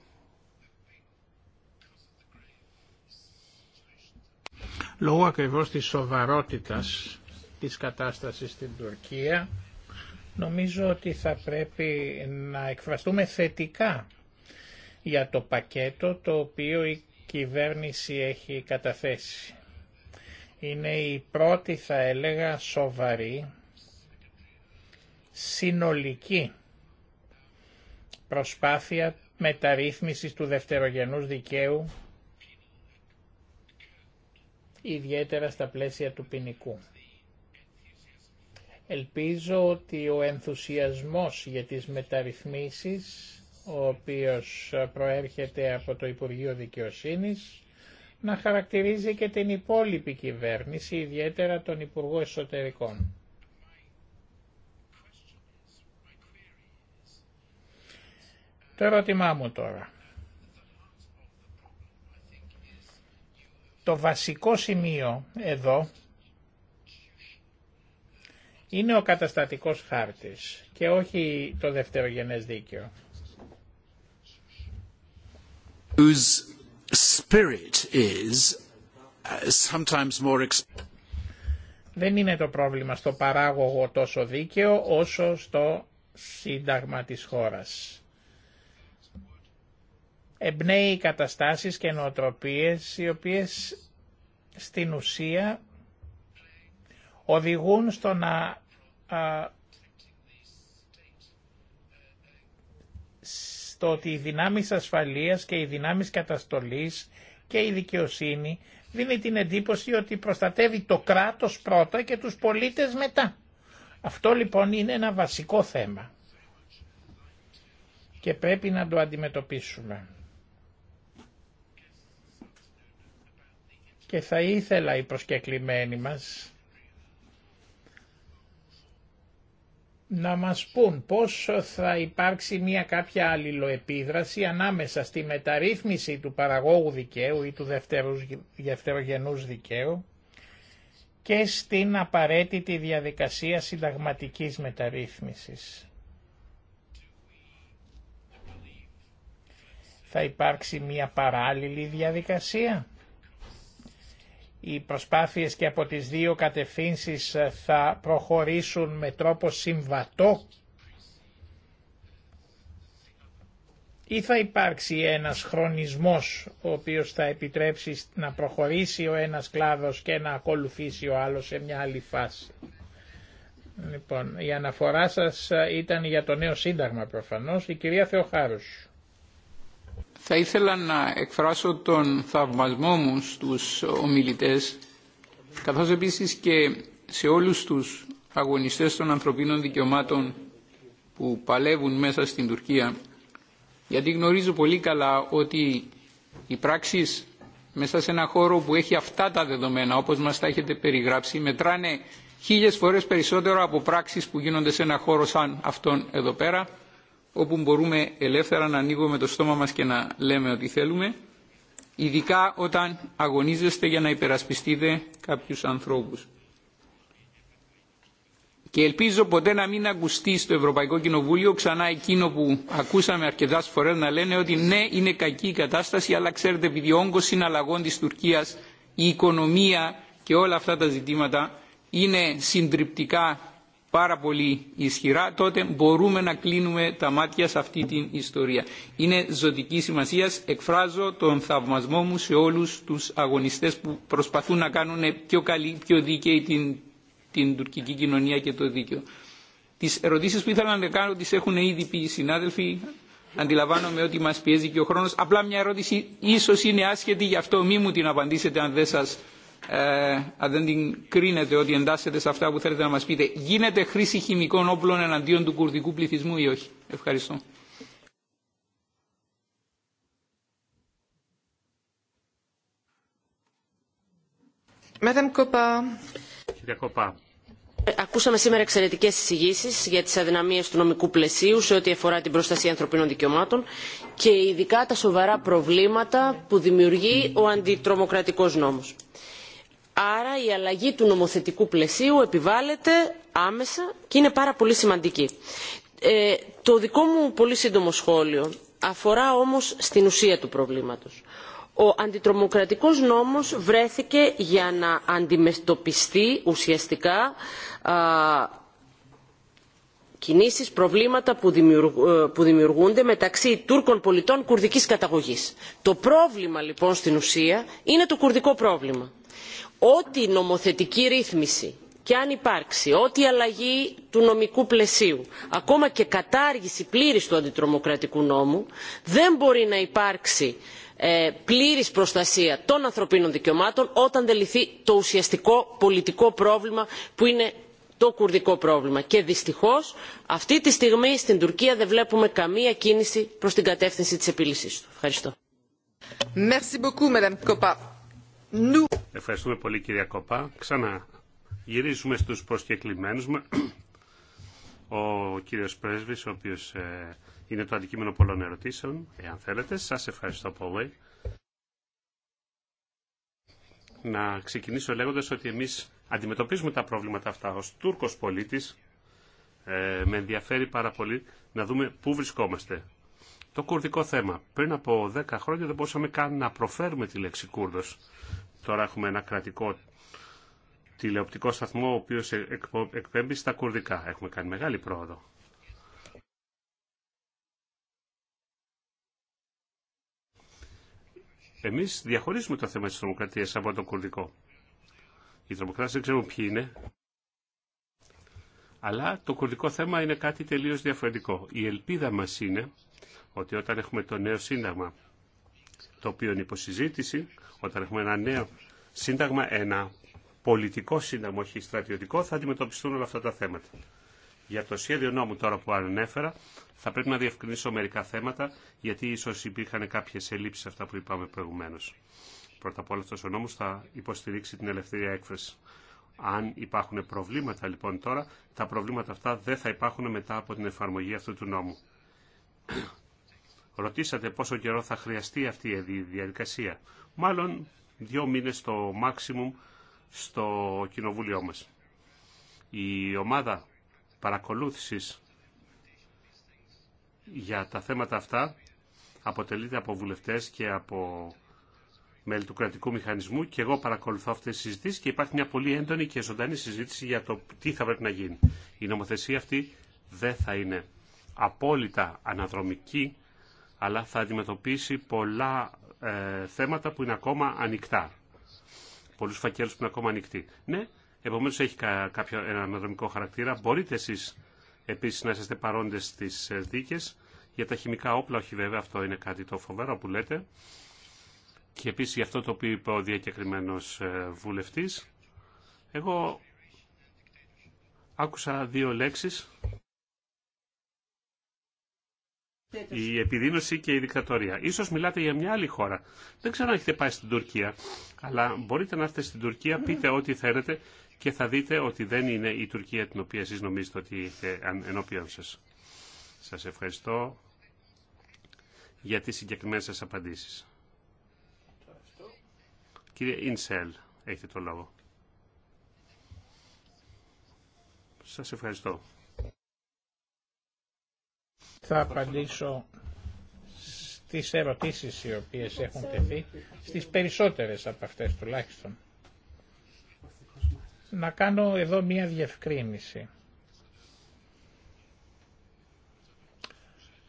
Λόγω ακριβώς της σοβαρότητας της κατάστασης στην Τουρκία, νομίζω ότι θα πρέπει να εκφραστούμε θετικά για το πακέτο το οποίο η κυβέρνηση έχει καταθέσει. Είναι η πρώτη, θα έλεγα, σοβαρή, συνολική προσπάθεια μεταρρύθμισης του δευτερογενούς δικαίου, ιδιαίτερα στα πλαίσια του ποινικού. Ελπίζω ότι ο ενθουσιασμός για τις μεταρρυθμίσεις, ο οποίος προέρχεται από το Υπουργείο Δικαιοσύνης, να χαρακτηρίζει και την υπόλοιπη κυβέρνηση, ιδιαίτερα τον Υπουργό Εσωτερικών. Το ερώτημά μου τώρα. Το βασικό σημείο εδώ είναι ο καταστατικός χάρτης και όχι το δευτερογενές δίκαιο. Uh, Δεν είναι το πρόβλημα στο παράγωγο τόσο δίκαιο όσο στο σύνταγμα της χώρας. Εμπνέει καταστάσεις και νοοτροπίες οι οποίες στην ουσία οδηγούν στο να στο ότι οι δυνάμεις ασφαλείας και οι δυνάμεις καταστολής και η δικαιοσύνη δίνει την εντύπωση ότι προστατεύει το κράτος πρώτα και τους πολίτες μετά. Αυτό λοιπόν είναι ένα βασικό θέμα και πρέπει να το αντιμετωπίσουμε. Και θα ήθελα οι προσκεκλημένοι μας να μας πούν πώς θα υπάρξει μια κάποια αλληλοεπίδραση ανάμεσα στη μεταρρύθμιση του παραγόγου δικαίου ή του δευτερογενούς δικαίου και στην απαραίτητη διαδικασία συνταγματικής μεταρρύθμισης. Θα υπάρξει μια παράλληλη διαδικασία οι προσπάθειες και από τις δύο κατευθύνσεις ε, θα προχωρήσουν με τρόπο συμβατό ή θα υπάρξει ένας χρονισμός ο οποίος θα επιτρέψει να προχωρήσει ο ένας κλάδος και να ακολουθήσει ο άλλος σε μια άλλη φάση. Λοιπόν, η αναφορά σας ε, ήταν για το νέο σύνταγμα προφανώς, η κυρία Θεοχάρους. Θα ήθελα να εκφράσω τον θαυμασμό μου στους ομιλητές, καθώς επίσης και σε όλους τους αγωνιστές των ανθρωπίνων δικαιωμάτων που παλεύουν μέσα στην Τουρκία, γιατί γνωρίζω πολύ καλά ότι οι πράξεις μέσα σε ένα χώρο που έχει αυτά τα δεδομένα, όπως μας τα έχετε περιγράψει, μετράνε χίλιες φορές περισσότερο από πράξεις που γίνονται σε ένα χώρο σαν αυτόν εδώ πέρα όπου μπορούμε ελεύθερα να ανοίγουμε το στόμα μας και να λέμε ό,τι θέλουμε, ειδικά όταν αγωνίζεστε για να υπερασπιστείτε κάποιους ανθρώπους. Και ελπίζω ποτέ να μην ακουστεί στο Ευρωπαϊκό Κοινοβούλιο ξανά εκείνο που ακούσαμε αρκετά φορές να λένε ότι ναι είναι κακή η κατάσταση αλλά ξέρετε επειδή όγκος συναλλαγών της Τουρκίας, η οικονομία και όλα αυτά τα ζητήματα είναι συντριπτικά πάρα πολύ ισχυρά, τότε μπορούμε να κλείνουμε τα μάτια σε αυτή την ιστορία. Είναι ζωτική σημασία. Εκφράζω τον θαυμασμό μου σε όλους τους αγωνιστές που προσπαθούν να κάνουν πιο καλή, πιο δίκαιη την, την τουρκική κοινωνία και το δίκαιο. Τις ερωτήσεις που ήθελα να κάνω τις έχουν ήδη πει οι συνάδελφοι. Αντιλαμβάνομαι ότι μας πιέζει και ο χρόνος. Απλά μια ερώτηση ίσως είναι άσχετη, γι' αυτό μη μου την απαντήσετε αν δεν σας ε, αν δεν την κρίνετε ότι εντάσσεται σε αυτά που θέλετε να μας πείτε, γίνεται χρήση χημικών όπλων εναντίον του κουρδικού πληθυσμού ή όχι. Ευχαριστώ. Κυρία Κοπά, ακούσαμε σήμερα εξαιρετικές εισηγήσει για τις αδυναμίες του νομικού πλαισίου σε ό,τι αφορά την προστασία ανθρωπίνων δικαιωμάτων και ειδικά τα σοβαρά προβλήματα που δημιουργεί ο αντιτρομοκρατικός νόμος άρα η αλλαγή του νομοθετικού πλαισίου επιβάλλεται άμεσα και είναι πάρα πολύ σημαντική. Ε, το δικό μου πολύ σύντομο σχόλιο αφορά όμως στην ουσία του προβλήματος. Ο αντιτρομοκρατικός νόμος βρέθηκε για να αντιμετωπιστεί ουσιαστικά α, κινήσεις, προβλήματα που, ε, που δημιουργούνται μεταξύ Τούρκων πολιτών κουρδικής καταγωγής. Το πρόβλημα λοιπόν στην ουσία είναι το κουρδικό πρόβλημα ό,τι νομοθετική ρύθμιση και αν υπάρξει ό,τι αλλαγή του νομικού πλαισίου ακόμα και κατάργηση πλήρης του αντιτρομοκρατικού νόμου δεν μπορεί να υπάρξει ε, πλήρης προστασία των ανθρωπίνων δικαιωμάτων όταν δεν λυθεί το ουσιαστικό πολιτικό πρόβλημα που είναι το κουρδικό πρόβλημα και δυστυχώς αυτή τη στιγμή στην τουρκία δεν βλέπουμε καμία κίνηση προς την κατεύθυνση της επίλυσης του. ευχαριστώ. Ευχαριστούμε πολύ κυρία Κοπά. Ξαναγυρίζουμε γυρίζουμε στους προσκεκλημένους Ο κύριος Πρέσβης, ο οποίος ε, είναι το αντικείμενο πολλών ερωτήσεων, εάν θέλετε. Σας ευχαριστώ πολύ. Να ξεκινήσω λέγοντας ότι εμείς αντιμετωπίζουμε τα προβλήματα αυτά ως Τούρκος πολίτης. Ε, με ενδιαφέρει πάρα πολύ να δούμε πού βρισκόμαστε. Το κουρδικό θέμα. Πριν από 10 χρόνια δεν μπορούσαμε καν να προφέρουμε τη λέξη Κούρδος. Τώρα έχουμε ένα κρατικό τηλεοπτικό σταθμό ο οποίος εκπέμπει στα κουρδικά. Έχουμε κάνει μεγάλη πρόοδο. Εμείς διαχωρίζουμε το θέμα της τρομοκρατίας από το κουρδικό. Οι τρομοκράτες δεν ξέρουν ποιοι είναι. Αλλά το κουρδικό θέμα είναι κάτι τελείως διαφορετικό. Η ελπίδα μας είναι ότι όταν έχουμε το νέο σύνταγμα, το οποίο είναι υποσυζήτηση, όταν έχουμε ένα νέο σύνταγμα, ένα πολιτικό σύνταγμα, όχι στρατιωτικό, θα αντιμετωπιστούν όλα αυτά τα θέματα. Για το σχέδιο νόμου τώρα που ανέφερα, θα πρέπει να διευκρινίσω μερικά θέματα, γιατί ίσω υπήρχαν κάποιες ελλείψεις αυτά που είπαμε προηγουμένω. Πρώτα απ' όλα αυτό ο νόμο θα υποστηρίξει την ελευθερία έκφραση. Αν υπάρχουν προβλήματα λοιπόν τώρα, τα προβλήματα αυτά δεν θα υπάρχουν μετά από την εφαρμογή αυτού του νόμου. Ρωτήσατε πόσο καιρό θα χρειαστεί αυτή η διαδικασία. Μάλλον δύο μήνες το maximum στο κοινοβούλιο μας. Η ομάδα παρακολούθησης για τα θέματα αυτά αποτελείται από βουλευτές και από μέλη του κρατικού μηχανισμού και εγώ παρακολουθώ αυτές τις συζητήσεις και υπάρχει μια πολύ έντονη και ζωντανή συζήτηση για το τι θα πρέπει να γίνει. Η νομοθεσία αυτή δεν θα είναι απόλυτα αναδρομική αλλά θα αντιμετωπίσει πολλά ε, θέματα που είναι ακόμα ανοιχτά. Πολλού φακέλους που είναι ακόμα ανοιχτοί. Ναι, επομένως έχει κάποιο, ένα αναδρομικό χαρακτήρα. Μπορείτε εσείς επίσης να είστε παρόντες στις ε, δίκες. Για τα χημικά όπλα, όχι βέβαια, αυτό είναι κάτι το φοβερό που λέτε. Και επίσης για αυτό το οποίο είπε ο διακεκριμένος ε, βουλευτή. Εγώ άκουσα δύο λέξεις η επιδείνωση και η δικτατορία. Ίσως μιλάτε για μια άλλη χώρα. Δεν ξέρω αν έχετε πάει στην Τουρκία, αλλά μπορείτε να έρθετε στην Τουρκία, πείτε ό,τι θέλετε και θα δείτε ότι δεν είναι η Τουρκία την οποία εσείς νομίζετε ότι έχετε ενώπιον σα. Σας ευχαριστώ για τι συγκεκριμένε σας απαντήσει. Κύριε Ινσέλ, έχετε το λόγο. Σας ευχαριστώ. Θα απαντήσω στις ερωτήσεις οι οποίες έχουν τεθεί, στις περισσότερες από αυτές τουλάχιστον. Να κάνω εδώ μία διευκρίνηση.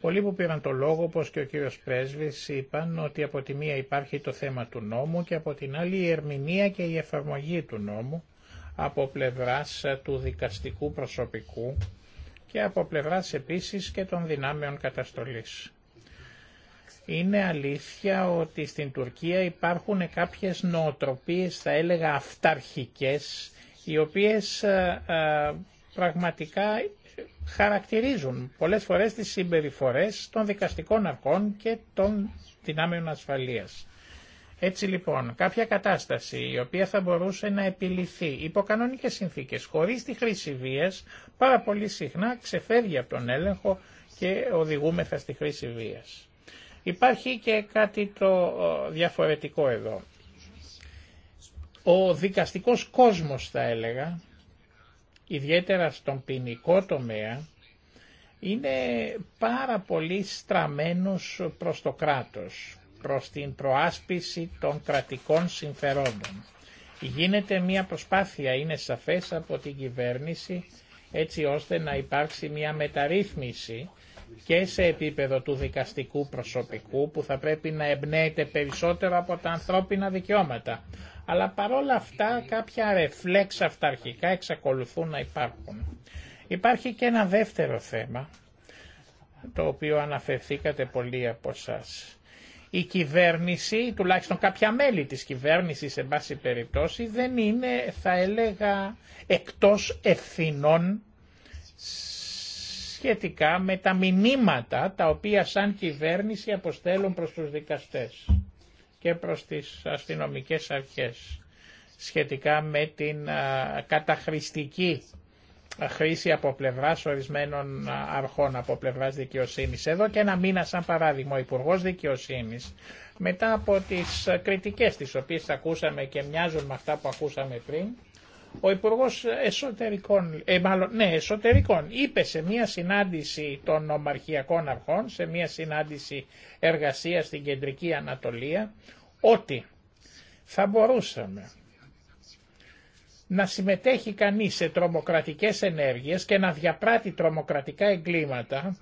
Πολλοί που πήραν το λόγο, όπως και ο κύριος Πρέσβης, είπαν ότι από τη μία υπάρχει το θέμα του νόμου και από την άλλη η ερμηνεία και η εφαρμογή του νόμου από πλευράς του δικαστικού προσωπικού και από πλευράς επίσης και των δυνάμεων καταστολής. Είναι αλήθεια ότι στην Τουρκία υπάρχουν κάποιες νοοτροπίες, θα έλεγα αυταρχικές, οι οποίες ε, ε, πραγματικά χαρακτηρίζουν πολλές φορές τις συμπεριφορές των δικαστικών αρχών και των δυνάμεων ασφαλείας. Έτσι λοιπόν, κάποια κατάσταση η οποία θα μπορούσε να επιληθεί υπό κανονικέ συνθήκες χωρίς τη χρήση βία, πάρα πολύ συχνά ξεφεύγει από τον έλεγχο και οδηγούμεθα στη χρήση βία. Υπάρχει και κάτι το διαφορετικό εδώ. Ο δικαστικός κόσμος θα έλεγα, ιδιαίτερα στον ποινικό τομέα, είναι πάρα πολύ στραμμένος προς το κράτος προς την προάσπιση των κρατικών συμφερόντων. Γίνεται μια προσπάθεια, είναι σαφές από την κυβέρνηση, έτσι ώστε να υπάρξει μια μεταρρύθμιση και σε επίπεδο του δικαστικού προσωπικού που θα πρέπει να εμπνέεται περισσότερο από τα ανθρώπινα δικαιώματα. Αλλά παρόλα αυτά κάποια ρεφλέξ αυταρχικά εξακολουθούν να υπάρχουν. Υπάρχει και ένα δεύτερο θέμα, το οποίο αναφερθήκατε πολλοί από εσάς η κυβέρνηση, τουλάχιστον κάποια μέλη της κυβέρνησης σε βάση περιπτώσει, δεν είναι θα έλεγα εκτός ευθυνών σχετικά με τα μηνύματα τα οποία σαν κυβέρνηση αποστέλουν προς τους δικαστές και προς τις αστυνομικές αρχές σχετικά με την καταχρηστική χρήση από πλευρά ορισμένων αρχών, από πλευρά δικαιοσύνη. Εδώ και ένα μήνα, σαν παράδειγμα, ο Υπουργό Δικαιοσύνη, μετά από τι κριτικέ τι οποίε ακούσαμε και μοιάζουν με αυτά που ακούσαμε πριν, ο Υπουργό Εσωτερικών, ε, ναι, Εσωτερικών, είπε σε μία συνάντηση των ομαρχιακών αρχών, σε μία συνάντηση εργασία στην Κεντρική Ανατολία, ότι θα μπορούσαμε να συμμετέχει κανείς σε τρομοκρατικές ενέργειες και να διαπράττει τρομοκρατικά εγκλήματα,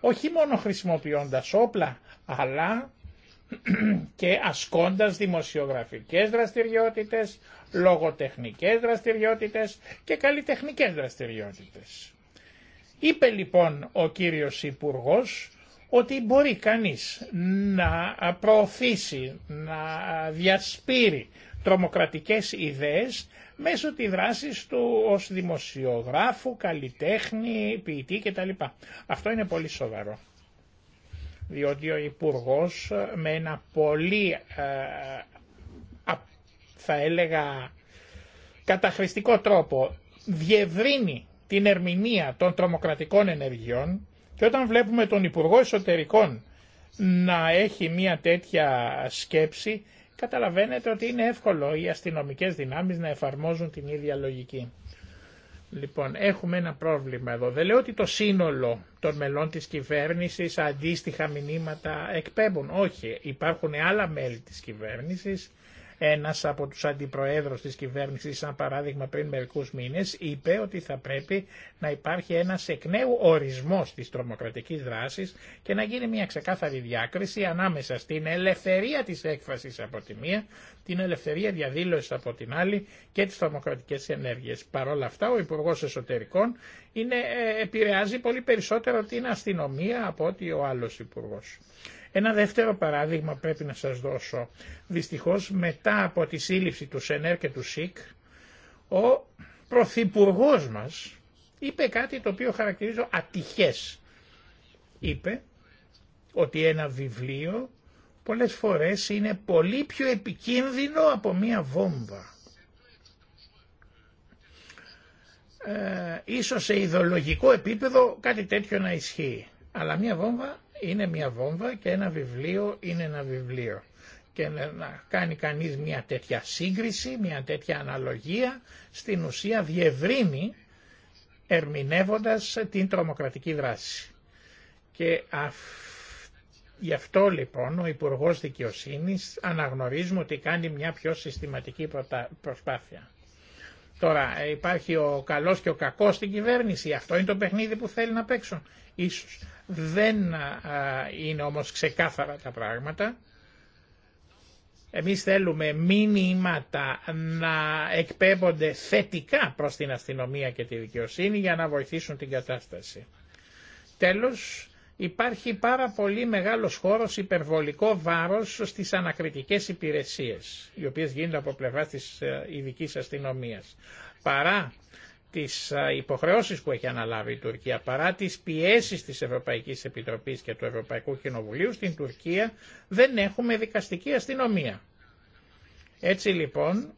όχι μόνο χρησιμοποιώντας όπλα, αλλά και ασκώντας δημοσιογραφικές δραστηριότητες, λογοτεχνικές δραστηριότητες και καλλιτεχνικές δραστηριότητες. Είπε λοιπόν ο κύριος Υπουργό ότι μπορεί κανείς να προωθήσει, να διασπείρει τρομοκρατικές ιδέες μέσω τη δράσης του ως δημοσιογράφου, καλλιτέχνη, ποιητή κτλ. Αυτό είναι πολύ σοβαρό. Διότι ο υπουργό με ένα πολύ, ε, θα έλεγα, καταχρηστικό τρόπο διευρύνει την ερμηνεία των τρομοκρατικών ενεργειών και όταν βλέπουμε τον Υπουργό Εσωτερικών να έχει μια τέτοια σκέψη καταλαβαίνετε ότι είναι εύκολο οι αστυνομικές δυνάμεις να εφαρμόζουν την ίδια λογική. Λοιπόν, έχουμε ένα πρόβλημα εδώ. Δεν λέω ότι το σύνολο των μελών της κυβέρνησης αντίστοιχα μηνύματα εκπέμπουν. Όχι, υπάρχουν άλλα μέλη της κυβέρνησης ένας από τους αντιπροέδρους της κυβέρνησης, σαν παράδειγμα πριν μερικούς μήνες, είπε ότι θα πρέπει να υπάρχει ένας εκ νέου ορισμός της τρομοκρατικής δράσης και να γίνει μια ξεκάθαρη διάκριση ανάμεσα στην ελευθερία της έκφρασης από τη μία, την ελευθερία διαδήλωσης από την άλλη και τις τρομοκρατικές ενέργειες. Παρ' όλα αυτά, ο υπουργό Εσωτερικών είναι, ε, επηρεάζει πολύ περισσότερο την αστυνομία από ότι ο άλλος Υπουργός. Ένα δεύτερο παράδειγμα πρέπει να σας δώσω. Δυστυχώς μετά από τη σύλληψη του Σενέρ και του ΣΥΚ, ο Πρωθυπουργό μας είπε κάτι το οποίο χαρακτηρίζω ατυχές. Είπε ότι ένα βιβλίο πολλές φορές είναι πολύ πιο επικίνδυνο από μία βόμβα. Ε, ίσως σε ιδεολογικό επίπεδο κάτι τέτοιο να ισχύει. Αλλά μία βόμβα είναι μια βόμβα και ένα βιβλίο είναι ένα βιβλίο. Και να κάνει κανείς μια τέτοια σύγκριση, μια τέτοια αναλογία, στην ουσία διευρύνει ερμηνεύοντας την τρομοκρατική δράση. Και γι' αυτό λοιπόν ο Υπουργός Δικαιοσύνης αναγνωρίζουμε ότι κάνει μια πιο συστηματική προσπάθεια. Τώρα ε, υπάρχει ο καλός και ο κακός στην κυβέρνηση. Αυτό είναι το παιχνίδι που θέλει να παίξουν. Ίσως δεν είναι όμως ξεκάθαρα τα πράγματα. Εμείς θέλουμε μήνυματα να εκπέμπονται θετικά προς την αστυνομία και τη δικαιοσύνη για να βοηθήσουν την κατάσταση. Τέλος, υπάρχει πάρα πολύ μεγάλος χώρος υπερβολικό βάρος στις ανακριτικές υπηρεσίες, οι οποίες γίνονται από πλευρά της ε, ειδική αστυνομίας. Παρά τις ε, υποχρεώσεις που έχει αναλάβει η Τουρκία, παρά τις πιέσεις της Ευρωπαϊκής Επιτροπής και του Ευρωπαϊκού Κοινοβουλίου, στην Τουρκία δεν έχουμε δικαστική αστυνομία. Έτσι λοιπόν,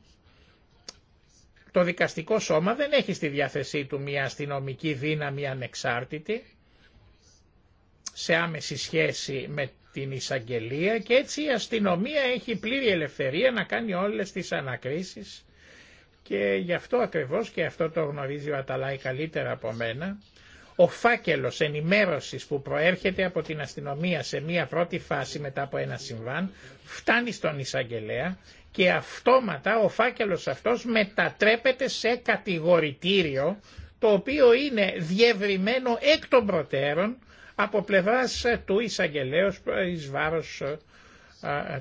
το δικαστικό σώμα δεν έχει στη διάθεσή του μια αστυνομική δύναμη ανεξάρτητη, σε άμεση σχέση με την εισαγγελία και έτσι η αστυνομία έχει πλήρη ελευθερία να κάνει όλες τις ανακρίσεις και γι' αυτό ακριβώς και αυτό το γνωρίζει ο Αταλάη καλύτερα από μένα ο φάκελος ενημέρωσης που προέρχεται από την αστυνομία σε μία πρώτη φάση μετά από ένα συμβάν φτάνει στον εισαγγελέα και αυτόματα ο φάκελος αυτός μετατρέπεται σε κατηγορητήριο το οποίο είναι διευρυμένο εκ των προτέρων από πλευράς ε, του εισαγγελέως ε, εις βάρος ε,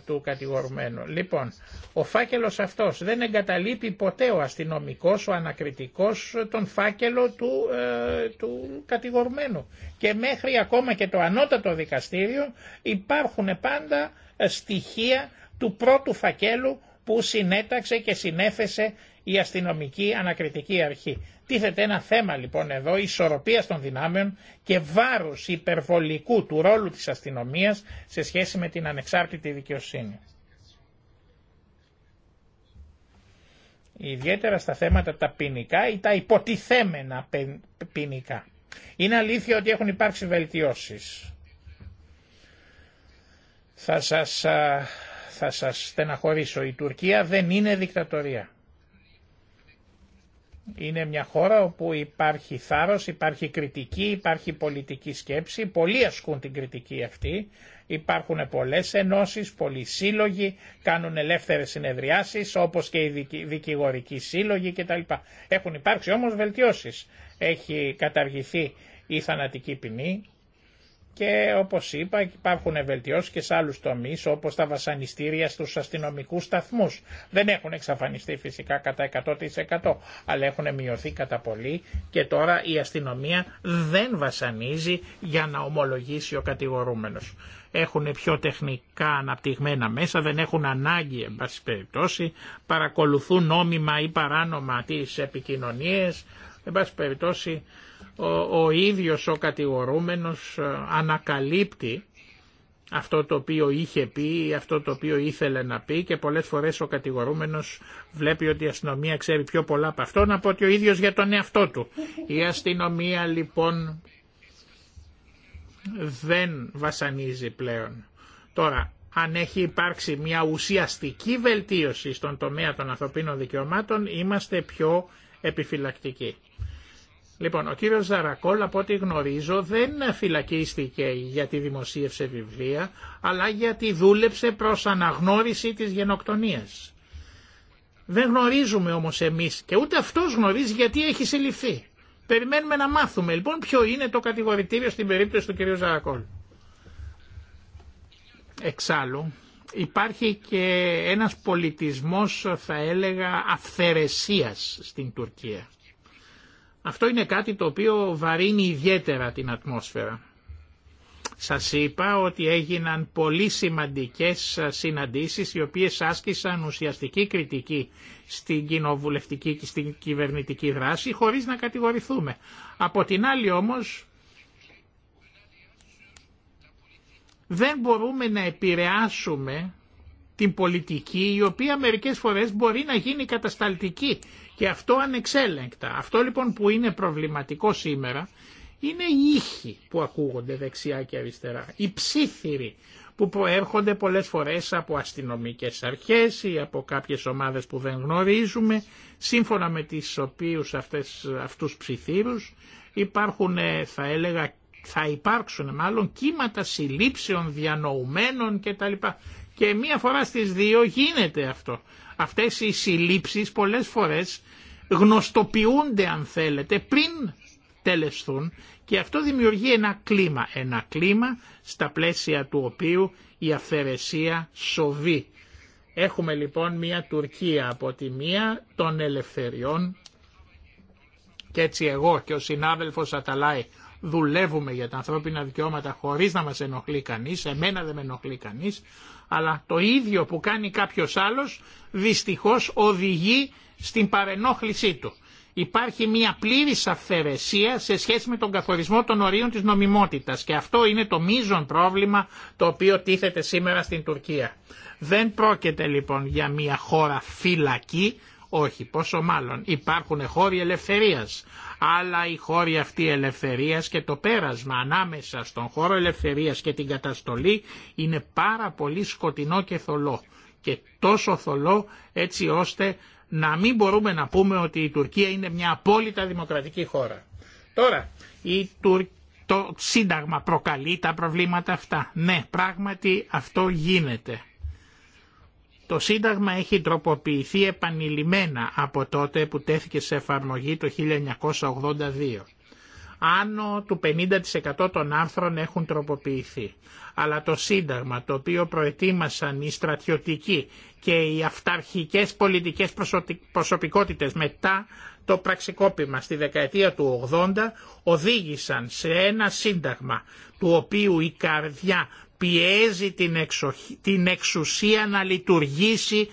του κατηγορουμένου. Λοιπόν, ο φάκελος αυτός δεν εγκαταλείπει ποτέ ο αστυνομικός, ο ανακριτικός τον φάκελο του, ε, κατηγορουμένου. Και μέχρι ακόμα και το ανώτατο δικαστήριο υπάρχουν πάντα στοιχεία του πρώτου φακέλου που συνέταξε και συνέφεσε η αστυνομική ανακριτική αρχή. Τίθεται ένα θέμα λοιπόν εδώ ισορροπία των δυνάμεων και βάρους υπερβολικού του ρόλου της αστυνομίας σε σχέση με την ανεξάρτητη δικαιοσύνη. Ιδιαίτερα στα θέματα τα ποινικά ή τα υποτιθέμενα ποινικά. Είναι αλήθεια ότι έχουν υπάρξει βελτιώσεις. Θα σας, θα σας στεναχωρήσω. Η Τουρκία δεν είναι δικτατορία. Είναι μια χώρα όπου υπάρχει θάρρος, υπάρχει κριτική, υπάρχει πολιτική σκέψη, πολλοί ασκούν την κριτική αυτή, υπάρχουν πολλές ενώσεις, πολλοί σύλλογοι, κάνουν ελεύθερες συνεδριάσεις όπως και οι δικηγορικοί σύλλογοι κτλ. Έχουν υπάρξει όμως βελτιώσεις. Έχει καταργηθεί η θανατική ποινή, και όπως είπα υπάρχουν βελτιώσεις και σε άλλους τομείς όπως τα βασανιστήρια στους αστυνομικούς σταθμούς. Δεν έχουν εξαφανιστεί φυσικά κατά 100% αλλά έχουν μειωθεί κατά πολύ και τώρα η αστυνομία δεν βασανίζει για να ομολογήσει ο κατηγορούμενος. Έχουν πιο τεχνικά αναπτυγμένα μέσα, δεν έχουν ανάγκη εν πάση περιπτώσει, παρακολουθούν νόμιμα ή παράνομα τις επικοινωνίες, εν πάση περιπτώσει ο, ο ίδιος ο κατηγορούμενος ε, ανακαλύπτει αυτό το οποίο είχε πει αυτό το οποίο ήθελε να πει και πολλές φορές ο κατηγορούμενος βλέπει ότι η αστυνομία ξέρει πιο πολλά από αυτόν από ότι ο ίδιος για τον εαυτό του. Η αστυνομία λοιπόν δεν βασανίζει πλέον. Τώρα, αν έχει υπάρξει μια ουσιαστική βελτίωση στον τομέα των ανθρωπίνων δικαιωμάτων, είμαστε πιο επιφυλακτικοί. Λοιπόν, ο κύριος Ζαρακόλ από ό,τι γνωρίζω δεν φυλακίστηκε γιατί δημοσίευσε βιβλία, αλλά γιατί δούλεψε προς αναγνώριση της γενοκτονίας. Δεν γνωρίζουμε όμως εμείς και ούτε αυτός γνωρίζει γιατί έχει συλληφθεί. Περιμένουμε να μάθουμε λοιπόν ποιο είναι το κατηγορητήριο στην περίπτωση του κυρίου Ζαρακόλ. Εξάλλου υπάρχει και ένας πολιτισμός θα έλεγα αυθαιρεσίας στην Τουρκία. Αυτό είναι κάτι το οποίο βαρύνει ιδιαίτερα την ατμόσφαιρα. Σας είπα ότι έγιναν πολύ σημαντικές συναντήσεις οι οποίες άσκησαν ουσιαστική κριτική στην κοινοβουλευτική και στην κυβερνητική δράση χωρίς να κατηγορηθούμε. Από την άλλη όμως δεν μπορούμε να επηρεάσουμε την πολιτική η οποία μερικές φορές μπορεί να γίνει κατασταλτική και αυτό ανεξέλεγκτα. Αυτό λοιπόν που είναι προβληματικό σήμερα είναι οι ήχοι που ακούγονται δεξιά και αριστερά. Οι ψήθυροι που προέρχονται πολλές φορές από αστυνομικές αρχές ή από κάποιες ομάδες που δεν γνωρίζουμε, σύμφωνα με τις οποίους αυτές, αυτούς ψιθύρους υπάρχουν, ε, θα έλεγα, θα υπάρξουν μάλλον κύματα συλλήψεων, διανοουμένων κτλ και μία φορά στις δύο γίνεται αυτό. Αυτές οι συλλήψεις πολλές φορές γνωστοποιούνται αν θέλετε πριν τελεσθούν και αυτό δημιουργεί ένα κλίμα. Ένα κλίμα στα πλαίσια του οποίου η αφαιρεσία σοβεί. Έχουμε λοιπόν μία Τουρκία από τη μία των ελευθεριών και έτσι εγώ και ο συνάδελφος Αταλάη δουλεύουμε για τα ανθρώπινα δικαιώματα χωρίς να μας ενοχλεί κανείς, εμένα δεν με ενοχλεί κανείς, αλλά το ίδιο που κάνει κάποιος άλλος δυστυχώς οδηγεί στην παρενόχλησή του. Υπάρχει μια πλήρης αυθαιρεσία σε σχέση με τον καθορισμό των ορίων της νομιμότητας και αυτό είναι το μείζον πρόβλημα το οποίο τίθεται σήμερα στην Τουρκία. Δεν πρόκειται λοιπόν για μια χώρα φυλακή, όχι, πόσο μάλλον υπάρχουν χώροι ελευθερίας αλλά η χώρη αυτή ελευθερίας και το πέρασμα ανάμεσα στον χώρο ελευθερίας και την καταστολή είναι πάρα πολύ σκοτεινό και θολό και τόσο θολό έτσι ώστε να μην μπορούμε να πούμε ότι η Τουρκία είναι μια απόλυτα δημοκρατική χώρα. Τώρα, η το Σύνταγμα προκαλεί τα προβλήματα αυτά. Ναι, πράγματι αυτό γίνεται. Το Σύνταγμα έχει τροποποιηθεί επανειλημμένα από τότε που τέθηκε σε εφαρμογή το 1982. Άνω του 50% των άρθρων έχουν τροποποιηθεί. Αλλά το Σύνταγμα το οποίο προετοίμασαν οι στρατιωτικοί και οι αυταρχικές πολιτικές προσωπικότητες μετά το πραξικόπημα στη δεκαετία του 80 οδήγησαν σε ένα σύνταγμα του οποίου η καρδιά πιέζει την, την εξουσία να λειτουργήσει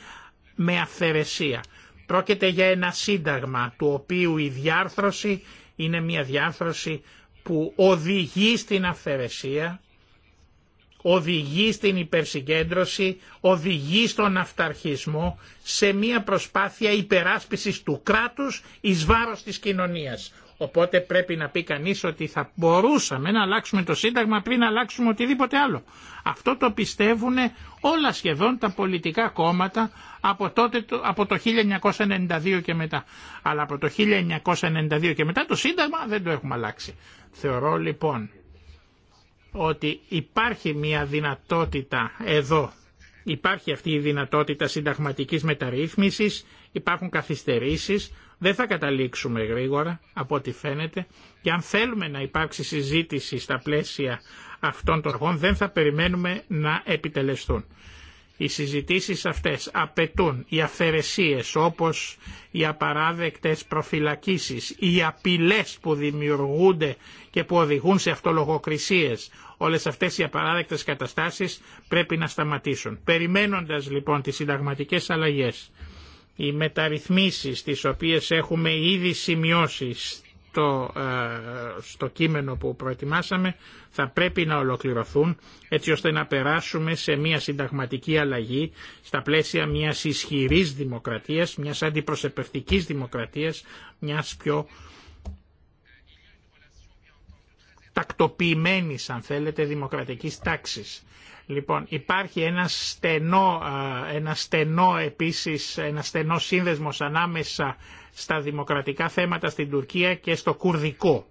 με αυθαιρεσία. Πρόκειται για ένα σύνταγμα του οποίου η διάρθρωση είναι μια διάρθρωση που οδηγεί στην αυθαιρεσία, οδηγεί στην υπερσυγκέντρωση, οδηγεί στον αυταρχισμό σε μια προσπάθεια υπεράσπισης του κράτους εις βάρος της κοινωνίας. Οπότε πρέπει να πει κανείς ότι θα μπορούσαμε να αλλάξουμε το Σύνταγμα πριν να αλλάξουμε οτιδήποτε άλλο. Αυτό το πιστεύουν όλα σχεδόν τα πολιτικά κόμματα από, τότε, από το 1992 και μετά. Αλλά από το 1992 και μετά το Σύνταγμα δεν το έχουμε αλλάξει. Θεωρώ λοιπόν ότι υπάρχει μια δυνατότητα εδώ Υπάρχει αυτή η δυνατότητα συνταγματικής μεταρρύθμισης υπάρχουν καθυστερήσεις, δεν θα καταλήξουμε γρήγορα από ό,τι φαίνεται και αν θέλουμε να υπάρξει συζήτηση στα πλαίσια αυτών των αρχών δεν θα περιμένουμε να επιτελεστούν. Οι συζητήσεις αυτές απαιτούν οι αφαιρεσίες όπως οι απαράδεκτες προφυλακίσεις, οι απειλές που δημιουργούνται και που οδηγούν σε αυτολογοκρισίες. Όλες αυτές οι απαράδεκτες καταστάσεις πρέπει να σταματήσουν. Περιμένοντας λοιπόν τις συνταγματικές αλλαγέ. Οι μεταρρυθμίσεις τις οποίες έχουμε ήδη σημειώσει στο, ε, στο κείμενο που προετοιμάσαμε θα πρέπει να ολοκληρωθούν έτσι ώστε να περάσουμε σε μια συνταγματική αλλαγή στα πλαίσια μιας ισχυρής δημοκρατίας, μιας αντιπροσεπευτικής δημοκρατίας, μιας πιο τακτοποιημένης αν θέλετε δημοκρατικής τάξης. Λοιπόν, υπάρχει ένα στενό, ένα στενό επίσης, ένα στενό σύνδεσμος ανάμεσα στα δημοκρατικά θέματα στην Τουρκία και στο κουρδικό.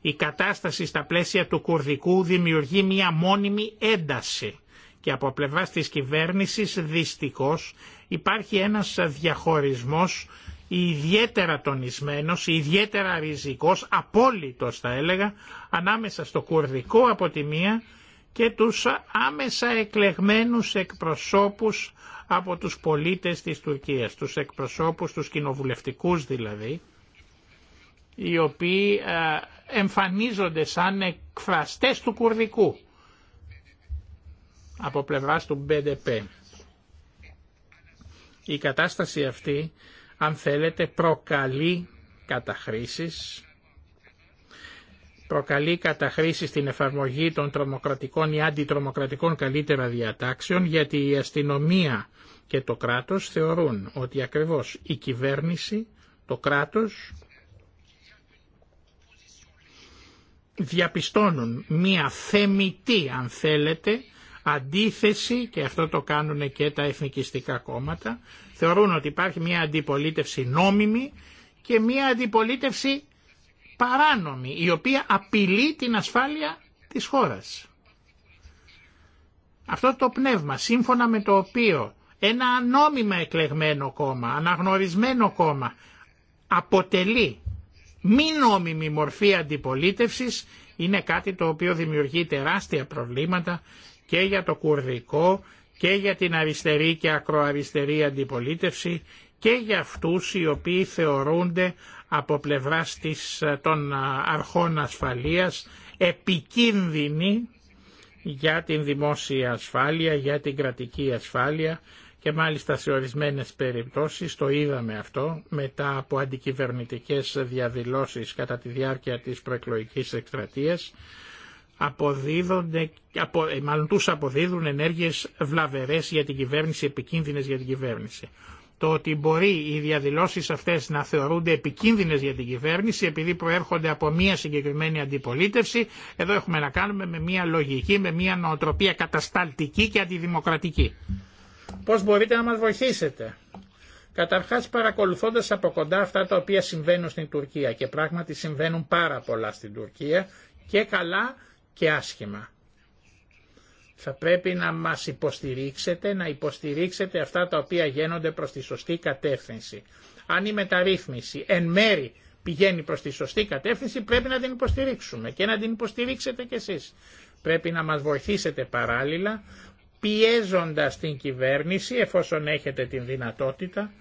Η κατάσταση στα πλαίσια του κουρδικού δημιουργεί μια μόνιμη ένταση και από πλευρά της κυβέρνησης δυστυχώς υπάρχει ένας διαχωρισμός ιδιαίτερα τονισμένος, ιδιαίτερα ριζικός, απόλυτος θα έλεγα, ανάμεσα στο κουρδικό από τη μία και τους άμεσα εκλεγμένους εκπροσώπους από τους πολίτες της Τουρκίας, τους εκπροσώπους, τους κοινοβουλευτικούς δηλαδή, οι οποίοι ε, εμφανίζονται σαν εκφραστές του Κουρδικού από πλευράς του BDP. Η κατάσταση αυτή, αν θέλετε, προκαλεί καταχρήσεις, προκαλεί χρήση στην εφαρμογή των τρομοκρατικών ή αντιτρομοκρατικών καλύτερα διατάξεων γιατί η αστυνομία και το κράτος θεωρούν ότι ακριβώς η κυβέρνηση, το κράτος διαπιστώνουν μία θεμητή αν θέλετε αντίθεση και αυτό το κάνουν και τα εθνικιστικά κόμματα θεωρούν ότι υπάρχει μία αντιπολίτευση νόμιμη και μία αντιπολίτευση παράνομη, η οποία απειλεί την ασφάλεια της χώρας. Αυτό το πνεύμα, σύμφωνα με το οποίο ένα ανώμημα εκλεγμένο κόμμα, αναγνωρισμένο κόμμα, αποτελεί μη νόμιμη μορφή αντιπολίτευσης, είναι κάτι το οποίο δημιουργεί τεράστια προβλήματα και για το κουρδικό και για την αριστερή και ακροαριστερή αντιπολίτευση και για αυτούς οι οποίοι θεωρούνται από πλευράς της, ε, των ε, αρχών ασφαλείας επικίνδυνη για την δημόσια ασφάλεια, για την κρατική ασφάλεια και μάλιστα σε ορισμένες περιπτώσεις το είδαμε αυτό μετά από αντικυβερνητικές διαδηλώσεις κατά τη διάρκεια της προεκλογικής εκστρατείας αποδίδονται, απο, ε, μάλλον τους αποδίδουν ενέργειες βλαβερές για την κυβέρνηση, επικίνδυνες για την κυβέρνηση το ότι μπορεί οι διαδηλώσεις αυτές να θεωρούνται επικίνδυνες για την κυβέρνηση επειδή προέρχονται από μία συγκεκριμένη αντιπολίτευση. Εδώ έχουμε να κάνουμε με μία λογική, με μία νοοτροπία κατασταλτική και αντιδημοκρατική. Πώς μπορείτε να μας βοηθήσετε. Καταρχάς παρακολουθώντας από κοντά αυτά τα οποία συμβαίνουν στην Τουρκία και πράγματι συμβαίνουν πάρα πολλά στην Τουρκία και καλά και άσχημα. Θα πρέπει να μας υποστηρίξετε, να υποστηρίξετε αυτά τα οποία γίνονται προς τη σωστή κατεύθυνση. Αν η μεταρρύθμιση εν μέρη πηγαίνει προς τη σωστή κατεύθυνση πρέπει να την υποστηρίξουμε και να την υποστηρίξετε κι εσείς. Πρέπει να μας βοηθήσετε παράλληλα πιέζοντας την κυβέρνηση εφόσον έχετε την δυνατότητα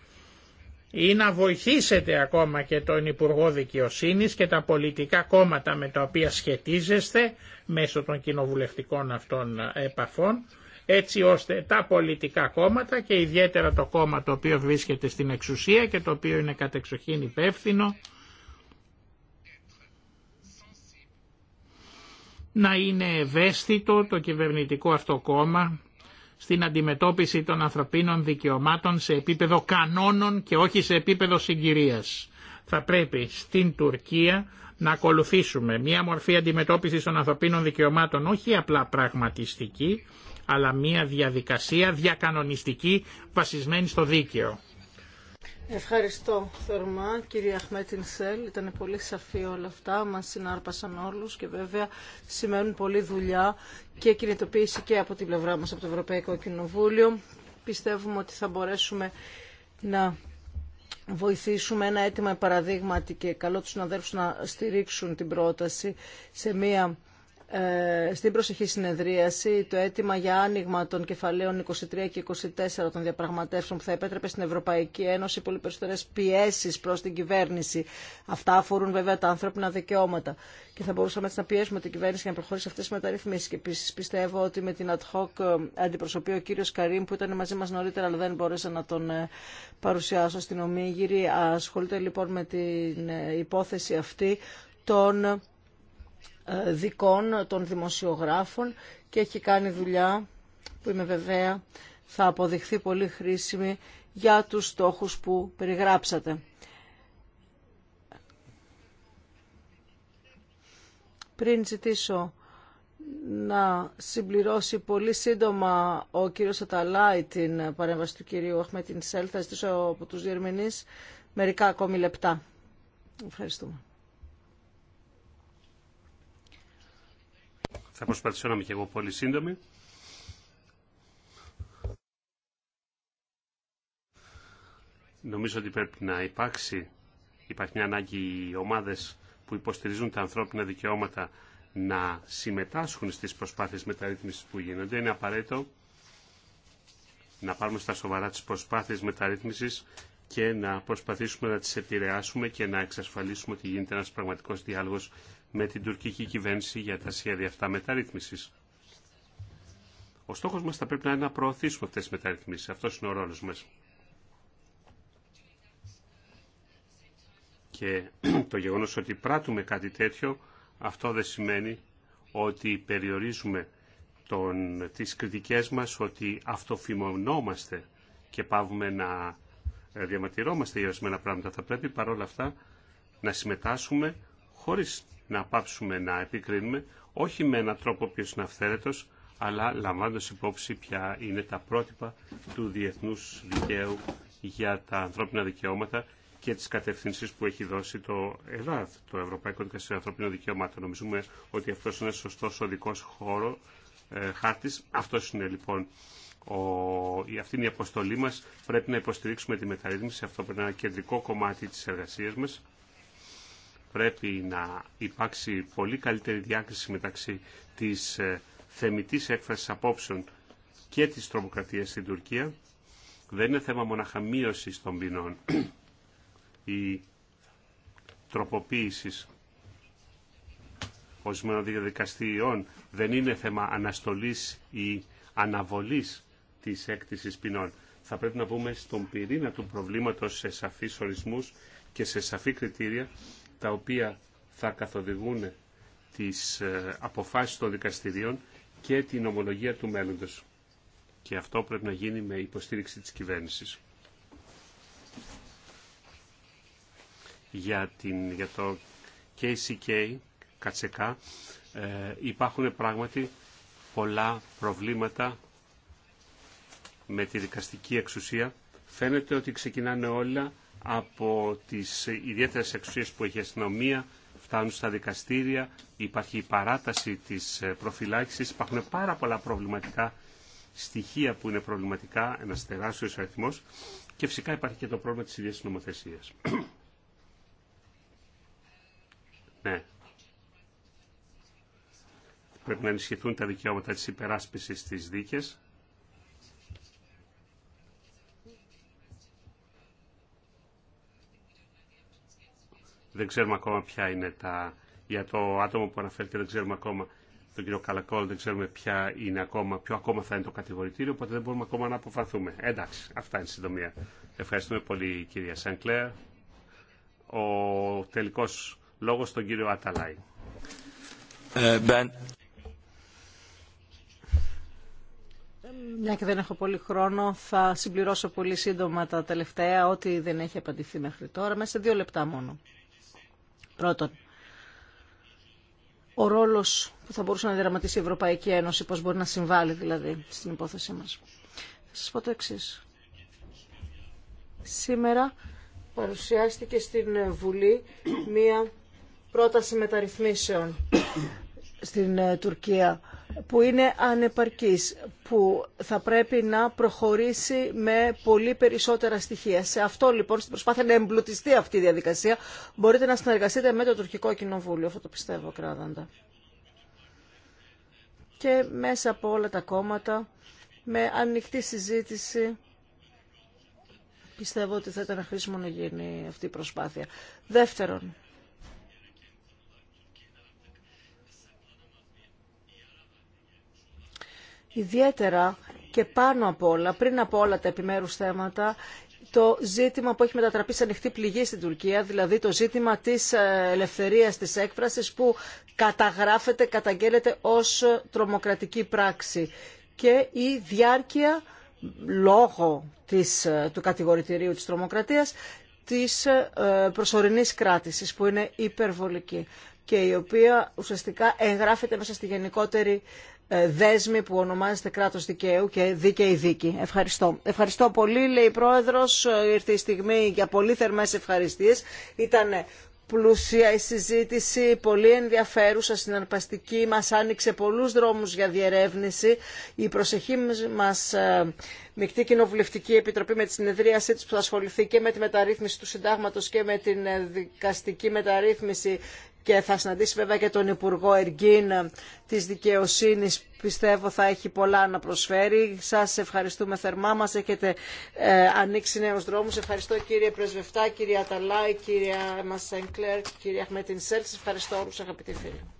ή να βοηθήσετε ακόμα και τον Υπουργό Δικαιοσύνης και τα πολιτικά κόμματα με τα οποία σχετίζεστε μέσω των κοινοβουλευτικών αυτών επαφών έτσι ώστε τα πολιτικά κόμματα και ιδιαίτερα το κόμμα το οποίο βρίσκεται στην εξουσία και το οποίο είναι κατεξοχήν υπεύθυνο να είναι ευαίσθητο το κυβερνητικό αυτό κόμμα στην αντιμετώπιση των ανθρωπίνων δικαιωμάτων σε επίπεδο κανόνων και όχι σε επίπεδο συγκυρίας. Θα πρέπει στην Τουρκία να ακολουθήσουμε μία μορφή αντιμετώπισης των ανθρωπίνων δικαιωμάτων όχι απλά πραγματιστική, αλλά μία διαδικασία διακανονιστική βασισμένη στο δίκαιο. Ευχαριστώ θερμά κύριε Αχμέτιν Σελ. Ήταν πολύ σαφή όλα αυτά. μα συνάρπασαν όλου και βέβαια σημαίνουν πολλή δουλειά και κινητοποίηση και από την πλευρά μα από το Ευρωπαϊκό Κοινοβούλιο. Πιστεύουμε ότι θα μπορέσουμε να βοηθήσουμε ένα αίτημα παραδείγματι και καλό τους συναδέλφους να στηρίξουν την πρόταση σε μία ε, στην προσεχή συνεδρίαση το αίτημα για άνοιγμα των κεφαλαίων 23 και 24 των διαπραγματεύσεων που θα επέτρεπε στην Ευρωπαϊκή Ένωση πολύ περισσότερε πιέσει προ την κυβέρνηση. Αυτά αφορούν βέβαια τα ανθρώπινα δικαιώματα. Και θα μπορούσαμε έτσι να πιέσουμε την κυβέρνηση για να προχωρήσει αυτέ τι μεταρρυθμίσει. Και επίση πιστεύω ότι με την ad hoc ε, αντιπροσωπή ο κύριο Καρύμ που ήταν μαζί μα νωρίτερα αλλά δεν μπόρεσα να τον ε, παρουσιάσω στην Ομίγυρη ασχολείται λοιπόν με την υπόθεση αυτή των ε, δικών των δημοσιογράφων και έχει κάνει δουλειά που είμαι βεβαία θα αποδειχθεί πολύ χρήσιμη για τους στόχους που περιγράψατε. Πριν ζητήσω να συμπληρώσει πολύ σύντομα ο κύριος Αταλάη την παρέμβαση του κυρίου Σέλ, θα ζητήσω από τους διερμηνείς μερικά ακόμη λεπτά. Ευχαριστούμε. Θα προσπαθήσω να είμαι και εγώ πολύ σύντομη. Νομίζω ότι πρέπει να υπάρξει, υπάρχει μια ανάγκη οι ομάδες που υποστηρίζουν τα ανθρώπινα δικαιώματα να συμμετάσχουν στις προσπάθειες μεταρρύθμισης που γίνονται. Είναι απαραίτητο να πάρουμε στα σοβαρά τις προσπάθειες μεταρρύθμισης και να προσπαθήσουμε να τις επηρεάσουμε και να εξασφαλίσουμε ότι γίνεται ένας πραγματικός διάλογος με την τουρκική κυβέρνηση για τα σχέδια αυτά μεταρρύθμισης. Ο στόχος μας θα πρέπει να είναι να προωθήσουμε αυτέ τι μεταρρυθμίσει. Αυτό είναι ο ρόλος μας. Και το γεγονός ότι πράττουμε κάτι τέτοιο, αυτό δεν σημαίνει ότι περιορίζουμε τον, τις κριτικές μας, ότι αυτοφημονόμαστε και πάβουμε να ε, διαμαρτυρόμαστε για ορισμένα πράγματα. Θα πρέπει παρόλα αυτά να συμμετάσχουμε χωρίς να πάψουμε να επικρίνουμε, όχι με έναν τρόπο ο οποίος είναι αυθαίρετος, αλλά λαμβάνοντας υπόψη ποια είναι τα πρότυπα του διεθνούς δικαίου για τα ανθρώπινα δικαιώματα και τις κατευθύνσεις που έχει δώσει το ΕΔΑΔ, το Ευρωπαϊκό Δικαστήριο Ανθρώπινων Δικαιωμάτων. Νομίζουμε ότι αυτός είναι σωστός οδικός χώρο, ε, χάρτης. Αυτός είναι λοιπόν ο, αυτή είναι η αποστολή μας. Πρέπει να υποστηρίξουμε τη μεταρρύθμιση. Αυτό πρέπει να είναι ένα κεντρικό κομμάτι της εργασίας μας πρέπει να υπάρξει πολύ καλύτερη διάκριση μεταξύ της ε, θεμητής έκφρασης απόψεων και της τρομοκρατίας στην Τουρκία. Δεν είναι θέμα μοναχα των ποινών ή τροποποίησης ορισμένων διαδικαστηριών. Δεν είναι θέμα αναστολής ή αναβολής της έκτησης ποινών. Θα πρέπει να πούμε στον πυρήνα του προβλήματος σε σαφείς ορισμούς και σε σαφή κριτήρια τα οποία θα καθοδηγούν τις ε, αποφάσεις των δικαστηρίων και την ομολογία του μέλλοντος. Και αυτό πρέπει να γίνει με υποστήριξη της κυβέρνησης. Για, την, για το KCK, κατσεκά, ε, υπάρχουν πράγματι πολλά προβλήματα με τη δικαστική εξουσία. Φαίνεται ότι ξεκινάνε όλα από τις ιδιαίτερες εξουσίες που έχει η αστυνομία, φτάνουν στα δικαστήρια, υπάρχει η παράταση της ε, προφυλάξης, υπάρχουν πάρα πολλά προβληματικά στοιχεία που είναι προβληματικά, ένας τεράστιος αριθμός και φυσικά υπάρχει και το πρόβλημα της ίδιας νομοθεσίας. ναι. Πρέπει να ενισχυθούν τα δικαιώματα της υπεράσπισης στις δίκες δεν ξέρουμε ακόμα ποια είναι τα... Για το άτομο που αναφέρθηκε δεν ξέρουμε ακόμα τον κύριο Καλακόλ, δεν ξέρουμε ποια είναι ακόμα, ποιο ακόμα θα είναι το κατηγορητήριο, οπότε δεν μπορούμε ακόμα να αποφαθούμε. Εντάξει, αυτά είναι συντομία. Ευχαριστούμε πολύ κυρία Σανκλέρ. Ο τελικός λόγος τον κύριο Αταλάη. Ε, ε, μια και δεν έχω πολύ χρόνο, θα συμπληρώσω πολύ σύντομα τα τελευταία, ό,τι δεν έχει απαντηθεί μέχρι τώρα, μέσα σε δύο λεπτά μόνο. Πρώτον, ο ρόλος που θα μπορούσε να δραματίσει η Ευρωπαϊκή Ένωση, πώς μπορεί να συμβάλλει δηλαδή στην υπόθεσή μας. Θα σα πω το εξή. Σήμερα παρουσιάστηκε στην Βουλή μία πρόταση μεταρρυθμίσεων στην ε, Τουρκία που είναι ανεπαρκής, που θα πρέπει να προχωρήσει με πολύ περισσότερα στοιχεία. Σε αυτό λοιπόν, στην προσπάθεια να εμπλουτιστεί αυτή η διαδικασία, μπορείτε να συνεργαστείτε με το τουρκικό κοινοβούλιο, αυτό το πιστεύω κράδαντα. Και μέσα από όλα τα κόμματα, με ανοιχτή συζήτηση, πιστεύω ότι θα ήταν χρήσιμο να γίνει αυτή η προσπάθεια. Δεύτερον, ιδιαίτερα και πάνω απ' όλα, πριν από όλα τα επιμέρους θέματα, το ζήτημα που έχει μετατραπεί σε ανοιχτή πληγή στην Τουρκία, δηλαδή το ζήτημα της ε, ελευθερίας της έκφρασης που καταγράφεται, καταγγέλλεται ως τρομοκρατική πράξη και η διάρκεια λόγω της, ε, του κατηγορητηρίου της τρομοκρατίας της ε, προσωρινής κράτησης που είναι υπερβολική και η οποία ουσιαστικά εγγράφεται μέσα στη γενικότερη ε, δέσμη που ονομάζεται κράτος δικαίου και δίκαιη δίκη. Ευχαριστώ. Ευχαριστώ πολύ, λέει η Πρόεδρος. Ε, ήρθε η στιγμή για πολύ θερμές ευχαριστίες. Ήταν πλουσία η συζήτηση, πολύ ενδιαφέρουσα, συναρπαστική. Μας άνοιξε πολλούς δρόμους για διερεύνηση. Η προσεχή μας ε, μεικτή Κοινοβουλευτική Επιτροπή με τη συνεδρίασή τη που θα ασχοληθεί και με τη μεταρρύθμιση του συντάγματο και με την δικαστική μεταρρύθμιση και θα συναντήσει βέβαια και τον Υπουργό Εργίν της Δικαιοσύνης. Πιστεύω θα έχει πολλά να προσφέρει. Σας ευχαριστούμε θερμά. Μας έχετε ε, ανοίξει νέους δρόμους. Ευχαριστώ κύριε Πρεσβευτά, κυρία Αταλάη, κυρία Μασενκλέρ, κυρία Αχμέτιν Σέλ. Ευχαριστώ όλους αγαπητοί φίλοι.